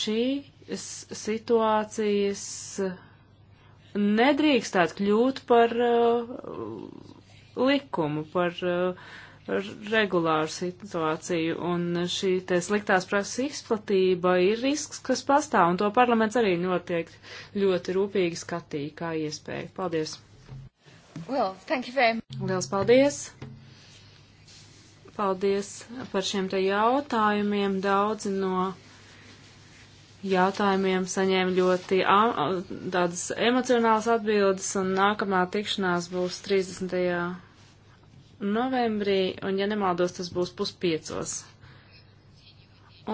Šīs situācijas nedrīkstētu kļūt par uh, likumu, par uh, regulāru situāciju, un šī te sliktās prasas izplatība ir risks, kas pastāv, un to parlaments arī notiek ļoti rūpīgi skatīja kā iespēju. Paldies! Well, thank you very much. Liels paldies! Paldies par šiem te jautājumiem. Daudzi no jautājumiem saņēma ļoti tādas emocionālas atbildes, un nākamā tikšanās būs 30. novembrī, un, ja nemaldos, tas būs puspiecos.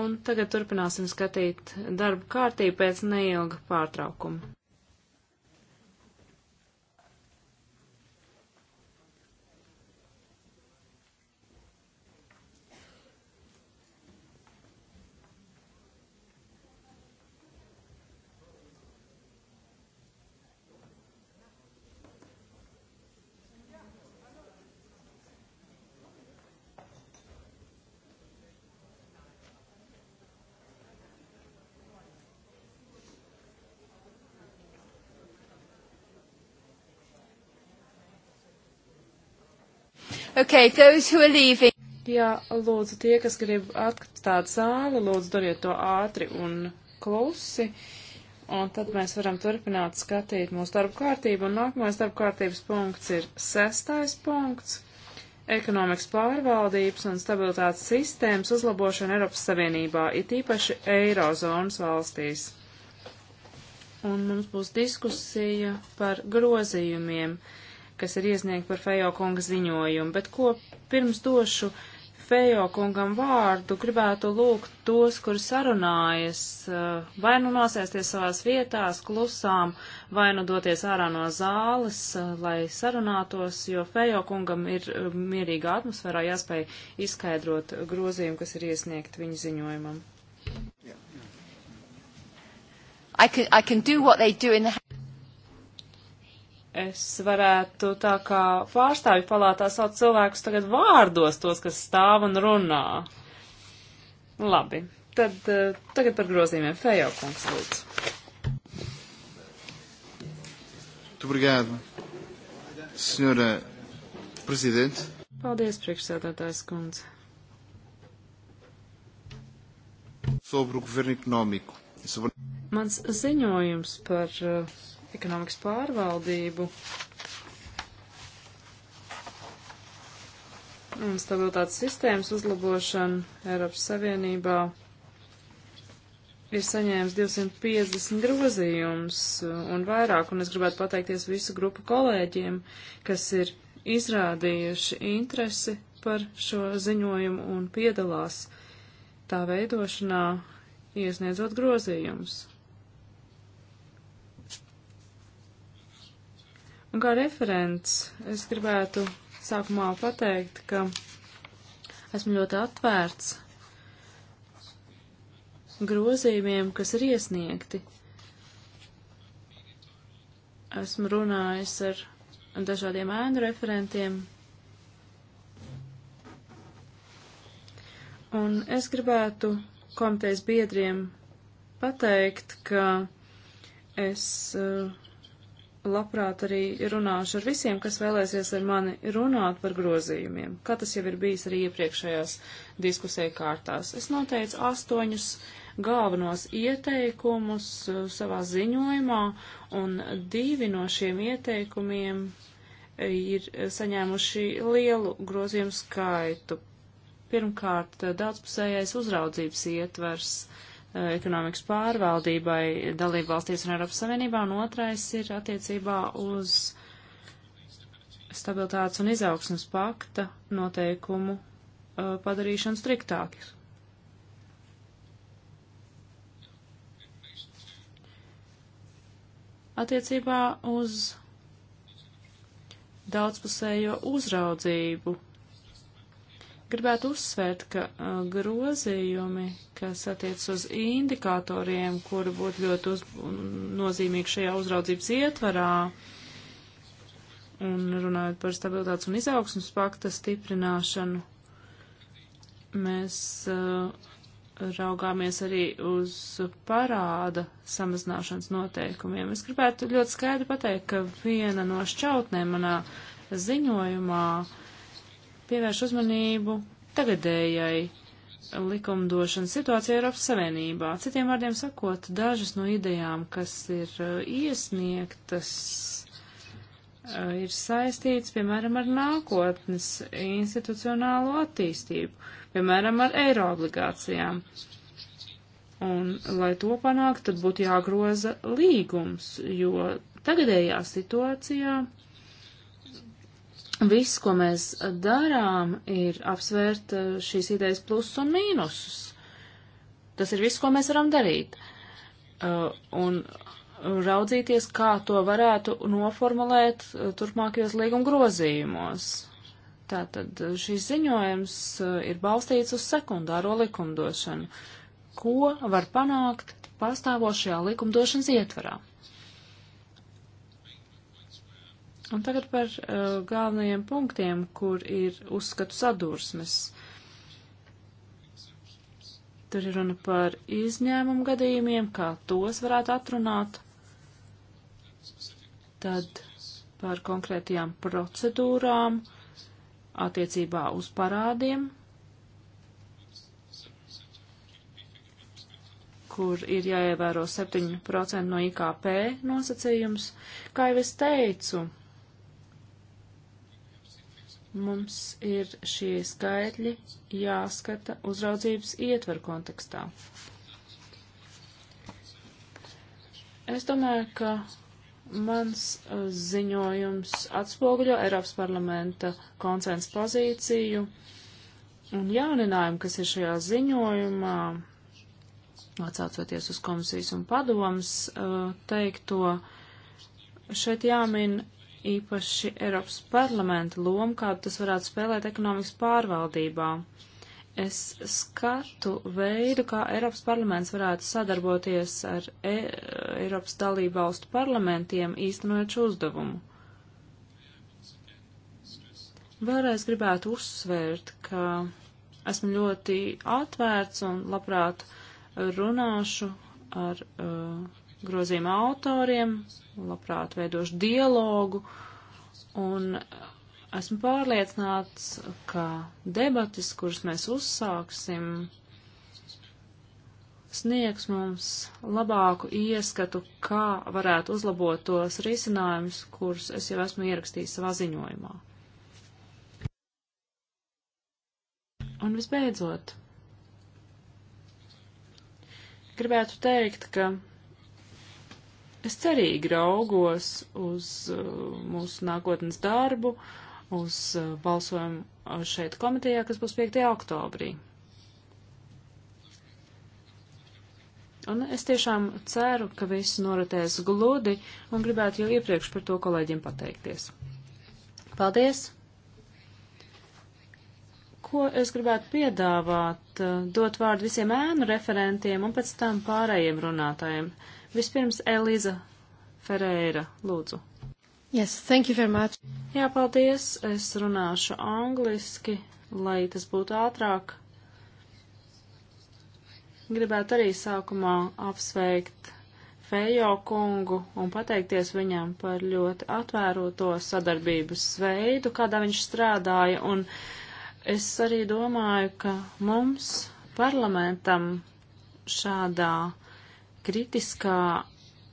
Un tagad turpināsim skatīt darbu kārtību pēc neilga pārtraukuma. Okay, those who are leaving. Jā, lūdzu, tie, kas grib atstāt zāli, lūdzu, dariet to ātri un klusi. Un tad mēs varam turpināt skatīt mūsu darbu kārtību. Un nākamais darbu kārtības punkts ir sestais punkts - ekonomikas pārvaldības un stabilitātes sistēmas uzlabošana Eiropas Savienībā, it īpaši Eirozonas valstīs. Un mums būs diskusija par grozījumiem. Uh, kas ir iesniegti par Fejo kunga ziņojumu, bet ko pirms došu Fejo kungam vārdu, gribētu lūgt tos, kur sarunājas, eh, vai nu nosēsties savās vietās klusām, vai nu doties ārā no zāles, eh, lai sarunātos, jo Fejo kungam ir eh, mierīgā atmosfērā jāspēj izskaidrot grozījumu, kas ir iesniegt viņa ziņojumam. I can, I can do what they do in the es varētu tā kā pārstāvju palātā saukt cilvēkus tagad vārdos tos, kas stāv un runā. Labi, tad uh, tagad par grozījumiem. Fejo kungs, lūdzu. Tu brigādu, senjora prezident. Paldies, priekšsēdētājs kundze. Sobre o governo económico. Sobre... Mans ziņojums par uh, ekonomikas pārvaldību un stabilitātes sistēmas uzlabošanu Eiropas Savienībā ir saņēmis 250 grozījumus un vairāk, un es gribētu pateikties visu grupu kolēģiem, kas ir izrādījuši interesi par šo ziņojumu un piedalās tā veidošanā, iesniedzot grozījumus. Un kā referents es gribētu sākumā pateikt, ka esmu ļoti atvērts grozījumiem, kas ir iesniegti. Esmu runājis ar dažādiem ēnu referentiem. Un es gribētu komitejas biedriem pateikt, ka es uh, labprāt arī runāšu ar visiem, kas vēlēsies ar mani runāt par grozījumiem, kā tas jau ir bijis arī iepriekšējās diskusēju kārtās. Es noteicu astoņus galvenos ieteikumus uh, savā ziņojumā, un divi no šiem ieteikumiem uh, ir saņēmuši lielu grozījumu skaitu. Pirmkārt, uh, daudzpusējais uzraudzības ietvers. Uh, Uh, ekonomikas pārvaldībai dalību valstīs un Eiropas Savienībā, un otrais ir attiecībā uz stabilitātes un izaugsmas pakta noteikumu uh, padarīšanu striktākus. Attiecībā uz daudzpusējo uzraudzību Gribētu uzsvērt, ka uh, grozījumi, kas attiec uz indikatoriem, kuri būtu ļoti uz, nozīmīgi šajā uzraudzības ietvarā, un runājot par stabilitātes un izaugsmas pakta stiprināšanu, mēs uh, raugāmies arī uz parāda samazināšanas noteikumiem. Es gribētu ļoti skaidri pateikt, ka viena no šķautnēm manā ziņojumā uh, pievērš uzmanību tagadējai likumdošanas situācija Eiropas Savienībā. Citiem vārdiem sakot, dažas no idejām, kas ir uh, iesniegtas, uh, ir saistītas, piemēram, ar nākotnes institucionālo attīstību, piemēram, ar eiro obligācijām. Un, lai to panāktu, tad būtu jāgroza līgums, jo tagadējā situācijā viss, ko mēs darām, ir apsvērt eh, šīs idejas plusus un mīnusus. Tas ir viss, ko mēs varam darīt. Eh, un raudzīties, kā to varētu noformulēt eh, turpmākajos līguma grozījumos. Tātad šis ziņojums ir balstīts uz sekundāro likumdošanu. Ko var panākt pastāvošajā likumdošanas ietvarā? Un tagad par uh, galvenajiem punktiem, kur ir uzskatu sadursmes. Tur ir runa par izņēmumu gadījumiem, kā tos varētu atrunāt, tad par konkrētajām procedūrām attiecībā uz parādiem, kur ir jāievēro 7% no IKP nosacījums. Kā jau es teicu, Mums ir šie skaitļi jāskata uzraudzības ietveru kontekstā. Es domāju, ka mans uh, ziņojums atspoguļo Eiropas parlamenta konsensu pozīciju un jauninājumu, kas ir šajā ziņojumā, atsaucoties uz komisijas un padomas uh, teikto, šeit jāmin īpaši Eiropas parlamenta lomu, kādu tas varētu spēlēt ekonomikas pārvaldībā. Es skatu veidu, kā Eiropas parlaments varētu sadarboties ar e Eiropas dalību valstu parlamentiem, īstenojot šo uzdevumu. Vēlreiz gribētu uzsvērt, ka esmu ļoti atvērts un labprāt runāšu ar uh, grozījuma autoriem, labprāt veidošu dialogu, un esmu pārliecināts, ka debatis, kuras mēs uzsāksim, sniegs mums labāku ieskatu, kā varētu uzlabot tos risinājumus, kurus es jau esmu ierakstījis savā ziņojumā. Un visbeidzot, gribētu teikt, ka Es cerīgi raugos uz uh, mūsu nākotnes darbu, uz uh, balsojumu uh, šeit komitejā, kas būs 5. oktobrī. Un es tiešām ceru, ka viss noritēs gludi un gribētu jau iepriekš par to kolēģiem pateikties. Paldies! Ko es gribētu piedāvāt? Dot vārdu visiem ēnu referentiem un pēc tam pārējiem runātājiem. Uh, Vispirms Eliza Ferreira, lūdzu. Yes, thank you very much. Jā, paldies. Es runāšu angliski, lai tas būtu ātrāk. Gribētu arī sākumā apsveikt Fejo kungu un pateikties viņam par ļoti atvēroto sadarbības veidu, kādā viņš strādāja, un es arī domāju, ka mums parlamentam šādā kritiskā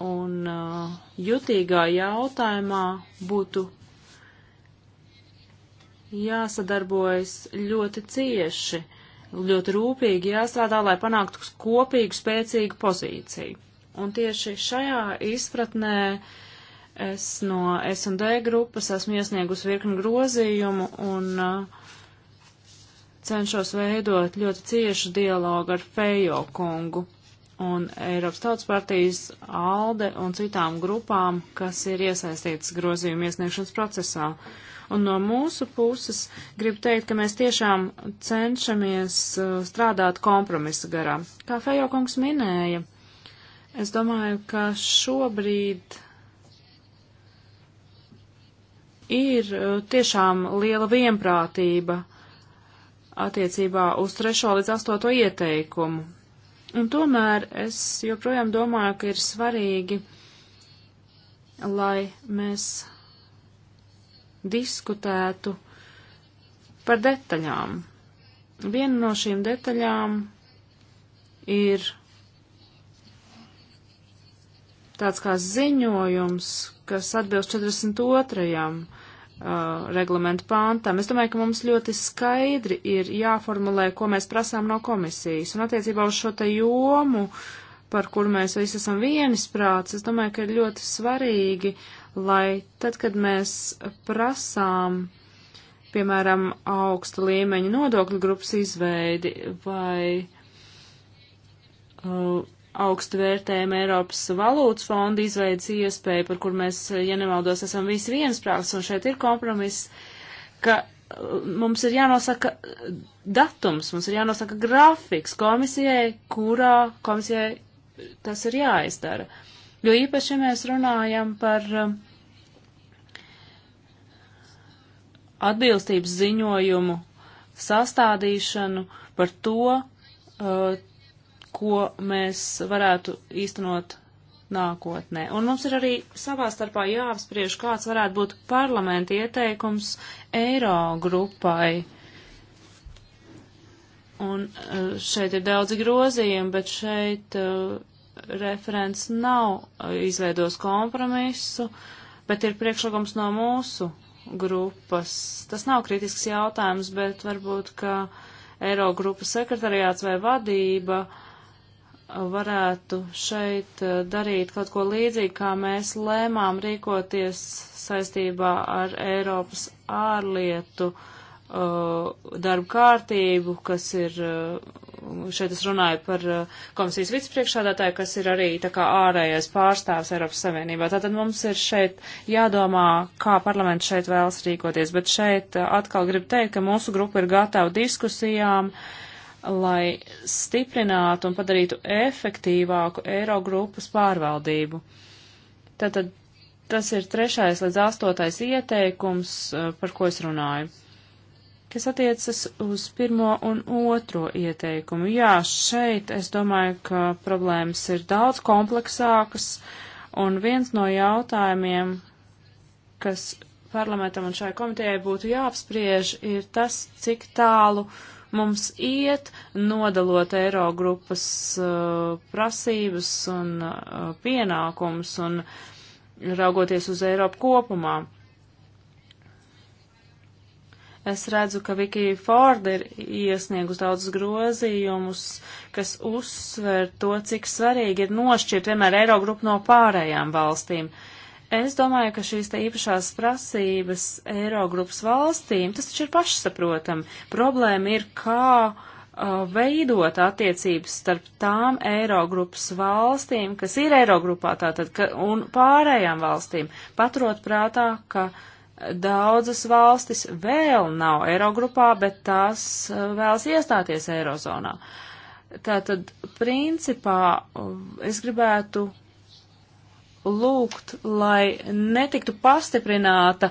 un uh, jutīgā jautājumā būtu jāsadarbojas ļoti cieši, ļoti rūpīgi jāstrādā, lai panāktu kopīgu, spēcīgu pozīciju. Un tieši šajā izpratnē es no S&D grupas esmu iesniegusi virkni grozījumu un uh, cenšos veidot ļoti ciešu dialogu ar Fejo kungu un Eiropas Tautas partijas ALDE un citām grupām, kas ir iesaistītas grozījuma iesniegšanas procesā. Un no mūsu puses gribu teikt, ka mēs tiešām cenšamies uh, strādāt kompromisa garā. Kā Fejo kungs minēja, es domāju, ka šobrīd ir uh, tiešām liela vienprātība attiecībā uz trešo līdz astoto ieteikumu Un tomēr es joprojām domāju, ka ir svarīgi, lai mēs diskutētu par detaļām. Viena no šīm detaļām ir tāds kā ziņojums, kas atbilst 42 uh, reglamentu pāntām. Es domāju, ka mums ļoti skaidri ir jāformulē, ko mēs prasām no komisijas. Un attiecībā uz šo te jomu, par kur mēs visi esam vienisprāts, es domāju, ka ir ļoti svarīgi, lai tad, kad mēs prasām piemēram, augsta līmeņa nodokļu grupas izveidi vai uh, augstu vērtējam Eiropas valūtas fonda izveidas iespēju, par kur mēs, ja nemaldos, esam visi viensprāts, un šeit ir kompromiss, ka uh, mums ir jānosaka datums, mums ir jānosaka grafiks komisijai, kurā komisijai tas ir jāizdara. Jo īpaši, ja mēs runājam par um, atbilstības ziņojumu sastādīšanu, par to, uh, ko mēs varētu īstenot nākotnē. Un mums ir arī savā starpā jāapspriež, kāds varētu būt parlamenta ieteikums eiro grupai. Un eh, šeit ir daudzi grozījumi, bet šeit uh, referents nav izveidos kompromisu, bet ir priekšlikums no mūsu grupas. Tas nav kritisks jautājums, bet varbūt, ka Eirogrupas sekretariāts vai vadība uh, varētu šeit eh, darīt kaut ko līdzīgu, kā mēs lēmām rīkoties saistībā ar Eiropas ārlietu uh, darbu kārtību, kas ir, eh, šeit es runāju par komisijas vicepriekšādātāju, kas ir arī tā kā ārējais pārstāvs Eiropas Savienībā. Tātad mums ir šeit jādomā, kā parlaments šeit vēlas rīkoties, bet šeit atkal gribu teikt, ka mūsu grupa ir gatava diskusijām. Uh, lai stiprinātu un padarītu efektīvāku Eirogrupas pārvaldību. Tātad tas ir trešais līdz astotais ieteikums, eh, par ko es runāju, kas attiecas uz pirmo un otro ieteikumu. Jā, šeit es domāju, ka problēmas ir daudz kompleksākas, un viens no jautājumiem, kas parlamentam un šai komitejai būtu jāapspriež, ir tas, cik tālu uh, mums iet, nodalot Eirogrupas uh, prasības un uh, pienākums un raugoties uz Eiropu kopumā. Es redzu, ka Vikija Forda ir iesniegus daudz grozījumus, kas uzsver to, cik svarīgi ir nošķirt vienmēr Eirogrupu no pārējām valstīm. Uh, Es domāju, ka šīs te īpašās prasības Eirogrupas valstīm, tas taču ir pašsaprotami. Problēma ir, kā uh, veidot attiecības starp tām Eirogrupas valstīm, kas ir Eirogrupā tātad, ka, un pārējām valstīm, paturot prātā, ka daudzas valstis vēl nav Eirogrupā, bet tās uh, vēlas iestāties Eirozonā. Tātad, principā, es gribētu lūgt, lai netiktu pastiprināta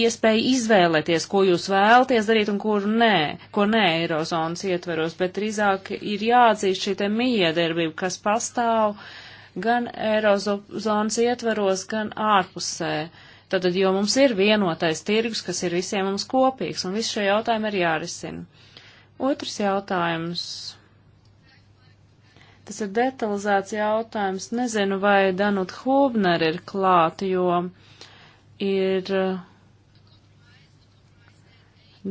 iespēja izvēlēties, ko jūs vēlties darīt un kur nē, ko nē Eirozonas ietveros, bet drīzāk ir jāatzīst šī te miedarbība, kas pastāv gan Eirozonas ietveros, gan ārpusē. Tātad, jo mums ir vienotais tirgus, kas ir visiem mums kopīgs, un visi šie jautājumi ir jārisina. Otrs jautājums Tas ir detalizēts jautājums. Nezinu, vai Danut Hubner ir klāt, jo ir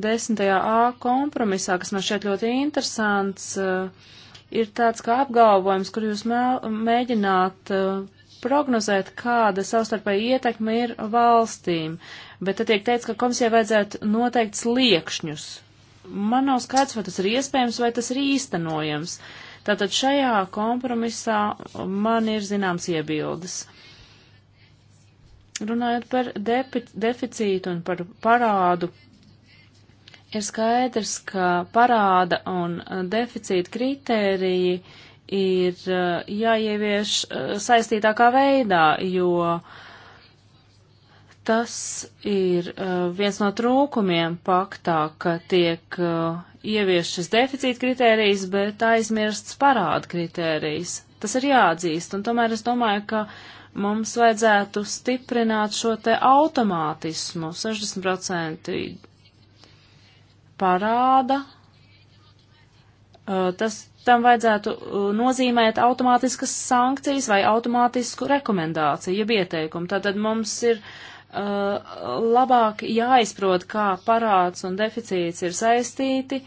10a uh, kompromisā, kas man šķiet ļoti interesants, uh, ir tāds kā apgalvojums, kur jūs mēģināt uh, prognozēt, kāda savstarpēji ietekme ir valstīm, bet tad tiek teikts, ka komisijai vajadzētu noteikt sliekšņus. Man nav skaidrs, vai tas ir iespējams, vai tas ir īstenojams. Uh, Tātad šajā kompromisā man ir zināms iebildes. Runājot par deficītu un par parādu, ir skaidrs, ka parāda un deficīta kritēriji ir uh, jāievieš uh, saistītākā veidā, jo tas ir uh, viens no trūkumiem paktā, ka tiek ieviest šis deficīta kritērijs, bet aizmirsts parāda kritērijs. Tas ir jāatzīst, un tomēr es domāju, ka mums vajadzētu stiprināt šo te automātismu 60% parāda. Uh, tas tam vajadzētu uh, nozīmēt automātiskas sankcijas vai automātisku rekomendāciju, jeb ieteikumu. Tātad mums ir uh, Uh, labāk jāizprot, kā parāds un deficīts ir saistīti,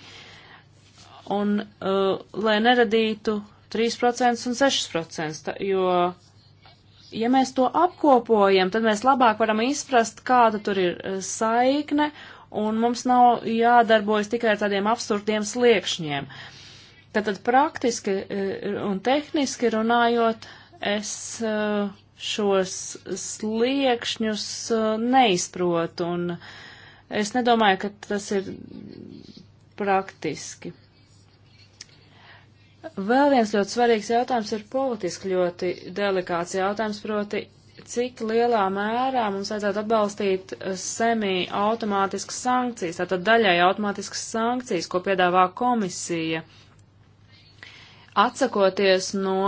un uh, lai neradītu 3% un 6%, jo, ja mēs to apkopojam, tad mēs labāk varam izprast, kāda tur ir uh, saikne, un mums nav jādarbojas tikai ar tādiem absurdiem sliekšņiem. Tātad praktiski un tehniski runājot, es uh, šos sliekšņus uh, neizprot, un es nedomāju, ka tas ir praktiski. Vēl viens ļoti svarīgs jautājums ir politiski ļoti delikāts jautājums, proti, cik lielā mērā mums vajadzētu atbalstīt semī automātiskas sankcijas, tātad daļai automātiskas sankcijas, ko piedāvā komisija. Uh, atsakoties no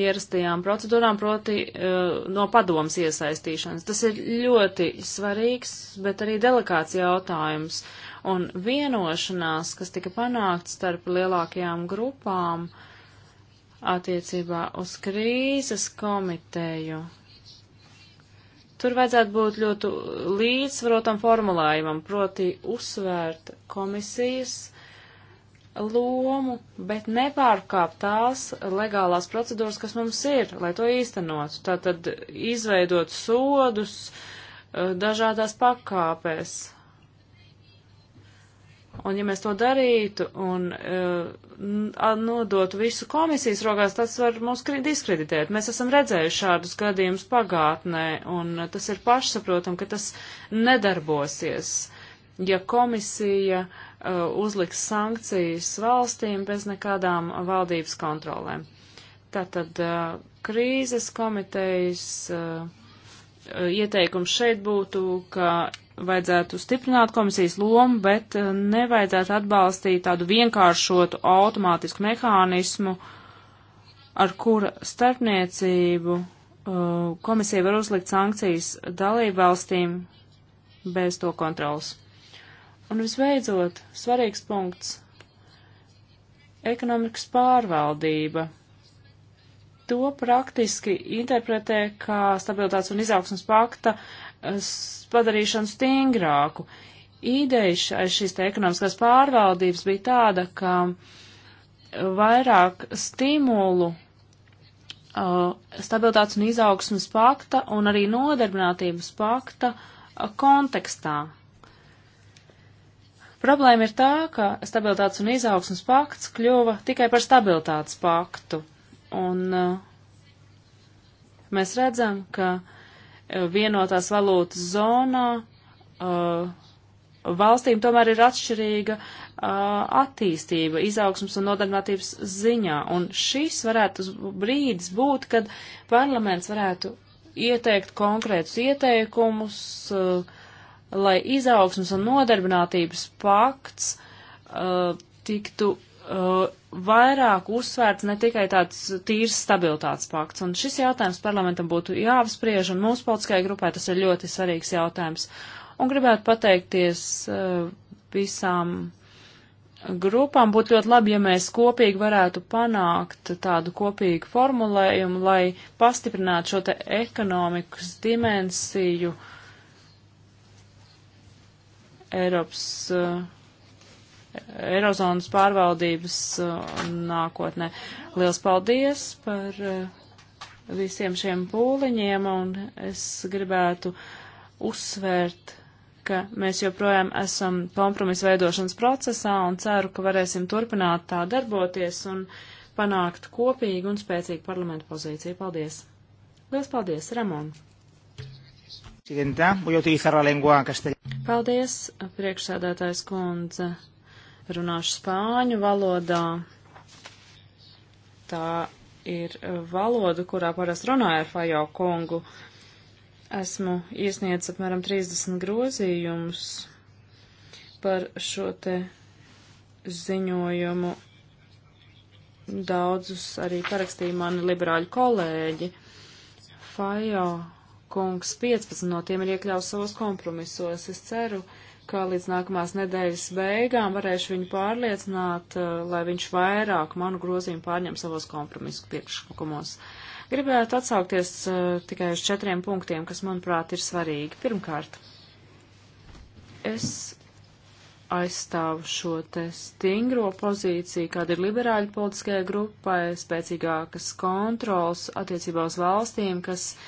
ierastajām procedūrām, proti uh, no padomas iesaistīšanas. Tas ir ļoti svarīgs, bet arī delikāts jautājums. Un vienošanās, kas tika panākts starp lielākajām grupām attiecībā uz krīzes komiteju, tur vajadzētu būt ļoti līdzsvarotam formulējumam, proti uzsvērt komisijas lomu, bet nepārkāpt tās legālās procedūras, kas mums ir, lai to īstenotu. Tātad izveidot sodus eh, dažādās pakāpēs. Un ja mēs to darītu un uh, nodotu visu komisijas rokās, tas var mūs diskreditēt. Mēs esam redzējuši šādus gadījumus pagātnē, un eh, tas ir pašsaprotam, ka tas nedarbosies, ja komisija uh, Uh, uzliks sankcijas valstīm bez nekādām valdības kontrolēm. Tātad uh, krīzes komitejas uh, ieteikums šeit būtu, ka vajadzētu stiprināt komisijas lomu, bet nevajadzētu atbalstīt tādu vienkāršotu automātisku mehānismu, ar kura starpniecību komisija var uzlikt sankcijas dalībvalstīm bez to kontrols. Un visbeidzot, svarīgs punkts - ekonomikas pārvaldība. To praktiski interpretē kā stabilitātes un izaugsmas pakta padarīšanu stingrāku. Ideja šīs te ekonomiskās pārvaldības bija tāda, ka uh, vairāk stimulu uh, stabilitātes un izaugsmas pakta un arī nodarbinātības pakta uh, kontekstā. Problēma ir tā, ka stabilitātes un izaugsmas pakts kļuva tikai par stabilitātes paktu. Un uh, mēs redzam, ka uh, vienotās valūtas zonā uh, valstīm tomēr ir atšķirīga uh, attīstība, izaugsmas un nodarbinātības ziņā. Un šis varētu brīdis būt, kad parlaments varētu ieteikt konkrētus ieteikumus, uh, lai izaugsmas un nodarbinātības pakts uh, tiktu uh, vairāk uzsvērts ne tikai tāds tīrs stabilitātes pakts. Un šis jautājums parlamentam būtu jāapspriež, un mūsu politiskajai grupai tas ir ļoti svarīgs jautājums. Un gribētu pateikties uh, visām grupām. Būtu ļoti labi, ja mēs kopīgi varētu panākt tādu kopīgu formulējumu, lai pastiprinātu šo te ekonomikas dimensiju uh, Eiropas, eh, Eirozonas pārvaldības eh, nākotnē. Liels paldies par eh, visiem šiem pūliņiem, un es gribētu uzsvērt, ka mēs joprojām esam kompromisu veidošanas procesā un ceru, ka varēsim turpināt tā darboties un panākt kopīgu un spēcīgu parlamentu pozīciju. Paldies! Liels paldies, Ramon! Presidenta, voy a utilizar la lengua castellana. Paldies, priekšsēdētājs kundze. Runāšu spāņu valodā. Tā ir valoda, kurā parasti runāju ar Fajo kungu. Esmu iesniedzis apmēram 30 grozījumus par šo te ziņojumu. Daudzus arī parakstīja mani liberāļu kolēģi. Fajo kungs 15 no tiem ir iekļauts savos kompromisos. Es ceru, ka līdz nākamās nedēļas beigām varēšu viņu pārliecināt, uh, lai viņš vairāk manu grozījumu pārņem savos kompromisu priekšlikumos. Gribētu atsaukties uh, tikai uz četriem punktiem, kas, manuprāt, ir svarīgi. Pirmkārt, es aizstāvu šo te stingro pozīciju, kāda ir liberāļu politiskajai grupai, spēcīgākas kontrols attiecībā uz valstīm, kas uh,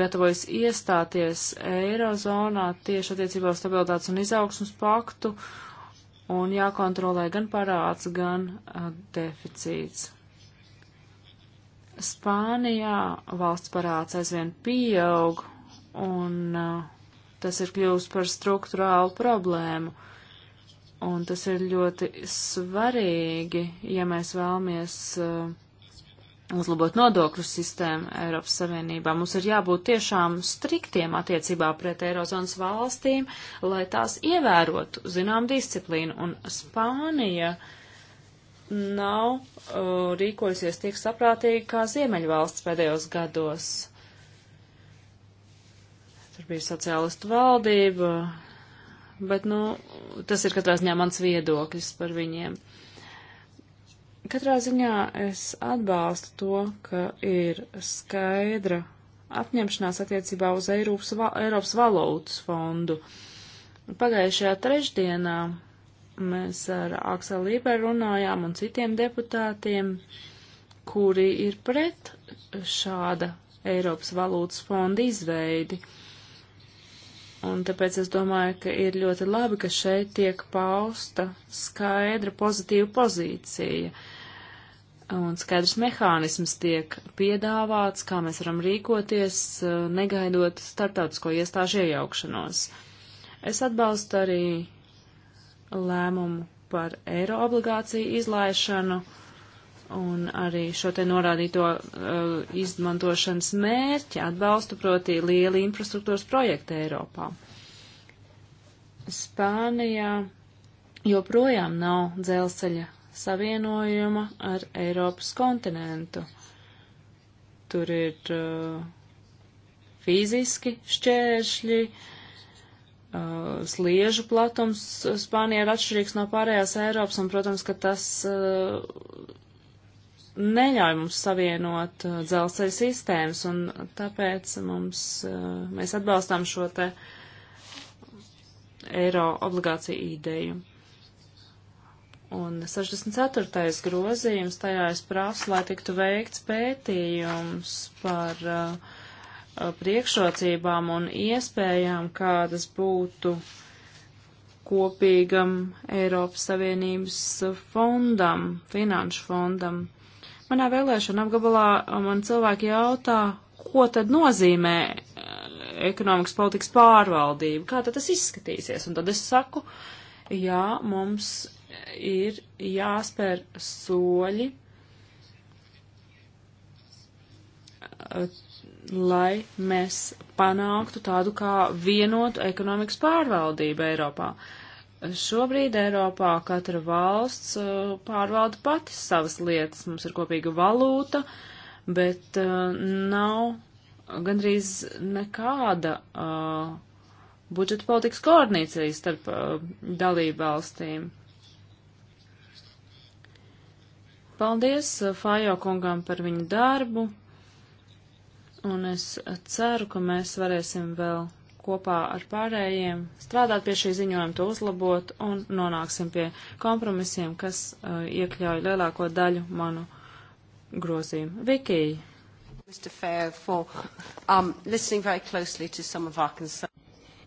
gatavojas iestāties Eirozonā tieši attiecībā uz stabilitātes un izaugsmus paktu un jākontrolē gan parāds, gan uh, deficīts. Spānijā valsts parāds aizvien pieaug un uh, tas ir kļūst par struktūrālu problēmu. Un tas ir ļoti svarīgi, ja mēs vēlamies uh, uzlabot nodokļu sistēmu Eiropas Savienībā. Mums ir jābūt tiešām striktiem attiecībā pret Eirozonas valstīm, lai tās ievērotu zinām disciplīnu. Un Spānija nav uh, rīkojusies tik saprātīgi kā Ziemeļvalsts pēdējos gados. Tur bija sociālistu valdība, bet, nu, tas ir katrā ziņā mans viedoklis par viņiem. Uh, Katrā ziņā es atbalstu to, ka ir skaidra apņemšanās attiecībā uz Eiropas, Eiropas valūtas fondu. Pagājušajā trešdienā mēs ar Akselu Līberu runājām un citiem deputātiem, kuri ir pret šāda Eiropas valūtas fonda izveidi. Uh, Un tāpēc es domāju, ka ir ļoti labi, ka šeit tiek pausta skaidra pozitīva pozīcija. Un skaidrs mehānisms tiek piedāvāts, kā mēs varam rīkoties, negaidot startautisko iestāžu iejaukšanos. Es atbalstu arī lēmumu par eiro obligāciju izlaišanu. Uh, un arī šo te norādīto uh, izmantošanas mērķi atbalstu proti lieli infrastruktūras projekti Eiropā. Spānijā joprojām nav dzelzceļa savienojuma ar Eiropas kontinentu. Tur ir uh, fiziski šķēršļi, uh, sliežu platums Spānijā ir atšķirīgs no pārējās Eiropas, un, protams, ka tas uh, neļauj mums savienot uh, dzelzceļa sistēmas, un tāpēc mums, uh, mēs atbalstām šo te eiro obligāciju ideju. Un 64. grozījums tajā es prasu, lai tiktu veikts pētījums par uh, priekšrocībām un iespējām, kādas būtu kopīgam Eiropas Savienības fondam, finanšu fondam. Manā vēlēšana apgabalā uh, man cilvēki jautā, ko tad nozīmē uh, ekonomikas politikas pārvaldība, kā tad tas izskatīsies. Un tad es saku, jā, mums ir jāspēr soļi, uh, lai mēs panāktu tādu kā vienotu ekonomikas pārvaldību Eiropā. Uh, Šobrīd Eiropā katra valsts uh, pārvalda pati savas lietas. Mums ir kopīga valūta, bet uh, nav gandrīz nekāda uh, budžeta politikas koordinācija starp dalību valstīm. Paldies Fajo kungam par viņu darbu, un es ceru, ka mēs varēsim vēl kopā ar pārējiem strādāt pie šī ziņojuma, to uzlabot un nonāksim pie kompromisiem, kas uh, iekļauj lielāko daļu manu grozījumu. Vikija. Um,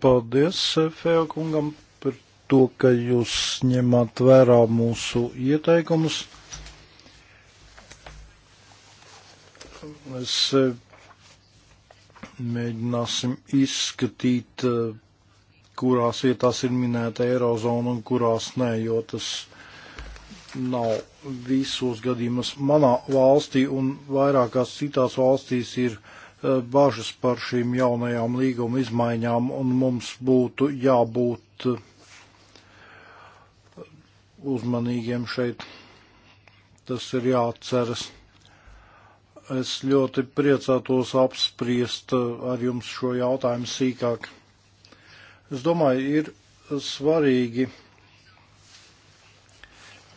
Paldies, eh, Fēja kungam, par to, ka jūs ņemat vērā mūsu ieteikumus. Es eh, mēģināsim izskatīt, eh, kurās vietās ir minēta Eirozona un kurās nē, jo tas nav visos gadījumos. Manā valstī un vairākās citās valstīs ir eh, bažas par šīm jaunajām līguma izmaiņām, un mums būtu jābūt eh, uzmanīgiem šeit. Tas ir jāatceras es ļoti priecātos apspriest uh, ar jums šo jautājumu sīkāk. Es domāju, ir svarīgi,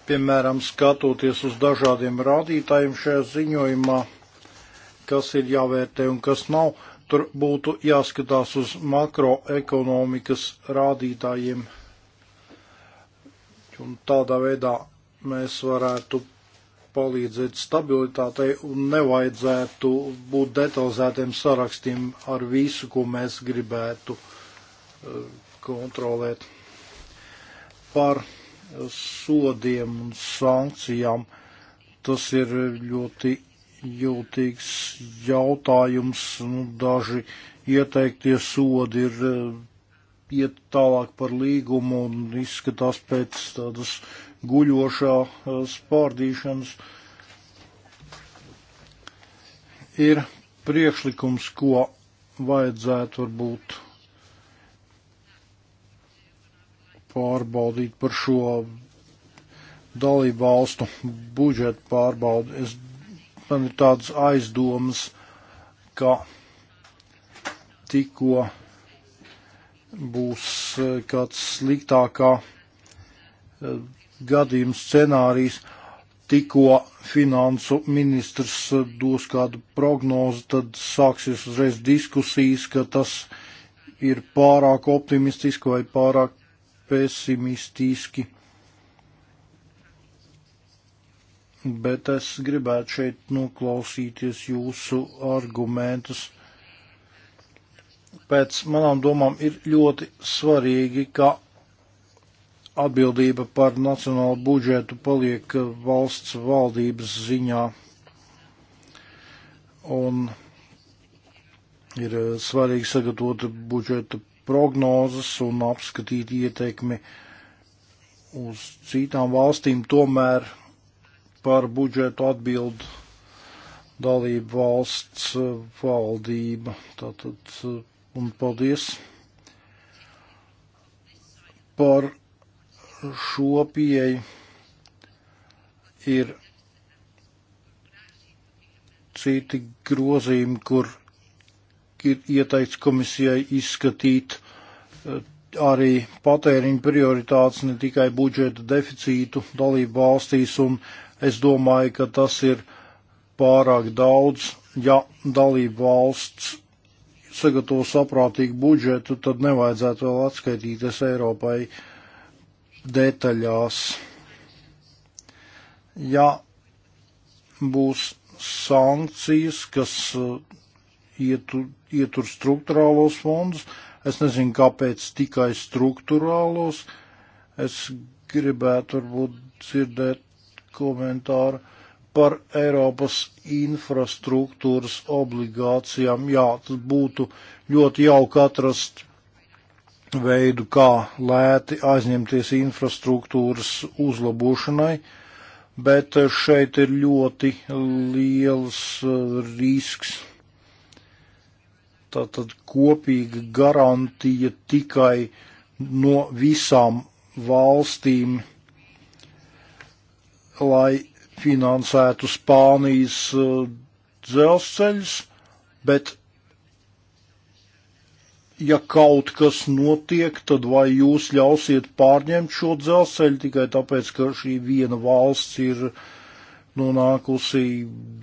piemēram, skatoties uz dažādiem rādītājiem šajā ziņojumā, kas ir jāvērtē un kas nav, tur būtu jāskatās uz makroekonomikas rādītājiem. Un tādā veidā mēs varētu palīdzēt stabilitātei un nevajadzētu būt detalizētiem sarakstiem ar visu, ko mēs gribētu eh, kontrolēt. Par sodiem un sankcijām tas ir ļoti jūtīgs jautājums. Nu, daži ieteiktie sodi ir eh, iet tālāk par līgumu un izskatās pēc tādas uh, guļošā e, spārdīšanas. Ir priekšlikums, ko vajadzētu varbūt pārbaudīt par šo dalību valstu budžetu pārbaudi. Es, man ir tādas aizdomas, ka tikko būs e, kāds sliktākā e, gadījumu scenārijs. Tikko finansu ministrs dos kādu prognozi, tad sāksies uzreiz diskusijas, ka tas ir pārāk optimistiski vai pārāk pesimistiski. Bet es gribētu šeit noklausīties jūsu argumentus pēc manām domām ir ļoti svarīgi, ka atbildība par nacionālu budžetu paliek valsts valdības ziņā. Un ir eh, svarīgi sagatavot budžeta prognozes un apskatīt ietekmi uz citām valstīm. Tomēr par budžetu atbild dalību valsts eh, valdība. Tātad, eh, un paldies par šopijai ir citi grozījumi, kur ir ieteikts komisijai izskatīt eh, arī patēriņu prioritātes, ne tikai budžeta deficītu dalību valstīs, un es domāju, ka tas ir pārāk daudz. Ja dalību valsts sagatavo saprātīgu budžetu, tad nevajadzētu vēl atskaitīties Eiropai uh, detaļās. Ja būs sankcijas, kas uh, ietur, ietur struktūrālos fondus, es nezinu, kāpēc tikai struktūrālos, es gribētu varbūt dzirdēt komentāru par Eiropas infrastruktūras obligācijām. Jā, tas būtu ļoti jauki atrast veidu, kā lēti aizņemties infrastruktūras uzlabošanai, bet šeit ir ļoti liels uh, risks. Tātad kopīga garantija tikai no visām valstīm, lai finansētu Spānijas uh, dzelzceļus, bet ja kaut kas notiek, tad vai jūs ļausiet pārņemt šo dzelzceļu tikai tāpēc, ka šī viena valsts ir nonākusi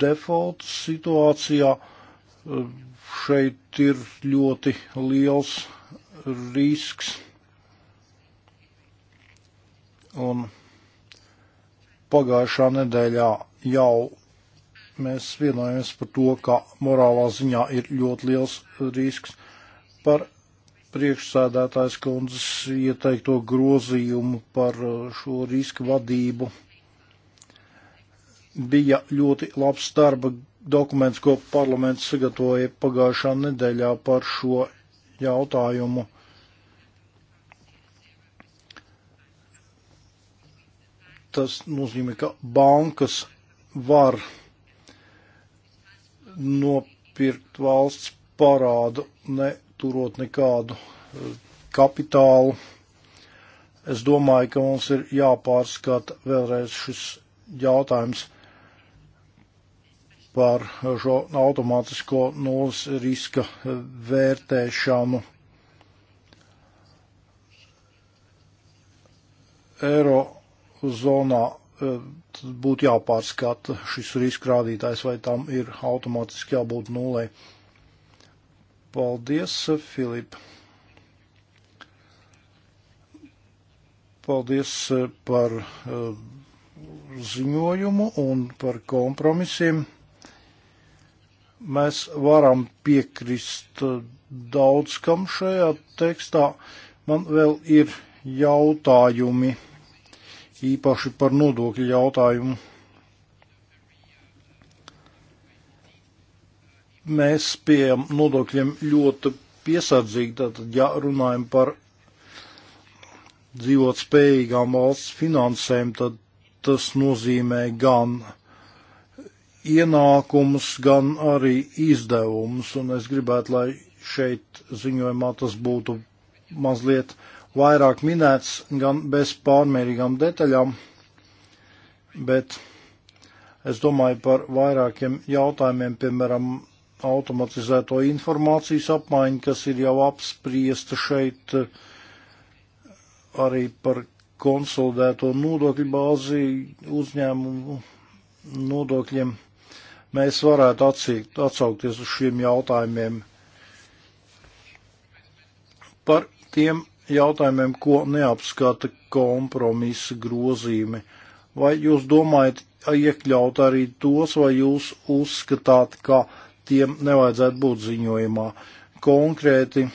default situācijā? Ehm, šeit ir ļoti liels risks. Un pagājušā nedēļā jau mēs vienojamies par to, ka morālā ziņā ir ļoti liels risks par priekšsēdētājs kundzes ieteikto grozījumu par uh, šo risku vadību. Bija ļoti labs darba dokuments, ko parlaments sagatavoja pagājušā nedēļā par šo jautājumu. Tas nozīmē, ka bankas var nopirkt valsts parādu ne nepaturot nekādu eh, kapitālu. Es domāju, ka mums ir jāpārskata vēlreiz šis jautājums par eh, šo automātisko nulles riska eh, vērtēšanu. Eiro zonā būtu jāpārskata šis riska rādītājs, vai tam ir automātiski jābūt nulē. Paldies, Filip! Paldies eh, par eh, ziņojumu un par kompromisiem. Mēs varam piekrist eh, daudz kam šajā tekstā. Man vēl ir jautājumi, īpaši par nodokļu jautājumu. mēs pieejam nodokļiem ļoti piesardzīgi, tātad, ja runājam par dzīvot spējīgām valsts finansēm, tad tas nozīmē gan ienākumus, gan arī izdevumus, un es gribētu, lai šeit ziņojumā tas būtu mazliet vairāk minēts, gan bez pārmērīgām detaļām, bet es domāju par vairākiem jautājumiem, piemēram, automatizēto informācijas apmaiņu, kas ir jau apspriesta šeit arī par konsolidēto nodokļu bāzi uzņēmumu nodokļiem. Mēs varētu atsiekt, atsaukties uz šiem jautājumiem par tiem jautājumiem, ko neapskata kompromisa grozīmi. Vai jūs domājat iekļaut arī tos, vai jūs uzskatāt, ka uh, tiem nevajadzētu būt ziņojumā. Konkrēti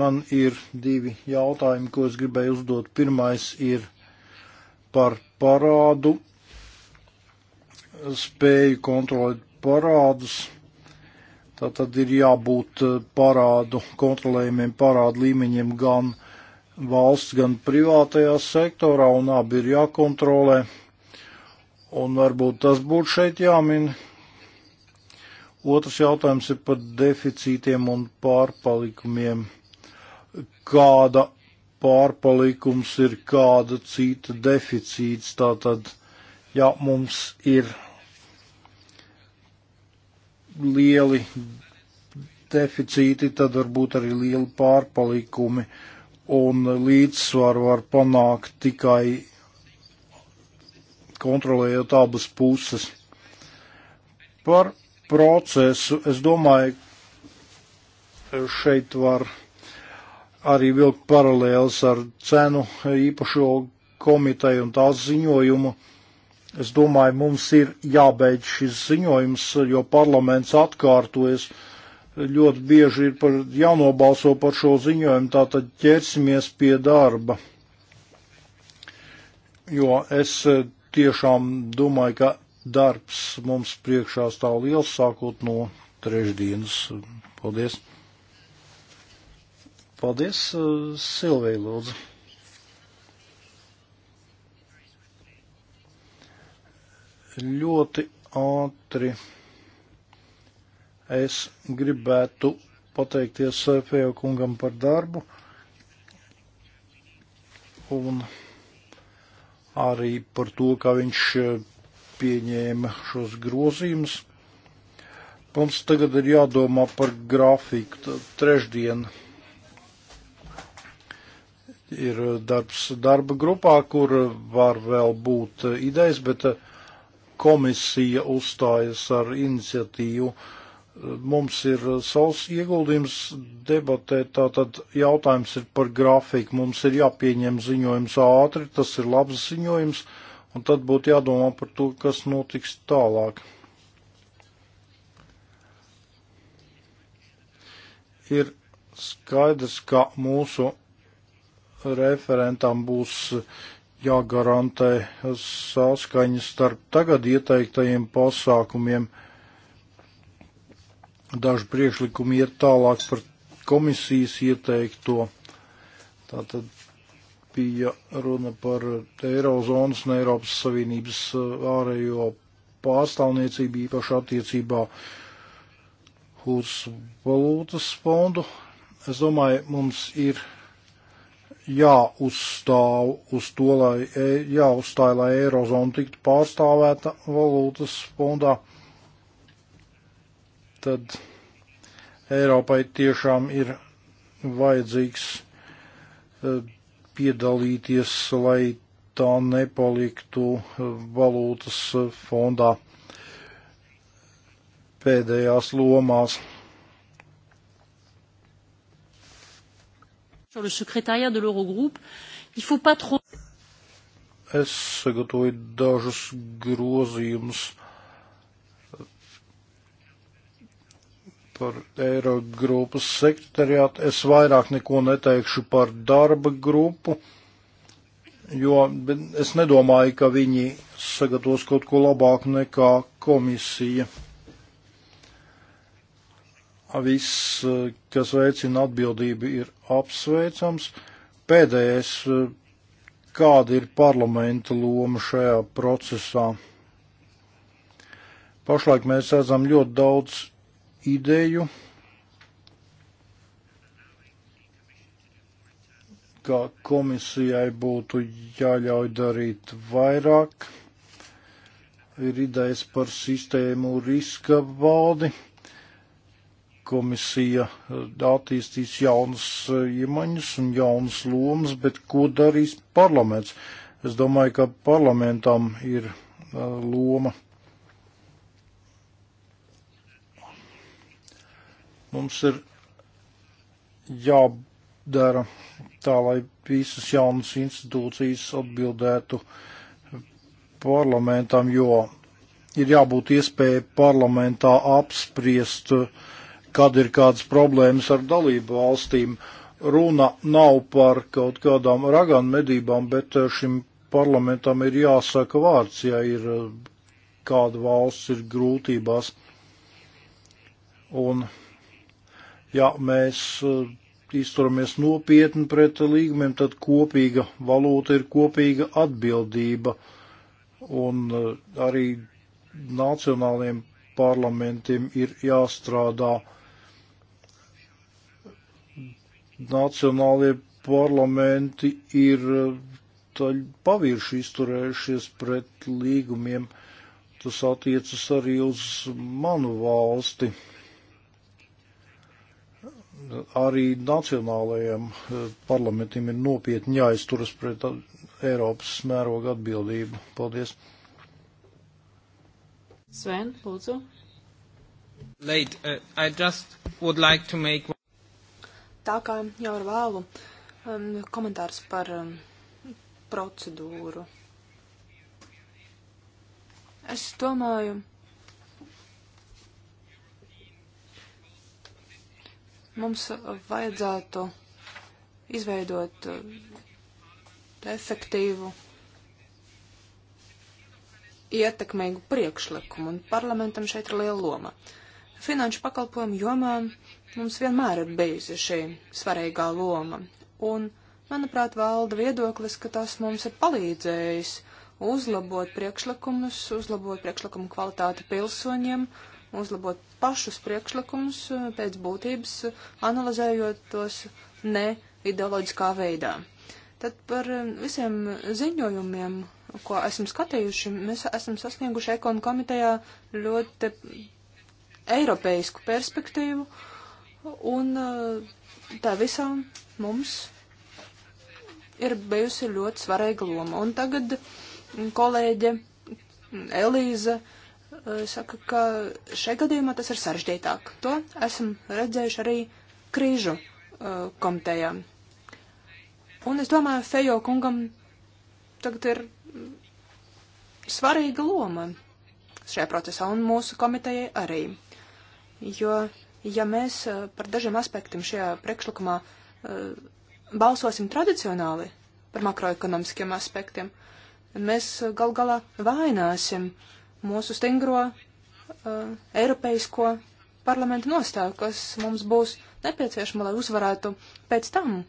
man ir divi jautājumi, ko es gribēju uzdot. Pirmais ir par parādu, spēju kontrolēt parādus. Tā tad ir jābūt eh, parādu kontrolējumiem, parādu līmeņiem gan valsts, gan privātajā sektorā, un abi ir jākontrolē. Un varbūt tas būtu šeit jāmin, Otrs jautājums ir par deficītiem un pārpalikumiem. Kāda pārpalikums ir kāda cita deficīts? Tātad, ja mums ir lieli deficīti, tad varbūt arī lieli pārpalikumi, un līdzsvaru var panākt tikai kontrolējot abas puses. Par procesu. Es domāju, šeit var arī vilkt paralēlis ar cenu īpašo komiteju un tās ziņojumu. Es domāju, mums ir jābeidz šis ziņojums, jo parlaments atkārtojas. Ļoti bieži ir par, jānobalso par šo ziņojumu, tātad ķersimies pie darba. Jo es tiešām domāju, ka darbs mums priekšā stāv liels, sākot no trešdienas. Paldies! Paldies, eh, Silvija Lūdzu! Ļoti ātri es gribētu pateikties Fēju kungam par darbu un arī par to, ka viņš pieņēma šos grozījumus. Mums tagad ir jādomā par grafiku. Trešdien ir darbs darba grupā, kur var vēl būt idejas, bet komisija uzstājas ar iniciatīvu. Mums ir savs ieguldījums debatē, tātad jautājums ir par grafiku. Mums ir jāpieņem ziņojums ātri, tas ir labs ziņojums. Uh, un tad būtu jādomā par to, kas notiks tālāk. Ir skaidrs, ka mūsu referentam būs jāgarantē saskaņa starp tagad ieteiktajiem pasākumiem. Daži priekšlikumi iet tālāk par komisijas ieteikto. Tātad bija runa par Eirozonas un Eiropas Savienības uh, ārējo pārstāvniecību īpaši attiecībā uz valūtas fondu. Es domāju, mums ir jāuzstāv uz to, lai, e, jāuzstāj, lai Eirozona tiktu pārstāvēta valūtas fondā. Tad Eiropai tiešām ir vajadzīgs e, piedalīties, lai tā nepaliktu eh, valūtas eh, fondā pēdējās lomās. Sur le secrétariat de l'Eurogroupe, il faut pas trop. Es sagatavoju dažus grozījumus par Eiro grupas sekretariātu. Es vairāk neko neteikšu par darba grupu, jo es nedomāju, ka viņi sagatavos kaut ko labāku nekā komisija. Viss, kas veicina atbildību, ir apsveicams. Pēdējais, kāda ir parlamenta loma šajā procesā? Pašlaik mēs redzam ļoti daudz ideju, ka komisijai būtu jāļauj darīt vairāk. Ir idejas par sistēmu riska valdi. Komisija attīstīs jaunas iemaņas un jaunas lomas, bet ko darīs parlaments? Es domāju, ka parlamentam ir uh, loma. Uh, Mums ir jādara tā, lai visas jaunas institūcijas atbildētu parlamentam, jo ir jābūt iespēja parlamentā apspriest, kad ir kādas problēmas ar dalību valstīm. Runa nav par kaut kādām raganu medībām, bet šim parlamentam ir jāsaka vārds, ja ir kāda valsts ir grūtībās. Un Ja mēs eh, izturamies nopietni pret līgumiem, tad kopīga valūta ir kopīga atbildība. Un eh, arī nacionāliem parlamentiem ir jāstrādā. Nacionālie parlamenti ir eh, pavirši izturējušies pret līgumiem. Tas attiecas arī uz manu valsti arī nacionālajiem eh, parlamentiem ir nopietni jāizturas pret eh, Eiropas mēroga atbildību. Paldies. Sven, lūdzu. Late, uh, I just would like to make. Tā kā jau ar vēlu, um, komentārs par um, procedūru. Es domāju, Mums vajadzētu izveidot uh, efektīvu, ietekmīgu priekšlikumu, un parlamentam šeit ir liela loma. Finanšu pakalpojumu jomā mums vienmēr ir bijusi šī svarīgā loma, un, manuprāt, valda viedoklis, ka tas mums ir palīdzējis uzlabot priekšlikumus, uzlabot priekšlikumu kvalitāti pilsoņiem, uh, uzlabot pašus priekšlikumus eh, pēc būtības, analizējot tos ne ideoloģiskā veidā. Tad par eh, visiem ziņojumiem, ko esam skatījuši, mēs esam sasnieguši ekonu komitejā ļoti eiropeisku perspektīvu, un eh, tā visā mums ir bijusi ļoti svarīga loma. Un tagad kolēģe Elīze uh, saka, ka šajā gadījumā tas ir sarežģītāk. To esam redzējuši arī krīžu uh, komitejā. Un es domāju, Fejo kungam tagad ir svarīga loma šajā procesā un mūsu komitejai arī. Jo, ja mēs uh, par dažiem aspektiem šajā priekšlikumā uh, balsosim tradicionāli par makroekonomiskiem aspektiem, mēs gal galā vaināsim uh, mūsu stingro uh, eiropeisko parlamentu nostāju, kas mums būs nepieciešama, lai uzvarētu pēc tam,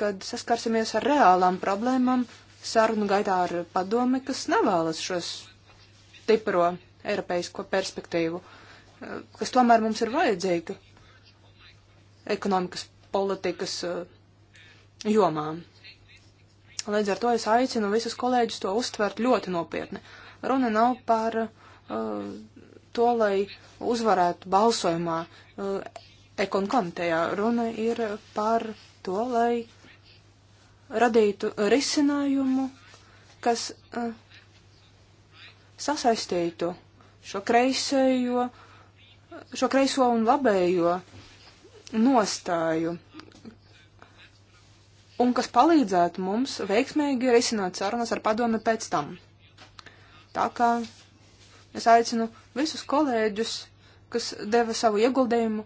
kad saskarsimies ar reālām problēmām sarunu gaitā ar padomi, kas nevēlas šos stipro eiropeisko perspektīvu, uh, kas tomēr mums ir vajadzīga ekonomikas politikas uh, jomām. Līdz ar to es aicinu visus kolēģus to uztvert ļoti nopietni. Uh, Runa nav par uh, to, lai uzvarētu balsojumā uh, ekon komitejā. Runa ir par to, lai radītu risinājumu, kas uh, sasaistītu šo kreisējo, šo kreiso un labējo nostāju un kas palīdzētu mums veiksmīgi risināt sarunas ar padomi pēc tam. Tā kā es aicinu visus kolēģus, kas deva savu ieguldījumu,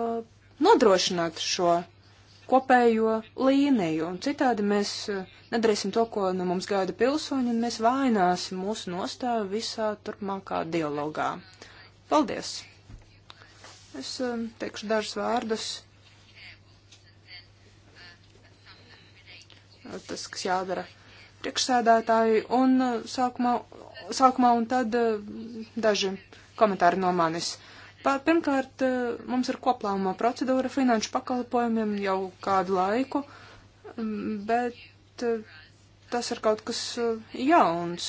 uh, nodrošināt šo kopējo līniju, un citādi mēs nedarīsim to, ko no nu mums gaida pilsoņi, un mēs vaināsim mūsu nostāju visā turpmākā dialogā. Paldies! Es uh, teikšu dažus vārdus. Tas, kas jādara priekšsēdētāji un uh, sākumā, sākumā un tad uh, daži komentāri no manis. Pirmkārt, uh, mums ir koplāma procedūra finanšu pakalpojumiem jau kādu laiku, um, bet tas ir kaut kas jauns.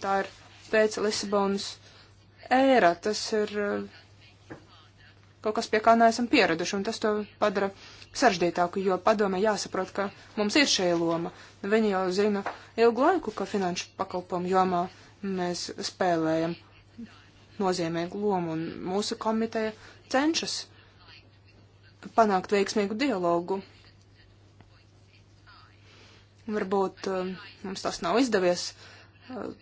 Tā ir pēc Lisabonas ēra, tas ir kaut kas, pie kā neesam pieraduši, un tas to padara saržģītāku, jo padome jāsaprot, ka mums ir šī loma. Viņi jau zina ilgu laiku, ka finanšu pakalpojumu jomā mēs spēlējam nozīmīgu lomu, un mūsu komiteja cenšas panākt veiksmīgu dialogu. Varbūt eh, mums tas nav izdevies eh,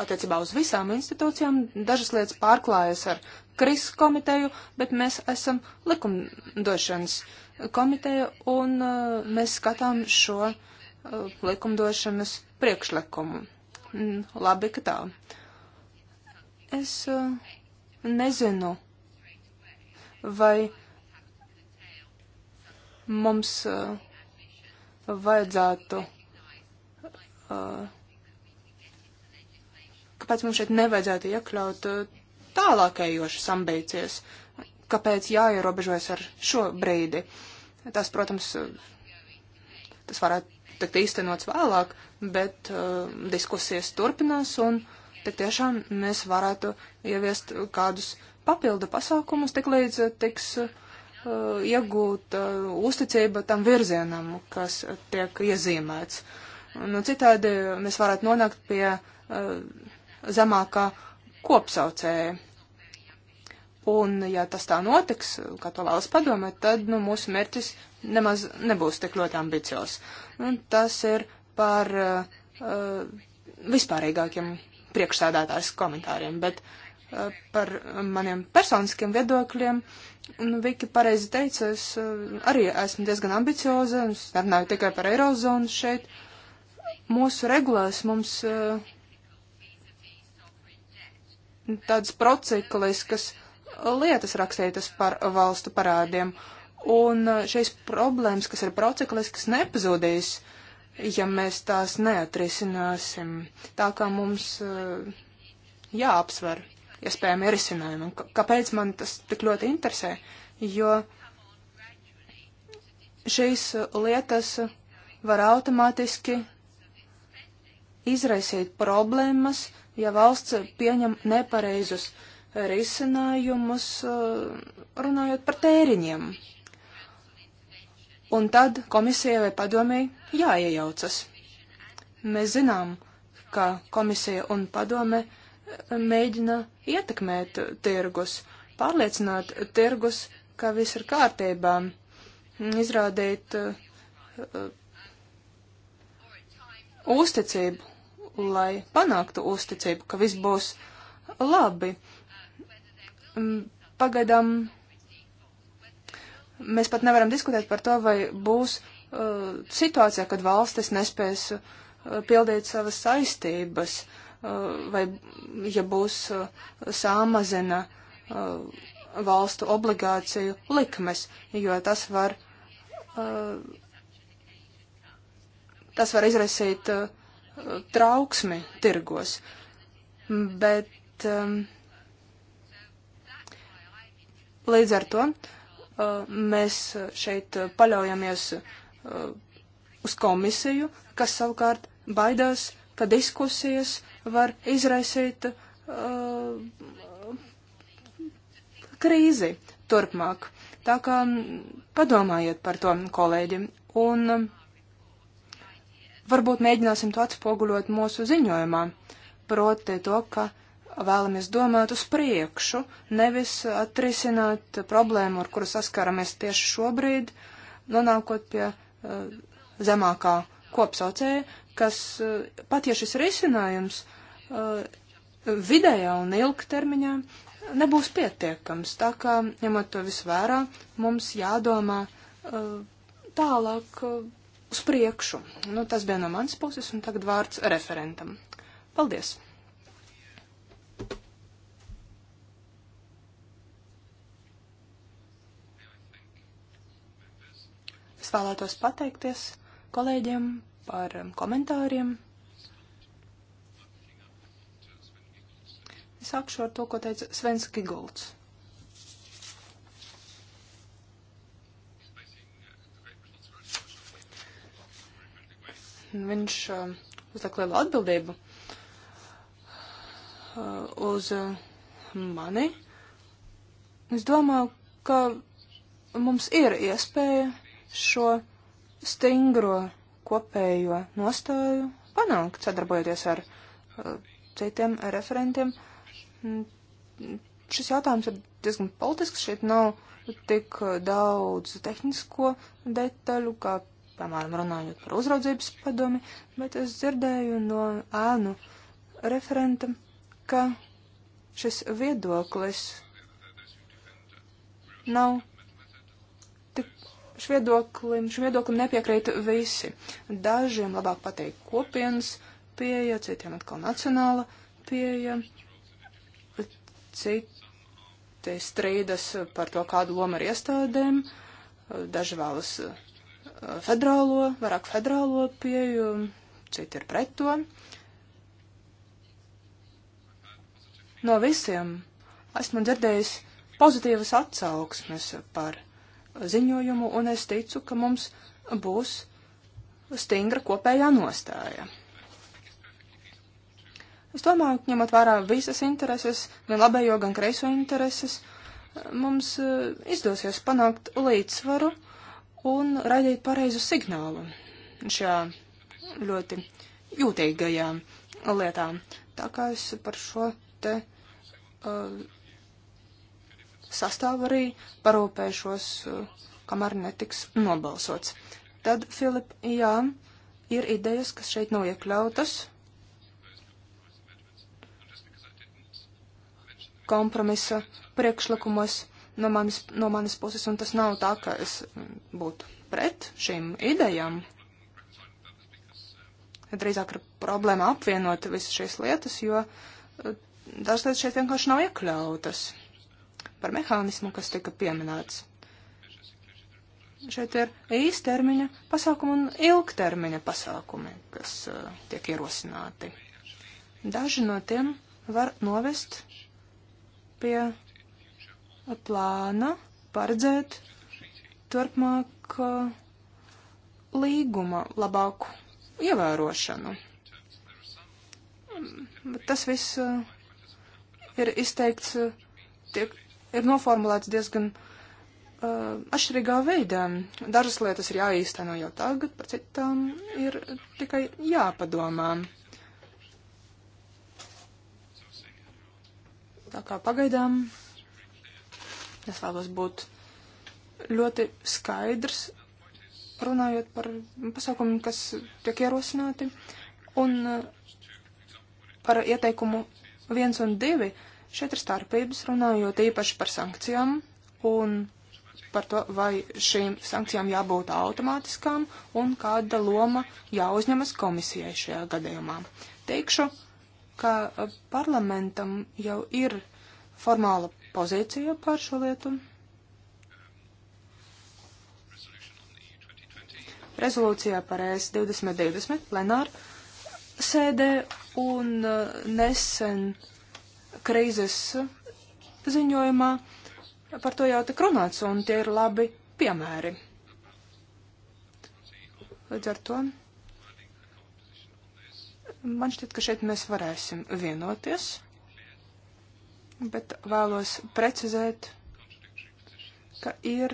attiecībā uz visām institūcijām. Dažas lietas pārklājas ar Kris komiteju, bet mēs esam likumdošanas komiteja un uh, mēs skatām šo uh, likumdošanas priekšlikumu. Mm, labi, ka tā. Es uh, nezinu, vai mums uh, vajadzētu. Uh, Kāpēc mums šeit nevajadzētu iekļaut uh, tālākajošas ambīcijas? Kāpēc jāierobežojas ar šo brīdi? Tas, protams, uh, tas varētu tikt īstenots vēlāk, bet uh, diskusijas turpinās un tik tiešām mēs varētu ieviest kādus papildu pasākumus, tik līdz tiks uh, iegūt uh, uzticība tam virzienam, kas tiek iezīmēts. Nu, citādi mēs varētu nonākt pie uh, zemākā kopsaucēja. Un, ja tas tā notiks, kā to vēlas padomāt, tad nu, mūsu mērķis nemaz nebūs tik ļoti ambicios. Un tas ir par uh, uh, vispārīgākiem priekšsēdētājs komentāriem, bet uh, par maniem personiskiem viedokļiem, nu, Viki pareizi teica, es uh, arī esmu diezgan ambicioza, es nerunāju tikai par Eirozonu šeit. Mūsu regulās mums. Uh, tādas procikliskas lietas rakstītas par valstu parādiem. Un uh, šīs problēmas, kas ir procikliskas, nepazudīs, ja mēs tās neatrisināsim. Tā kā mums uh, jāapsver iespējami ja risinājumi. Kāpēc man tas tik ļoti interesē? Jo šīs lietas var automātiski izraisīt problēmas, uh, ja valsts pieņem nepareizus risinājumus, eh, runājot par tēriņiem. Un tad komisija vai padomēji jāiejaucas. Mēs zinām, ka komisija un padome eh, mēģina ietekmēt tirgus, pārliecināt tirgus, ka viss ir kārtībā, izrādīt uh, uzticību lai panāktu uzticību, ka viss būs labi. Mm, pagaidām mēs pat nevaram diskutēt par to, vai būs uh, situācija, kad valstis nespēs uh, pildīt savas saistības, uh, vai ja būs uh, sāmazina uh, valstu obligāciju likmes, jo tas var, uh, tas var izraisīt uh, trauksmi tirgos. Bet um, līdz ar to uh, mēs šeit paļaujamies uh, uz komisiju, kas savukārt baidās, ka diskusijas var izraisīt uh, krīzi turpmāk. Tā kā mm, padomājiet par to, kolēģi. Un, uh, Varbūt mēģināsim to atspoguļot mūsu ziņojumā, proti to, ka vēlamies domāt uz priekšu, nevis atrisināt problēmu, ar kuru saskaramies tieši šobrīd, nonākot pie uh, zemākā kopsaucēja, kas uh, pat ja šis risinājums uh, vidējā un ilgtermiņā nebūs pietiekams. Tā kā, ņemot to visu vērā, mums jādomā uh, tālāk. Uh, uz priekšu. Nu, tas bija no manas puses, un tagad vārds referentam. Paldies! Es vēlētos pateikties kolēģiem par komentāriem. Es sākšu ar to, ko teica Svens Gigolds. viņš uh, uzliek lielu atbildību uh, uz uh, mani. Es domāju, ka mums ir iespēja šo stingro kopējo nostāju panākt, sadarbojoties ar uh, citiem referentiem. Šis jautājums ir diezgan politisks, šeit nav tik uh, daudz tehnisko detaļu, kā piemēram, runājot par uzraudzības padomi, bet es dzirdēju no ēnu referenta, ka šis viedoklis nav tik, šim viedoklim, šim viedoklim nepiekrīt visi. Dažiem labāk pateikt kopienas pieeja, citiem atkal nacionāla pieeja, citi strīdas par to, kādu lomu ar iestādēm, daži vēlas federālo, vairāk federālo pieju, citi ir pret to. No visiem esmu dzirdējis pozitīvas atsauksmes par ziņojumu, un es ticu, ka mums būs stingra kopējā nostāja. Es domāju, ņemot vērā visas intereses, gan labējo, gan kreiso intereses, mums eh, izdosies panākt līdzsvaru uh, un radīt pareizu signālu šajā ļoti jūtīgajā lietā. Tā kā es par šo te uh, sastāvu arī parūpēšos, uh, kamēr netiks nobalsots. Tad, Filip, jā, ir idejas, kas šeit nav iekļautas. Kompromisa priekšlikumos no manis, no manis puses, un tas nav tā, ka es mm, būtu pret šīm idejām. Drīzāk ir problēma apvienot visas šīs lietas, jo eh, dažas lietas šeit vienkārši nav iekļautas par mehānismu, kas tika pieminēts. Šeit ir īstermiņa pasākumi un ilgtermiņa pasākumi, kas uh, tiek ierosināti. Daži no tiem var novest pie plāna paredzēt turpmāk uh, līguma labāku ievērošanu. Mm, bet tas viss uh, ir izteikts, uh, tiek, ir noformulēts diezgan uh, atšķirīgā veidā. Dažas lietas ir jāīsteno jau tagad, par citām ir tikai jāpadomā. Tā kā pagaidām Es vēlos būt ļoti skaidrs, runājot par pasākumiem, kas tiek ierosināti, un eh, par ieteikumu viens un divi. Šeit ir starpības, runājot īpaši par sankcijām un par to, vai šīm sankcijām jābūt automātiskām un kāda loma jāuzņemas komisijai šajā gadījumā. Teikšu, ka eh, parlamentam jau ir formāla pozīcija par šo lietu. Rezolūcijā par ES 2020 plenāru sēdē un uh, nesen krīzes ziņojumā par to jau tik runāts, un tie ir labi piemēri. Līdz ar to man šķiet, ka šeit mēs varēsim vienoties bet vēlos precizēt, ka ir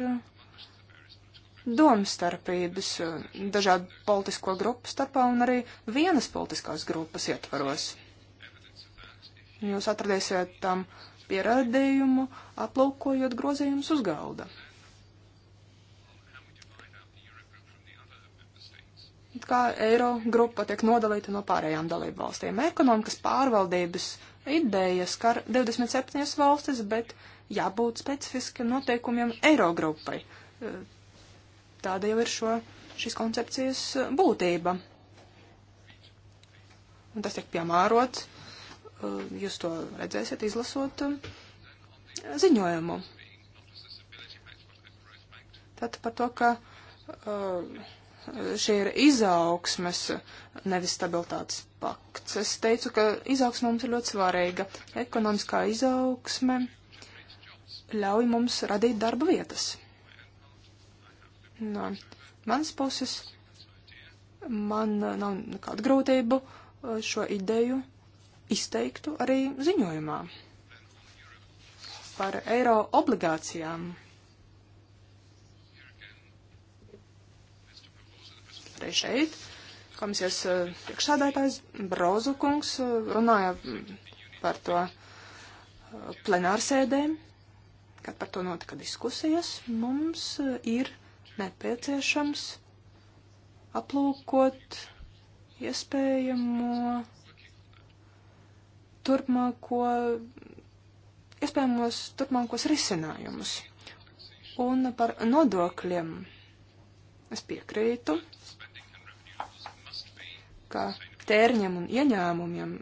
domstarpības uh, dažādu politisko grupu starpā un arī vienas politiskās grupas ietvaros. Jūs atradīsiet tam pierādījumu, aplūkojot grozījumus uz galda. Kā eiro grupa tiek nodalīta no pārējām dalību valstīm. Ekonomikas pārvaldības idejas, kā 27 valstis, bet jābūt specifiskiem noteikumiem Eirogrupai. E, Tāda jau ir šo, šīs koncepcijas būtība. Un tas tiek piemērots, e, jūs to redzēsiet, izlasot e, ziņojumu. Tad par to, ka uh, šī ir izaugsmes, nevis stabilitātes pakts. Es teicu, ka izaugsme mums ir ļoti svarīga. Ekonomiskā izaugsme ļauj mums radīt darba vietas. No manas puses man nav nekādu grūtību šo ideju izteiktu arī ziņojumā par eiro obligācijām. arī šeit. Komisijas eh, priekšsādātājs Brozu kungs eh, runāja mm, par to eh, plenārsēdēm, kad par to notika diskusijas. Mums ir nepieciešams aplūkot iespējamo turpmāko, iespējamos turpmākos risinājumus. Un par nodokļiem es piekrītu ka tērņiem un ieņēmumiem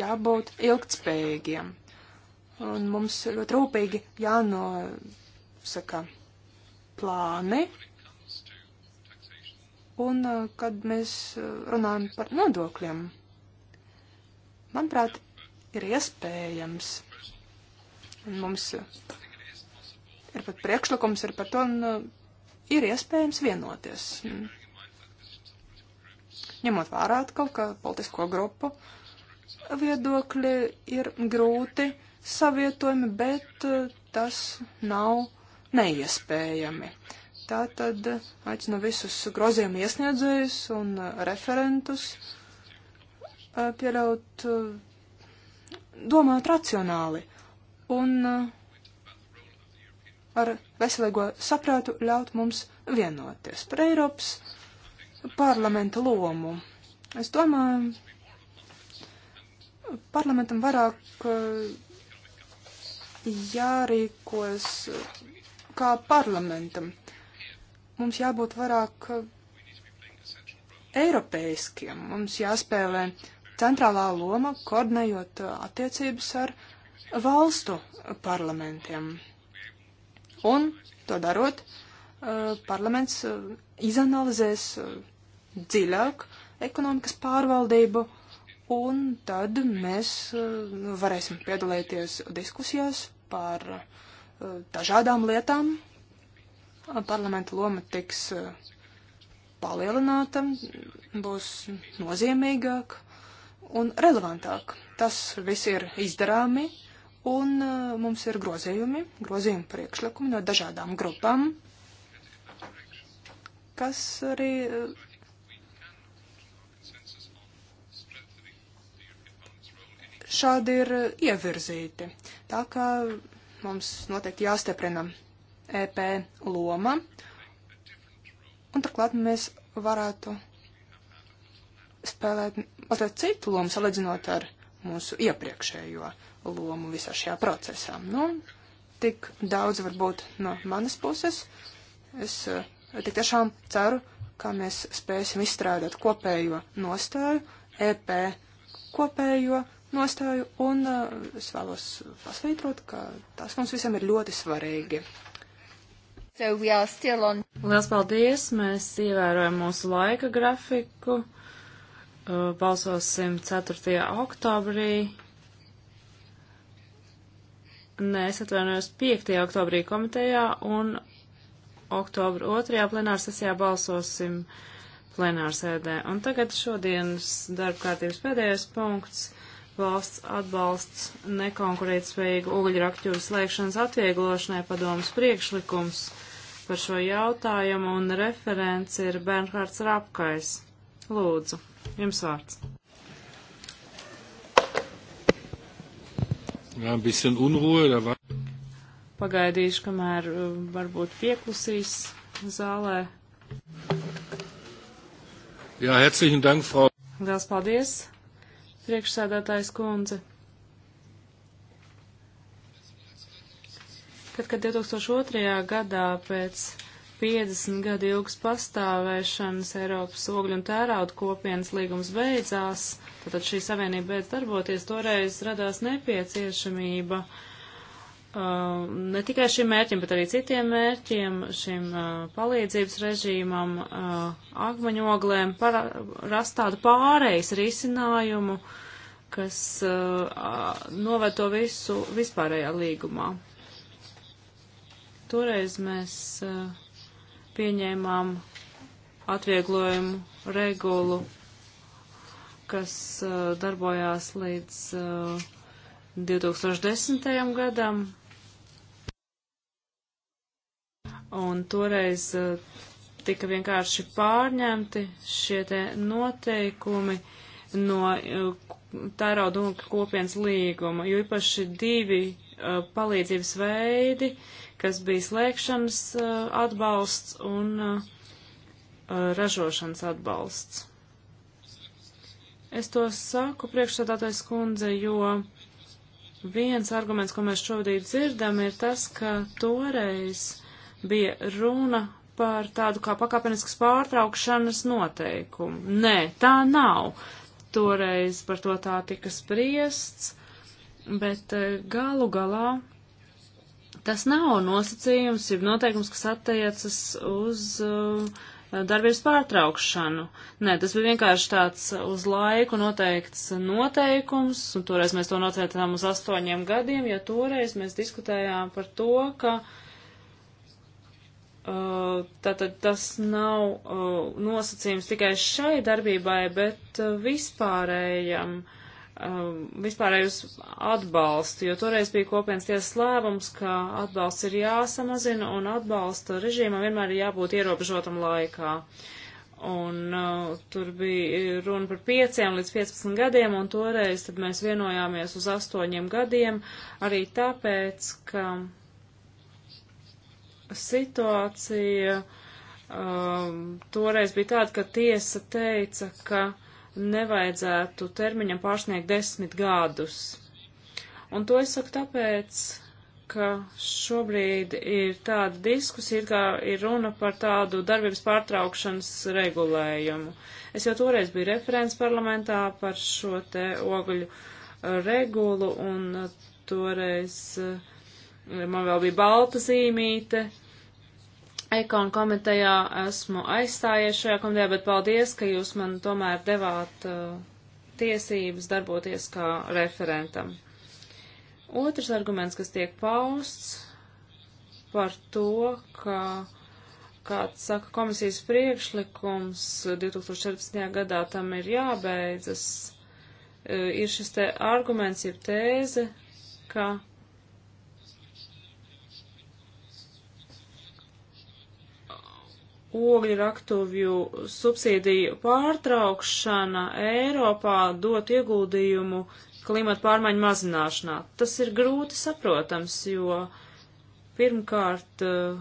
jābūt ilgtspējīgiem. Un mums ļoti rūpīgi jānosaka plāni. Un uh, kad mēs uh, runājam par nodokļiem, manuprāt, ir iespējams. Un mums uh, ir pat priekšlikums ir par to, un ir iespējams vienoties. Un mm ņemot vērā atkal, ka politisko grupu viedokļi ir grūti savietojami, bet eh, tas nav neiespējami. Tātad aicinu visus grozījumu iesniedzējus un eh, referentus eh, pieļaut domāt racionāli un ar veselīgo saprātu ļaut mums vienoties par Eiropas parlamenta lomu. Es domāju, parlamentam vairāk eh, jārīkos eh, kā parlamentam. Mums jābūt vairāk eh, eiropeiskiem. Mums jāspēlē centrālā loma, koordinējot attiecības ar valstu parlamentiem. Un to darot, parlaments izanalizēs uh, dziļāk ekonomikas pārvaldību, un tad mēs uh, varēsim piedalīties diskusijās par uh, dažādām lietām. Parlamenta loma tiks palielināta, būs nozīmīgāk un relevantāk. Tas viss ir izdarāmi, un mums ir grozījumi, grozījumi priekšlikumi no dažādām grupām kas arī eh, šādi ir ievirzīti. Tā kā mums noteikti jāstiprina EP loma, un turklāt mēs varētu spēlēt mazliet citu lomu, salīdzinot ar mūsu iepriekšējo lomu visā šajā procesā. Nu, tik daudz varbūt no manas puses. Es uh, tik tiešām ceru, ka mēs spēsim izstrādāt kopējo nostāju, EP kopējo nostāju, un uh, es vēlos pasvītrot, ka tas mums visiem ir ļoti svarīgi. So on... Lielas paldies! Mēs ievērojam mūsu laika grafiku. Uh, balsosim 4. oktobrī. Nē, es atvainojos 5. oktobrī komitejā un oktobra otrajā plenāra sesijā balsosim plenārsēdē. Un tagad šodienas darba kārtības pēdējais punkts - valsts atbalsts nekonkurētspējīgu ugļrakķu slēgšanas atvieglošanai padomas priekšlikums par šo jautājumu, un referents ir Bernhards Rapkais. Lūdzu, jums vārds. Ja, ein bisschen Unruhe, da war Pagaidīšu, kamēr um, varbūt pieklusīs zālē. Jā, herzlichen Dank, Frau. Liels paldies, priekšsēdētājs kundze. Kad, kad 2002. gadā pēc 50 gadu ilgas pastāvēšanas Eiropas ogļu un tērauda kopienas līgums beidzās, tad šī savienība beidz darboties, toreiz radās nepieciešamība uh, Uh, ne tikai šim mērķim, bet arī citiem mērķiem, šim uh, palīdzības režīmam, uh, akmeņoglēm, para, rast tādu pārejas risinājumu, kas noved to visu vispārējā līgumā. Toreiz mēs pieņēmām atvieglojumu regulu, kas darbojās līdz 2010. gadam, un toreiz e, tika vienkārši pārņemti šie te noteikumi no e, tērauda un kopienas līguma, jo īpaši divi uh, palīdzības veidi, kas bija slēgšanas uh, atbalsts un uh, ražošanas atbalsts. Es to saku priekšsādātais kundze, jo viens arguments, ko mēs šodien dzirdam, ir tas, ka toreiz bija runa par tādu kā pakāpeniskas pārtraukšanas noteikumu. Nē, tā nav. Toreiz par to tā tika spriests, bet eh, galu galā tas nav nosacījums, ir noteikums, kas attiecas uz uh, darbības pārtraukšanu. Nē, tas bija vienkārši tāds uz laiku noteikts noteikums, un toreiz mēs to noteicām uz astoņiem gadiem, jo toreiz mēs diskutējām par to, ka uh, Uh, tātad tas nav uh, nosacījums tikai šai darbībai, bet uh, vispārējam, um, vispārējus atbalstu, jo toreiz bija kopienas tiesas lēmums, ka atbalsts ir jāsamazina un atbalsta režīmam vienmēr ir jābūt ierobežotam laikā. Un uh, tur bija runa par 5 līdz 15 gadiem, un toreiz mēs vienojāmies uz 8 gadiem, arī tāpēc, ka situācija um, toreiz bija tāda, ka tiesa teica, ka nevajadzētu termiņam pārsniegt desmit gadus. Un to es saku tāpēc, ka šobrīd ir tāda diskusija, kā ir runa par tādu darbības pārtraukšanas regulējumu. Es jau toreiz biju referents parlamentā par šo te ogļu uh, regulu, un uh, toreiz uh, man vēl bija balta zīmīte. Ekonu komitejā esmu aizstājies šajā komitejā, bet paldies, ka jūs man tomēr devāt uh, tiesības darboties kā referentam. Otrs arguments, kas tiek pausts par to, ka, kāds saka, komisijas priekšlikums 2014. gadā tam ir jābeidzas, uh, ir šis te arguments, jeb tēze, ka ogļu raktuvju subsīdiju pārtraukšana Eiropā dot ieguldījumu klimata pārmaiņu mazināšanā. Tas ir grūti saprotams, jo pirmkārt eh,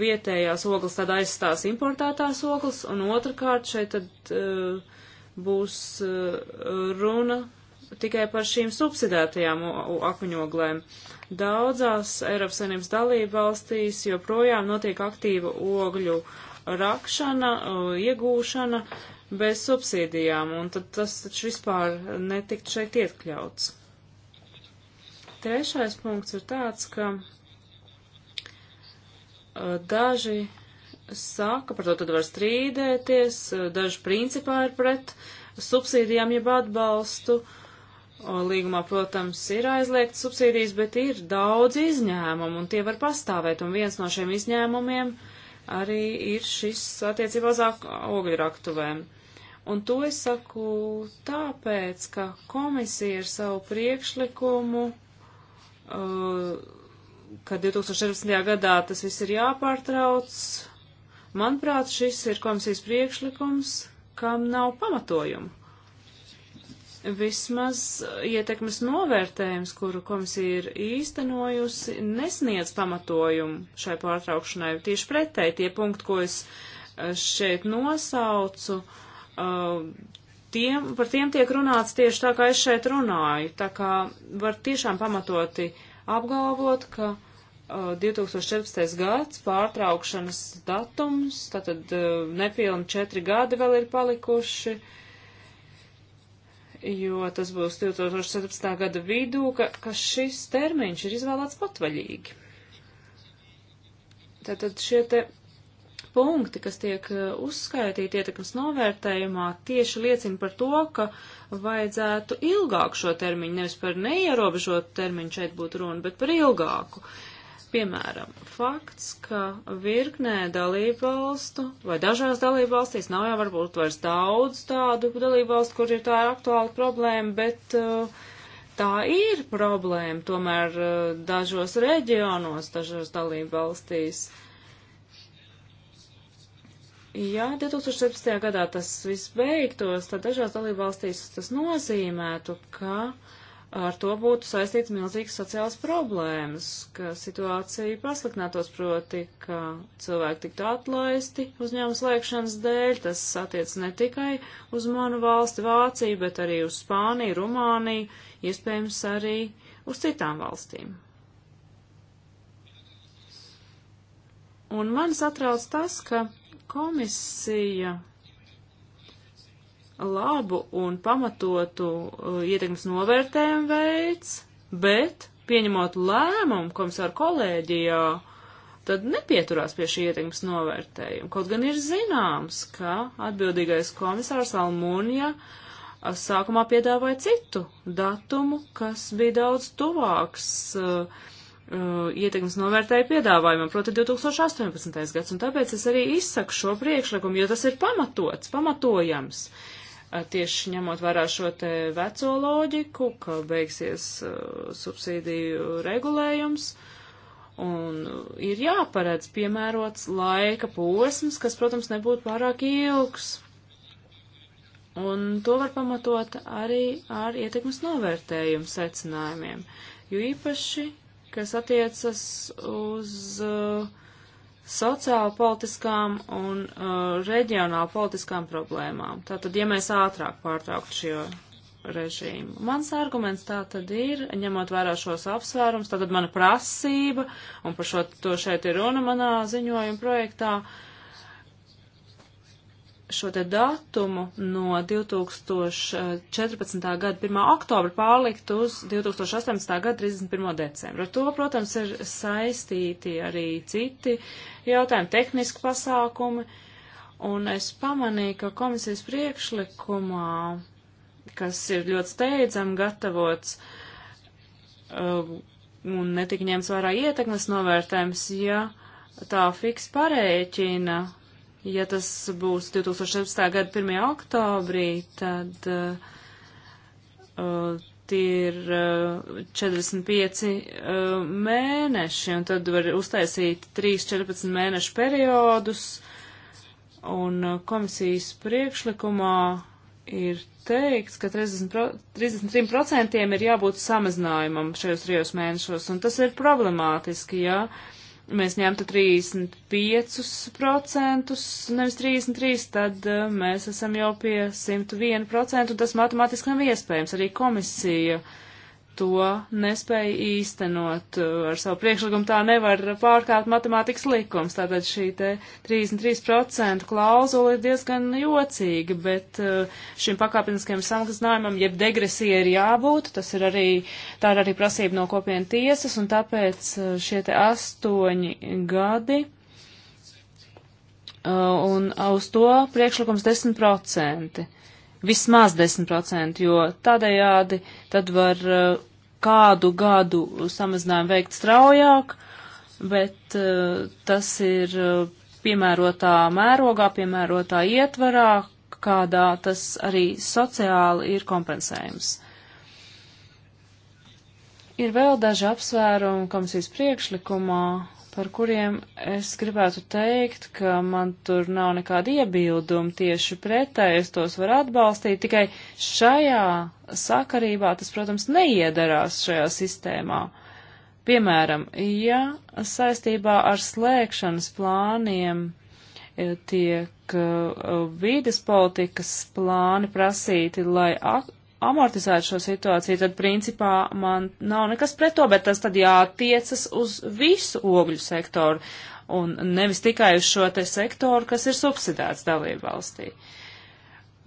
vietējās ogles tad aizstās importētās ogles, un otrkārt šeit tad eh, būs eh, runa tikai par šīm subsidētajām akmeņoglēm. Daudzās Eiropas Savienības dalība valstīs joprojām notiek aktīva ogļu rakšana, iegūšana bez subsīdijām, un tad tas taču vispār netikt šeit iekļauts. Trešais punkts ir tāds, ka daži saka, par to tad var strīdēties, daži principā ir pret subsīdijām jeb atbalstu, uh, Līgumā, protams, ir aizliegts subsīdijas, bet ir daudz izņēmumu, un tie var pastāvēt, un viens no šiem izņēmumiem arī ir šis attiecībā uz ogļraktuvēm. Un to es saku tāpēc, ka komisija ar savu priekšlikumu, uh, ka 2014. gadā tas viss ir jāpārtrauc, manuprāt, šis ir komisijas priekšlikums, kam nav pamatojumu vismaz ietekmes novērtējums, kuru komisija ir īstenojusi, nesniedz pamatojumu šai pārtraukšanai. Tieši pretēji tie punkti, ko es eh, šeit nosaucu, eh, tiem, par tiem tiek runāts tieši tā, kā es šeit runāju. Tā kā var tiešām pamatoti apgalvot, ka 2014. Eh, gads pārtraukšanas datums, tātad nepilni četri gadi vēl ir palikuši. Uh, jo tas būs 2017. gada vidū, ka, ka šis termiņš ir izvēlēts patvaļīgi. Tātad šie te punkti, kas tiek eh, uzskaitīti ietekmes novērtējumā, tieši liecina par to, ka vajadzētu ilgāk šo termiņu, nevis par neierobežotu termiņu šeit būtu runa, bet par ilgāku. Uh, Piemēram, fakts, ka virknē dalību valstu vai dažās dalību valstīs nav jau varbūt vairs daudz tādu dalību valstu, kur ir tā aktuāla problēma, bet uh, tā ir problēma tomēr uh, dažos reģionos, dažos dalību valstīs. Ja 2017. gadā tas viss beigtos, tad dažās dalību valstīs tas nozīmētu, ka uh, ar to būtu saistīts milzīgas sociālas problēmas, ka situācija pasliktinātos proti, ka cilvēki tiktu atlaisti uzņēmuma slēgšanas dēļ. Tas attiec ne tikai uz manu valsti Vāciju, bet arī uz Spāniju, Rumāniju, iespējams arī uz citām valstīm. Un man satrauc tas, ka komisija labu un pamatotu uh, ietekmes novērtējumu veids, bet pieņemot lēmumu komisāru kolēģijā, tad nepieturās pie šī ietekmes novērtējuma. Kaut gan ir zināms, ka atbildīgais komisārs Almūnija uh, sākumā piedāvāja citu datumu, kas bija daudz tuvāks uh, uh, ietekmes novērtēju piedāvājumam, proti 2018. gads, un tāpēc es arī izsaku šo priekšlikumu, jo tas ir pamatots, pamatojams. Uh, tieši ņemot vērā šo te veco loģiku, ka beigsies uh, subsīdiju regulējums. Un ir jāparedz piemērots laika posms, kas, protams, nebūtu pārāk ilgs. Un to var pamatot arī ar ietekmes novērtējumu secinājumiem, jo īpaši, kas attiecas uz uh, sociāla politiskām un uh, reģionāla politiskām problēmām. Tātad, ja mēs ātrāk pārtrauktu šo režīmu. Mans arguments tā tad ir, ņemot vērā šos apsvērums, tātad mana prasība, un par šo to šeit ir runa manā ziņojuma projektā, uh, šo te datumu no 2014. gada 1. oktobra pārlikt uz 2018. gada 31. decembru. Ar to, protams, ir saistīti arī citi jautājumi, tehniski pasākumi, un es pamanīju, ka komisijas priekšlikumā, kas ir ļoti steidzam gatavots, uh, un netika ņemts vērā ietekmes novērtējums, ja tā fiks parēķina Ja tas būs 2016. gada 1. oktobrī, tad uh, uh, tie ir uh, 45 uh, mēneši, un tad var uztaisīt 3-14 mēnešu periodus, un uh, komisijas priekšlikumā ir teikts, ka 30, 33% ir jābūt samazinājumam šajos trijos mēnešos, un tas ir problemātiski, ja mēs ņemtu 35%, nevis 33%, tad uh, mēs esam jau pie 101%, un tas matemātiski nav iespējams. Arī komisija uh, to nespēja īstenot. Uh, ar savu priekšlikumu tā nevar pārkāpt matemātikas likums, tātad šī te 33% klauzula ir diezgan jocīga, bet uh, šim pakāpeniskajam samazinājumam, jeb degresija ir jābūt, tas ir arī, tā ir arī prasība no kopienu tiesas, un tāpēc uh, šie te astoņi gadi. Un uz to priekšlikums 10% vismaz 10%, jo tādējādi tad var eh, kādu gadu samazinājumu veikt straujāk, bet eh, tas ir eh, piemērotā mērogā, piemērotā ietvarā, kādā tas arī sociāli ir kompensējums. Ir vēl daži apsvērumi komisijas priekšlikumā, par kuriem es gribētu teikt, ka man tur nav nekāda iebilduma, tieši pretēji es tos varu atbalstīt, tikai šajā sakarībā tas, protams, neiedarās šajā sistēmā. Piemēram, ja saistībā ar slēgšanas plāniem e, tiek e, vīdes politikas plāni prasīti, lai amortizētu šo situāciju, tad principā man nav nekas pret to, bet tas tad jātiecas uz visu ogļu sektoru un nevis tikai uz šo te sektoru, kas ir subsidēts dalību valstī.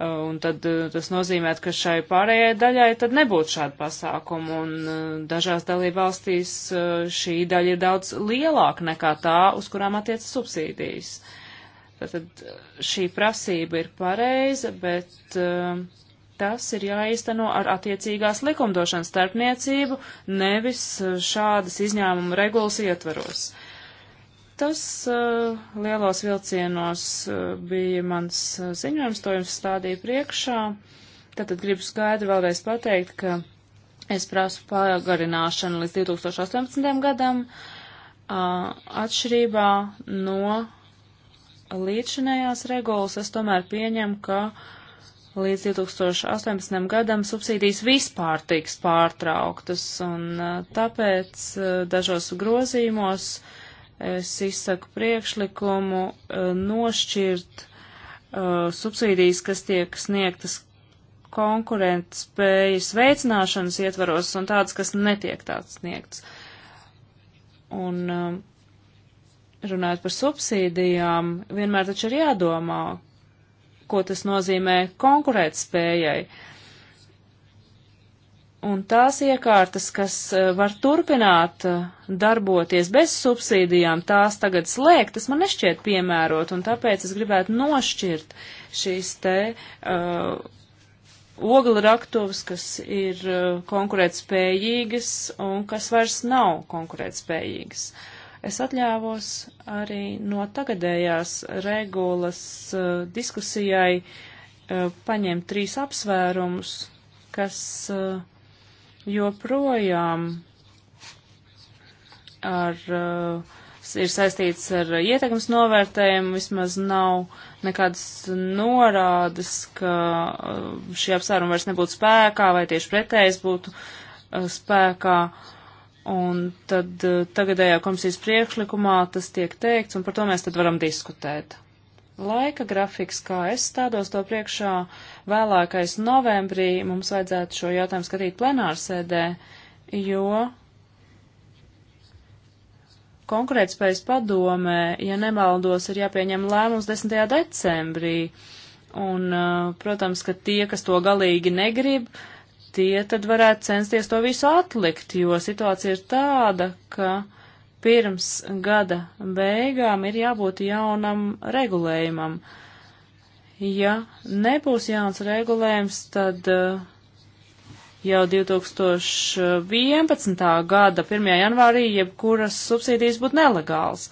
Un tad eh, tas nozīmē, ka šai pārējai daļai tad nebūtu šāda pasākuma, un eh, dažās dalību valstīs eh, šī daļa ir daudz lielāka nekā tā, uz kurām attiec subsīdijas. Tātad šī prasība ir pareiza, bet uh, tas ir jāīsteno ar attiecīgās likumdošanas starpniecību, nevis eh, šādas izņēmuma regulas ietvaros. Tas uh, lielos vilcienos uh, bija mans ziņojums, to jums stādīju priekšā. Tātad gribu skaidri vēlreiz pateikt, ka es prasu pagarināšanu līdz 2018. gadam uh, atšķirībā no līdzinējās regulas. Es tomēr pieņemu, ka uh, līdz 2018. gadam subsīdijas vispār tiks pārtrauktas, un tāpēc dažos grozījumos es izsaku priekšlikumu nošķirt subsīdijas, kas tiek sniegtas konkurētspējas veicināšanas ietvaros un tādas, kas netiek tāds sniegts. Un runājot par subsīdijām, vienmēr taču ir jādomā, ko tas nozīmē konkurētspējai. Un tās iekārtas, kas eh, var turpināt eh, darboties bez subsīdijām, tās tagad slēgt, tas man nešķiet piemērot, un tāpēc es gribētu nošķirt šīs te uh, eh, ogli raktuves, kas ir uh, konkurētspējīgas un kas vairs nav konkurētspējīgas. Uh, Es atļāvos arī no tagadējās regulas uh, diskusijai uh, paņemt trīs apsvērumus, kas uh, joprojām ar, uh, ir saistīts ar ietekmes novērtējumu, vismaz nav nekādas norādes, ka uh, šie apsvērumi vairs nebūtu spēkā vai tieši pretējs būtu uh, spēkā. Uh, Un tad eh, tagadējā komisijas priekšlikumā tas tiek teikts, un par to mēs tad varam diskutēt. Laika grafiks, kā es stādos to priekšā, vēlākais novembrī mums vajadzētu šo jautājumu skatīt plenārsēdē, jo konkurētspējas padomē, ja nemaldos, ir jāpieņem lēmums 10. decembrī. Un, eh, protams, ka tie, kas to galīgi negrib, uh, tie tad varētu censties to visu atlikt, jo situācija ir tāda, ka pirms gada beigām ir jābūt jaunam regulējumam. Ja nebūs jauns regulējums, tad eh, jau 2011. gada 1. janvārī jebkuras subsīdijas būtu nelegāls.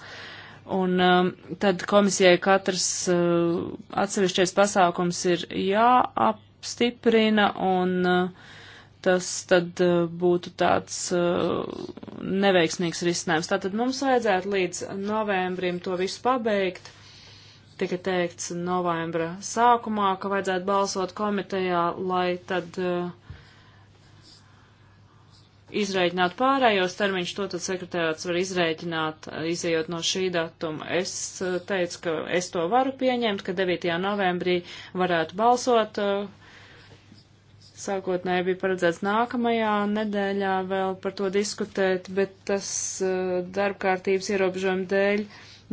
Un um, tad komisijai katrs uh, atsevišķais pasākums ir jāap stiprina un uh, tas tad uh, būtu tāds uh, neveiksmīgs risinājums. Tātad mums vajadzētu līdz novembrim to visu pabeigt. Tika teikts novembra sākumā, ka vajadzētu balsot komitejā, lai tad uh, izrēķināt pārējos termiņus, to tad sekretārāts var izrēķināt, izējot no šī datuma. Es teicu, ka es to varu pieņemt, ka 9. novembrī varētu balsot uh, Sākotnēji bija paredzēts nākamajā nedēļā vēl par to diskutēt, bet tas eh, darbkārtības ierobežojumu dēļ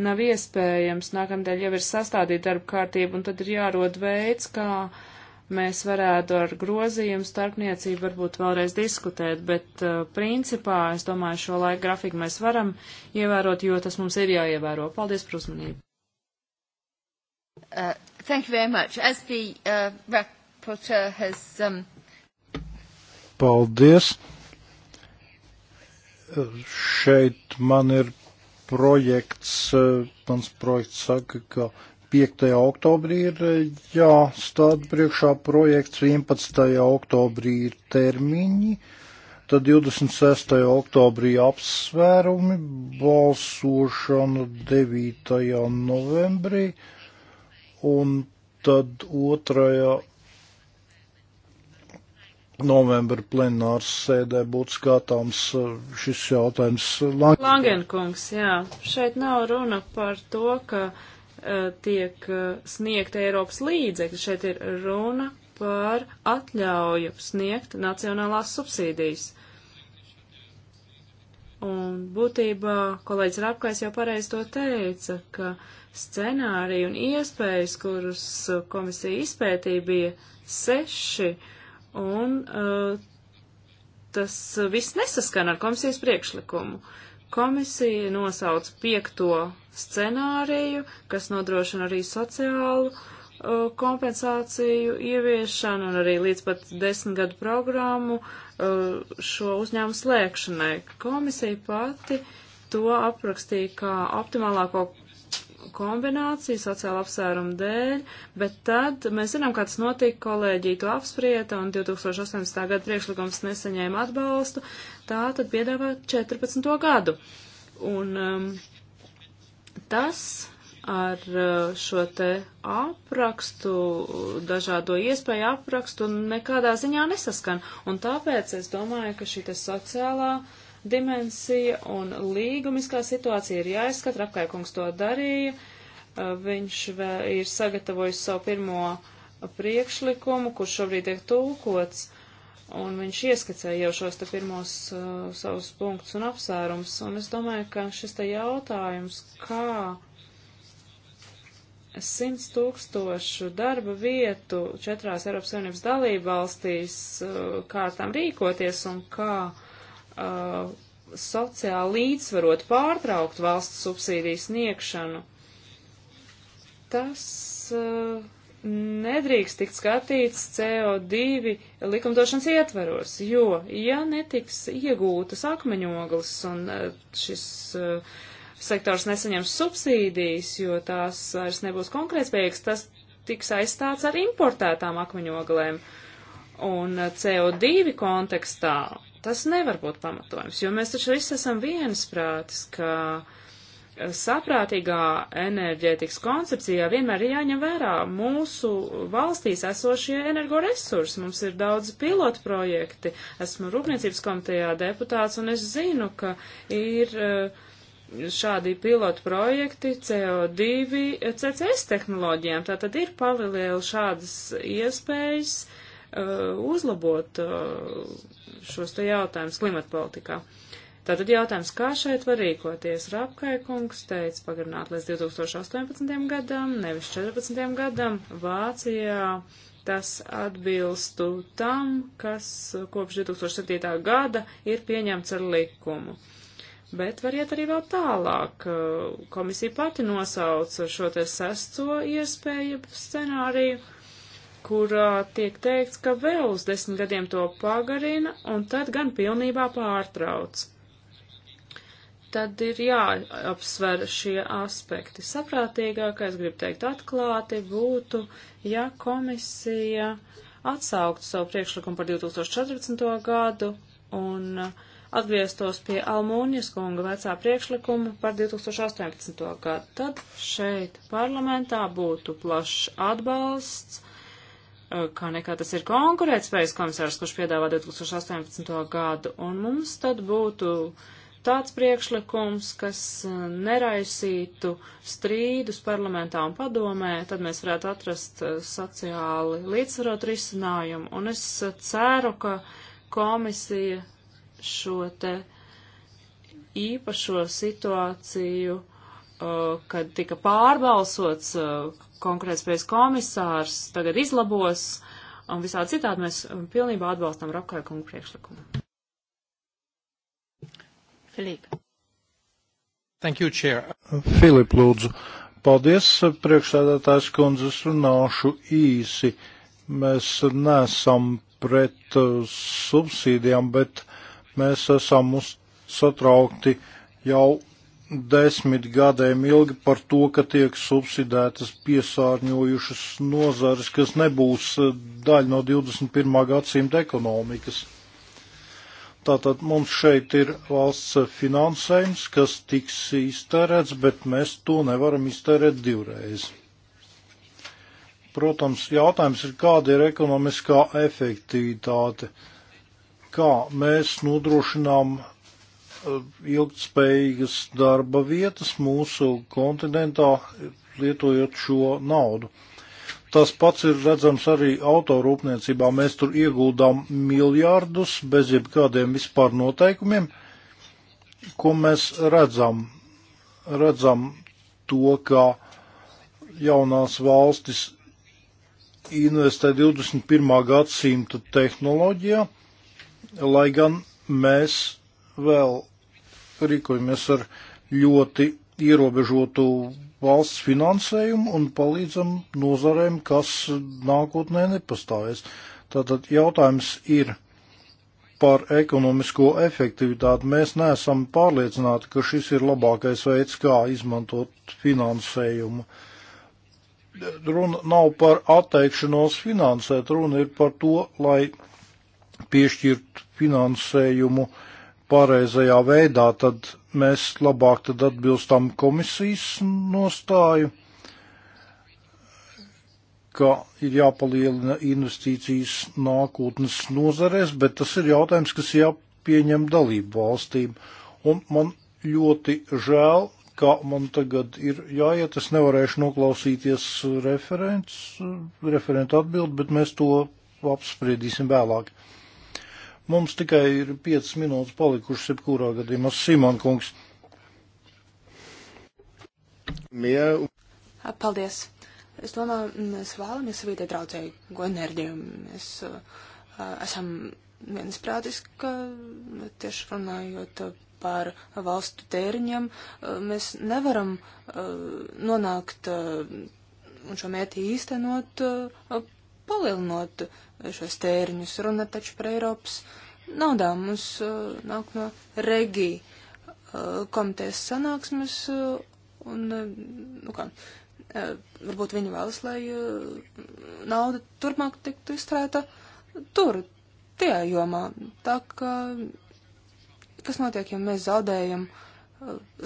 nav iespējams. Nākamdēļ jau ir sastādīta darbkārtība, un tad ir jārod veids, kā mēs varētu ar grozījumu starpniecību varbūt vēlreiz diskutēt, bet eh, principā, es domāju, šo laiku grafiku mēs varam ievērot, jo tas mums ir jāievēro. Paldies par uzmanību. Uh, thank you very much. As the uh, rapporteur has um, Paldies. Šeit man ir projekts, mans projekts saka, ka 5. oktobrī ir jāstāda priekšā projekts, 11. oktobrī ir termiņi, tad 26. oktobrī apsvērumi, balsošana 9. novembrī un tad 2 novembra plenārs sēdē būtu skatāms e, šis jautājums. Lang Langenkungs, jā, šeit nav runa par to, ka uh, tiek uh, e, sniegta Eiropas līdzekļi, šeit ir runa par atļauju sniegt nacionālās subsīdijas. Un būtībā kolēģis Rapkais jau pareiz to teica, ka scenāriji un iespējas, kurus komisija izpētīja, bija seši. Uh, un uh, tas viss nesaskan ar komisijas priekšlikumu. Komisija nosauc piekto scenāriju, kas nodrošina arī sociālu uh, kompensāciju ieviešanu un arī līdz pat desmit gadu programmu uh, šo uzņēmumu slēgšanai. Komisija pati to aprakstīja kā optimālāko kombināciju sociāla apsvēruma dēļ, bet tad mēs zinām, kā tas notika, kolēģija to apsprieta un 2018. gada priekšlikums nesaņēma atbalstu, tā tad piedāvā 14. gadu. Un um, tas ar uh, šo te aprakstu, dažādo iespēju aprakstu nekādā ziņā nesaskan. Un tāpēc es domāju, ka šī te sociālā uh, dimensija un līgumiskā situācija ir jāizskata. Rapkaikungs to darīja. Uh, viņš ir sagatavojis savu pirmo priekšlikumu, kurš šobrīd tiek tulkots, un viņš ieskicēja jau šos te pirmos uh, savus punktus un apsvērums. Un es domāju, ka šis te jautājums, kā simts tūkstošu darba vietu četrās Eiropas Savienības dalībvalstīs, uh, kā tam rīkoties un kā uh, uh, sociāli līdzsvarot pārtraukt valsts subsīdiju sniegšanu. Tas uh, nedrīkst tikt skatīts CO2 likumdošanas ietveros, jo, ja netiks iegūtas akmeņoglis un uh, šis uh, sektors nesaņems subsīdijas, jo tās vairs nebūs konkurētspējīgas, tas tiks aizstāts ar importētām akmeņoglēm. Un uh, CO2 kontekstā Tas nevar būt pamatojums, jo mēs taču visi esam viensprātis, ka eh, saprātīgā enerģētikas koncepcijā vienmēr ir jāņem vērā mūsu valstīs esošie energoresursi. Mums ir daudz pilotu projekti. Esmu Rūpniecības komitejā deputāts un es zinu, ka ir eh, šādi pilotu projekti CO2 CCS tehnoloģijām. Tātad ir palielu šādas iespējas Uh, uzlabot uh, šos te jautājumus klimatpolitikā. Tātad jautājums, kā šeit var rīkoties? Rapkaikungs teica pagarināt līdz 2018. gadam, nevis 14. gadam. Vācijā tas atbilstu tam, kas kopš 2007. gada ir pieņemts ar likumu. Bet var iet arī vēl tālāk. Komisija pati nosauca šo te sesto iespēju scenāriju kurā tiek teikts, ka vēl uz desmit gadiem to pagarina un tad gan pilnībā pārtrauc. Tad ir jāapsver šie aspekti. Saprātīgākais, gribu teikt atklāti, būtu, ja komisija atsauktu savu priekšlikumu par 2014. gadu un atgrieztos pie Almūņas kunga vecā priekšlikuma par 2018. gadu. Tad šeit parlamentā būtu plašs atbalsts Uh, kā nekā tas ir konkurētspējas komisārs, kurš piedāvā 2018. gadu, un mums tad būtu tāds priekšlikums, kas uh, neraisītu strīdus parlamentā un padomē, tad mēs varētu atrast uh, sociāli līdzsvarot risinājumu, un es ceru, ka komisija šo te īpašo situāciju, kad tika pārbalsots konkurētspējas komisārs tagad izlabos, un visā citādi mēs um, pilnībā atbalstam Rapkāja kungu priekšlikumu. Filipa. Thank you, Chair. Filip, lūdzu. Paldies, priekšsēdētājs kundzes, runāšu īsi. Mēs nesam pret uh, subsīdijām, bet mēs esam satraukti jau desmit gadiem ilgi par to, ka tiek subsidētas piesārņojušas nozares, kas nebūs eh, daļa no 21. gadsimta ekonomikas. Tātad mums šeit ir valsts finansējums, kas tiks iztērēts, bet mēs to nevaram iztērēt divreiz. Protams, jautājums ir, kāda ir ekonomiskā efektivitāte, kā mēs nodrošinām ilgtspējīgas darba vietas mūsu kontinentā, lietojot šo naudu. Tas pats ir redzams arī autorūpniecībā. Mēs tur ieguldām miljārdus bez jebkādiem vispār noteikumiem, ko mēs redzam. Redzam to, ka jaunās valstis investē 21. gadsimta tehnoloģijā, lai gan mēs vēl rīkojamies ar ļoti ierobežotu valsts finansējumu un palīdzam nozarēm, kas nākotnē nepastāvēs. Tātad jautājums ir par ekonomisko efektivitāti. Mēs neesam pārliecināti, ka šis ir labākais veids, kā izmantot finansējumu. Runa nav par atteikšanos finansēt, runa ir par to, lai piešķirt finansējumu uh, pareizajā veidā, tad mēs labāk tad atbilstam komisijas nostāju, ka ir jāpalielina investīcijas nākotnes nozarēs, bet tas ir jautājums, kas jāpieņem dalību valstīm. Un man ļoti žēl, ka man tagad ir jāiet, es nevarēšu noklausīties referents, referenta atbild, bet mēs to apspriedīsim vēlāk. Mums tikai ir 5 minūtes palikušas, jebkurā gadījumā Simon kungs. Mie... Paldies! Es domāju, mēs vēlamies vidē traucēju enerģiju. Mēs uh, esam viensprātiski, ka tieši runājot par valstu tēriņiem, uh, mēs nevaram uh, nonākt uh, un šo mērķi īstenot uh, palielinot eh, šos tēriņus. Runa taču par Eiropas naudām. Mums uh, nāk no regī uh, eh, komitejas sanāksmes uh, un, nu kā, varbūt viņi vēlas, lai nauda turpmāk tiktu izstrēta tur, tajā jomā. Tā kā, kas notiek, ja mēs zaudējam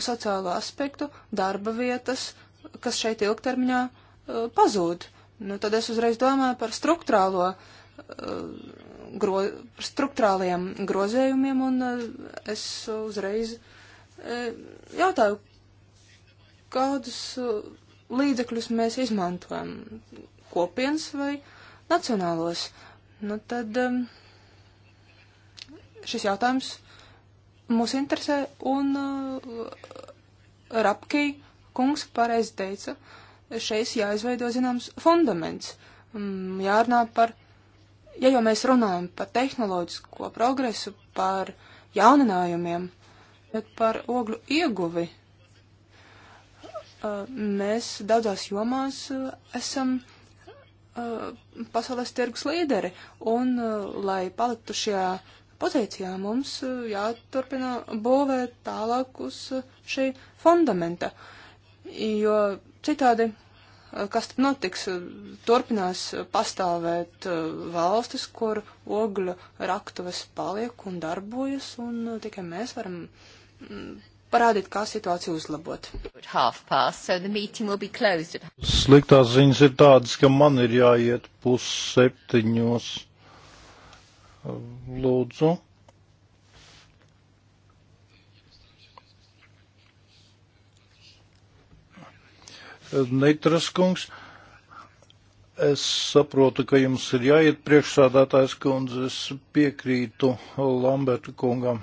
sociālo aspektu, darba vietas, kas šeit ilgtermiņā pazūd? Uh, nu, tad es uzreiz domāju par struktūrālo. Uh, gro, struktūrāliem grozējumiem, un uh, es uzreiz uh, jautāju, kādus uh, līdzekļus mēs izmantojam, kopienas vai nacionālos. Nu, tad um, šis jautājums mūs interesē, un uh, Rapkī kungs pareizi teica, uh, šeit jāizveido zināms fundaments. Mm, jārunā par, ja jau mēs runājam par tehnoloģisko progresu, par jauninājumiem, bet par ogļu ieguvi, uh, mēs daudzās jomās uh, esam uh, pasaules tirgus līderi, un lai paliktu šajā pozīcijā mums jāturpina būvēt tālāk uz šī fundamenta, jo Citādi, eh, kas tad notiks? Eh, turpinās pastāvēt eh, valstis, kur ogļu raktuves paliek un darbojas, un tikai mēs varam mm, parādīt, kā situāciju uzlabot. Past, so Sliktās ziņas ir tādas, ka man ir jāiet pus septiņos. Lūdzu. Neitras kungs. Es saprotu, ka jums ir jāiet priekšsādātājs kundze, es piekrītu Lambertu kungam.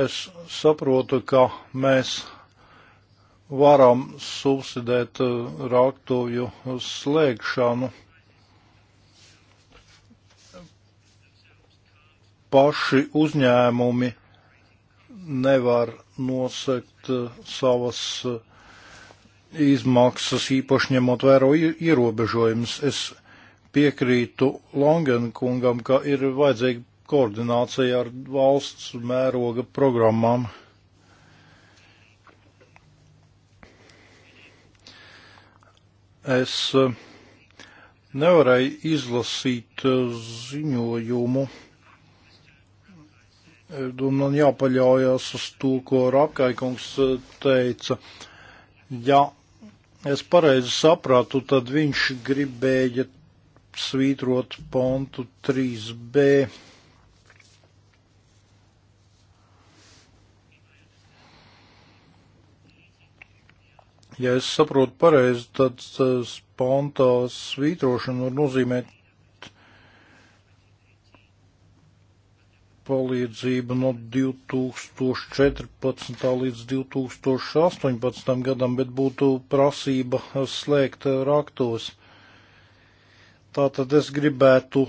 Es saprotu, ka mēs varam subsidēt eh, raktuvju slēgšanu. paši uzņēmumi nevar nosekt eh, savas eh, izmaksas īpaši ņemot vēro ierobežojumus. Es piekrītu Longenkungam, ka ir vajadzīga koordinācija ar valsts mēroga programmām. Es eh, nevarēju izlasīt eh, ziņojumu, eh, un man jāpaļaujas uz to, ko Rakaikungs teica. Ja es pareizi sapratu, tad viņš gribēja svītrot pontu 3b. Ja es saprotu pareizi, tad spontā svītrošana var nozīmēt palīdzība no 2014. līdz 2018. gadam, bet būtu prasība slēgt raktos. Tātad es gribētu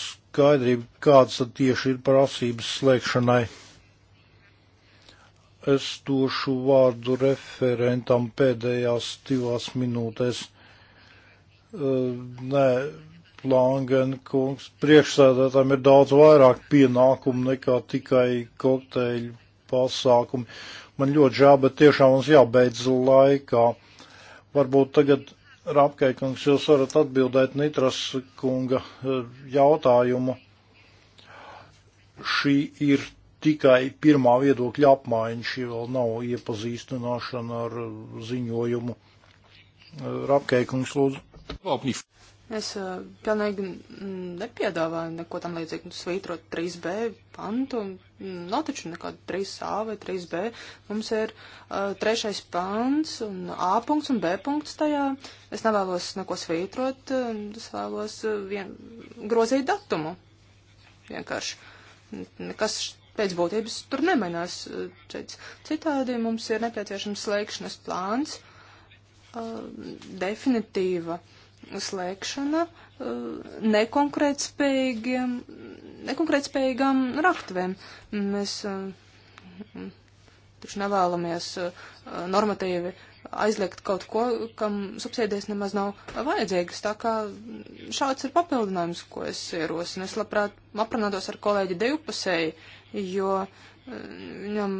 skaidrību, kādas tieši ir prasības slēgšanai. Es došu vārdu referentam pēdējās divās minūtēs. Nē, Langen kungs, priekšsēdētājiem ir daudz vairāk pienākumu nekā tikai kokteļu pasākumi. Man ļoti žēl, bet tiešām mums jābeidz laikā. Varbūt tagad, Rapkai kungs, jūs varat atbildēt Nitras kunga eh, jautājumu. Šī ir tikai pirmā viedokļa apmaiņa, šī vēl nav iepazīstināšana ar eh, ziņojumu. Eh, Rapkai kungs, lūdzu. Es uh, pilnīgi mm, nepiedāvāju neko tam līdzīgu, nu, svītrot 3B pantu, nav taču nekāda 3A vai 3B. Mums ir uh, trešais pants un A punkts un B punkts tajā. Es nevēlos neko svītrot, eh, es vēlos vien, grozīt datumu. Vienkārši. Nekas pēc būtības tur nemainās. Citādi mums ir nepieciešams slēgšanas plāns, uh, definitīva. Uh, slēgšana eh, nekonkrētspējīgam nekonkrēt raktuvēm. Mēs eh, taču nevēlamies eh, normatīvi aizliegt kaut ko, kam subsīdijas nemaz nav vajadzīgas. Tā kā šāds ir papildinājums, ko es ierosinu. Es labprāt aprunātos ar kolēģi Dejupasēju, jo viņam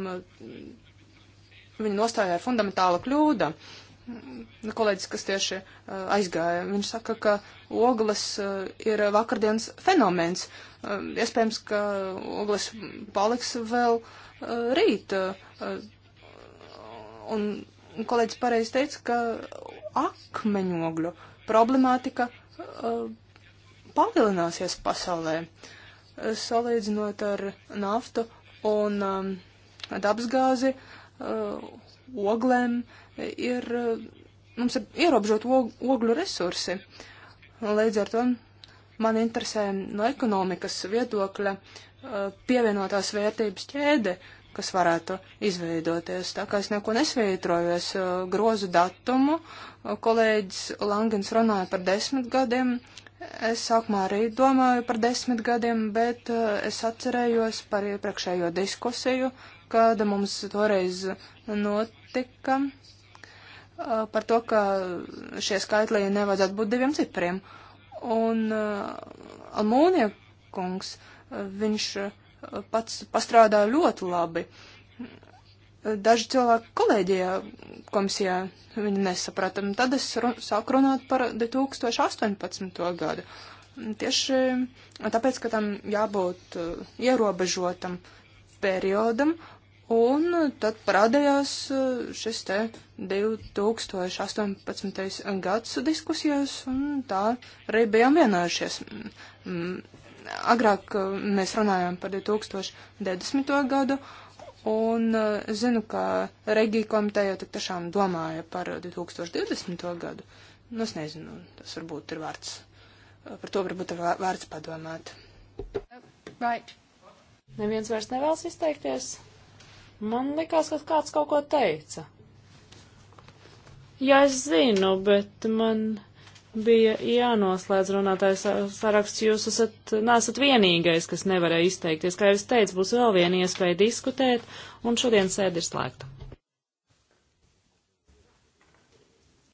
viņa nostājā ir fundamentāla kļūda. Uh, Mm, kolēģis, kas tieši uh, aizgāja, viņš saka, ka ogles uh, ir vakardienas fenomens. Uh, iespējams, ka ogles paliks vēl rīt. Un kolēģis pareizi teica, ka akmeņogļu problemātika palielināsies pasaulē, salīdzinot ar naftu un um, dabasgāzi, oglēm. Uh, ir, mums ir ierobežot ogļu resursi. Līdz ar to man interesē no ekonomikas viedokļa uh, pievienotās vērtības ķēde, kas varētu izveidoties. Tā kā es neko nesvītroju, es uh, grozu datumu. Uh, kolēģis Langens runāja par desmit gadiem. Es sākumā arī domāju par desmit gadiem, bet es atcerējos par iepriekšējo diskusiju, kāda mums toreiz notika. Uh, par to, ka šie skaitļi nevajadzētu būt diviem cipriem. Un Almūnija kungs, viņš pats pastrādā ļoti labi. Daži cilvēki kolēģijā komisijā viņu nesaprata. Tad es run sāku runāt par 2018. gadu. Tieši tāpēc, ka tam jābūt ierobežotam periodam, Un tad parādījās uh, šis te 2018. gads diskusijas, un tā arī bijām vienojušies. Mm, mm, agrāk uh, mēs runājām par 2020. gadu, un uh, zinu, ka Regija komiteja tik tiešām domāja par 2020. gadu. Nu, es nezinu, tas varbūt ir vērts, par to varbūt ir vērts padomāt. Right. Neviens vairs nevēlas izteikties. Man likās, ka kāds kaut ko teica. Jā, es zinu, bet man bija jānoslēdz runātājs saraksts. Jūs esat, nesat vienīgais, kas nevarēja izteikties. Kā jau es teicu, būs vēl viena iespēja diskutēt, un šodien sēdi ir slēgta.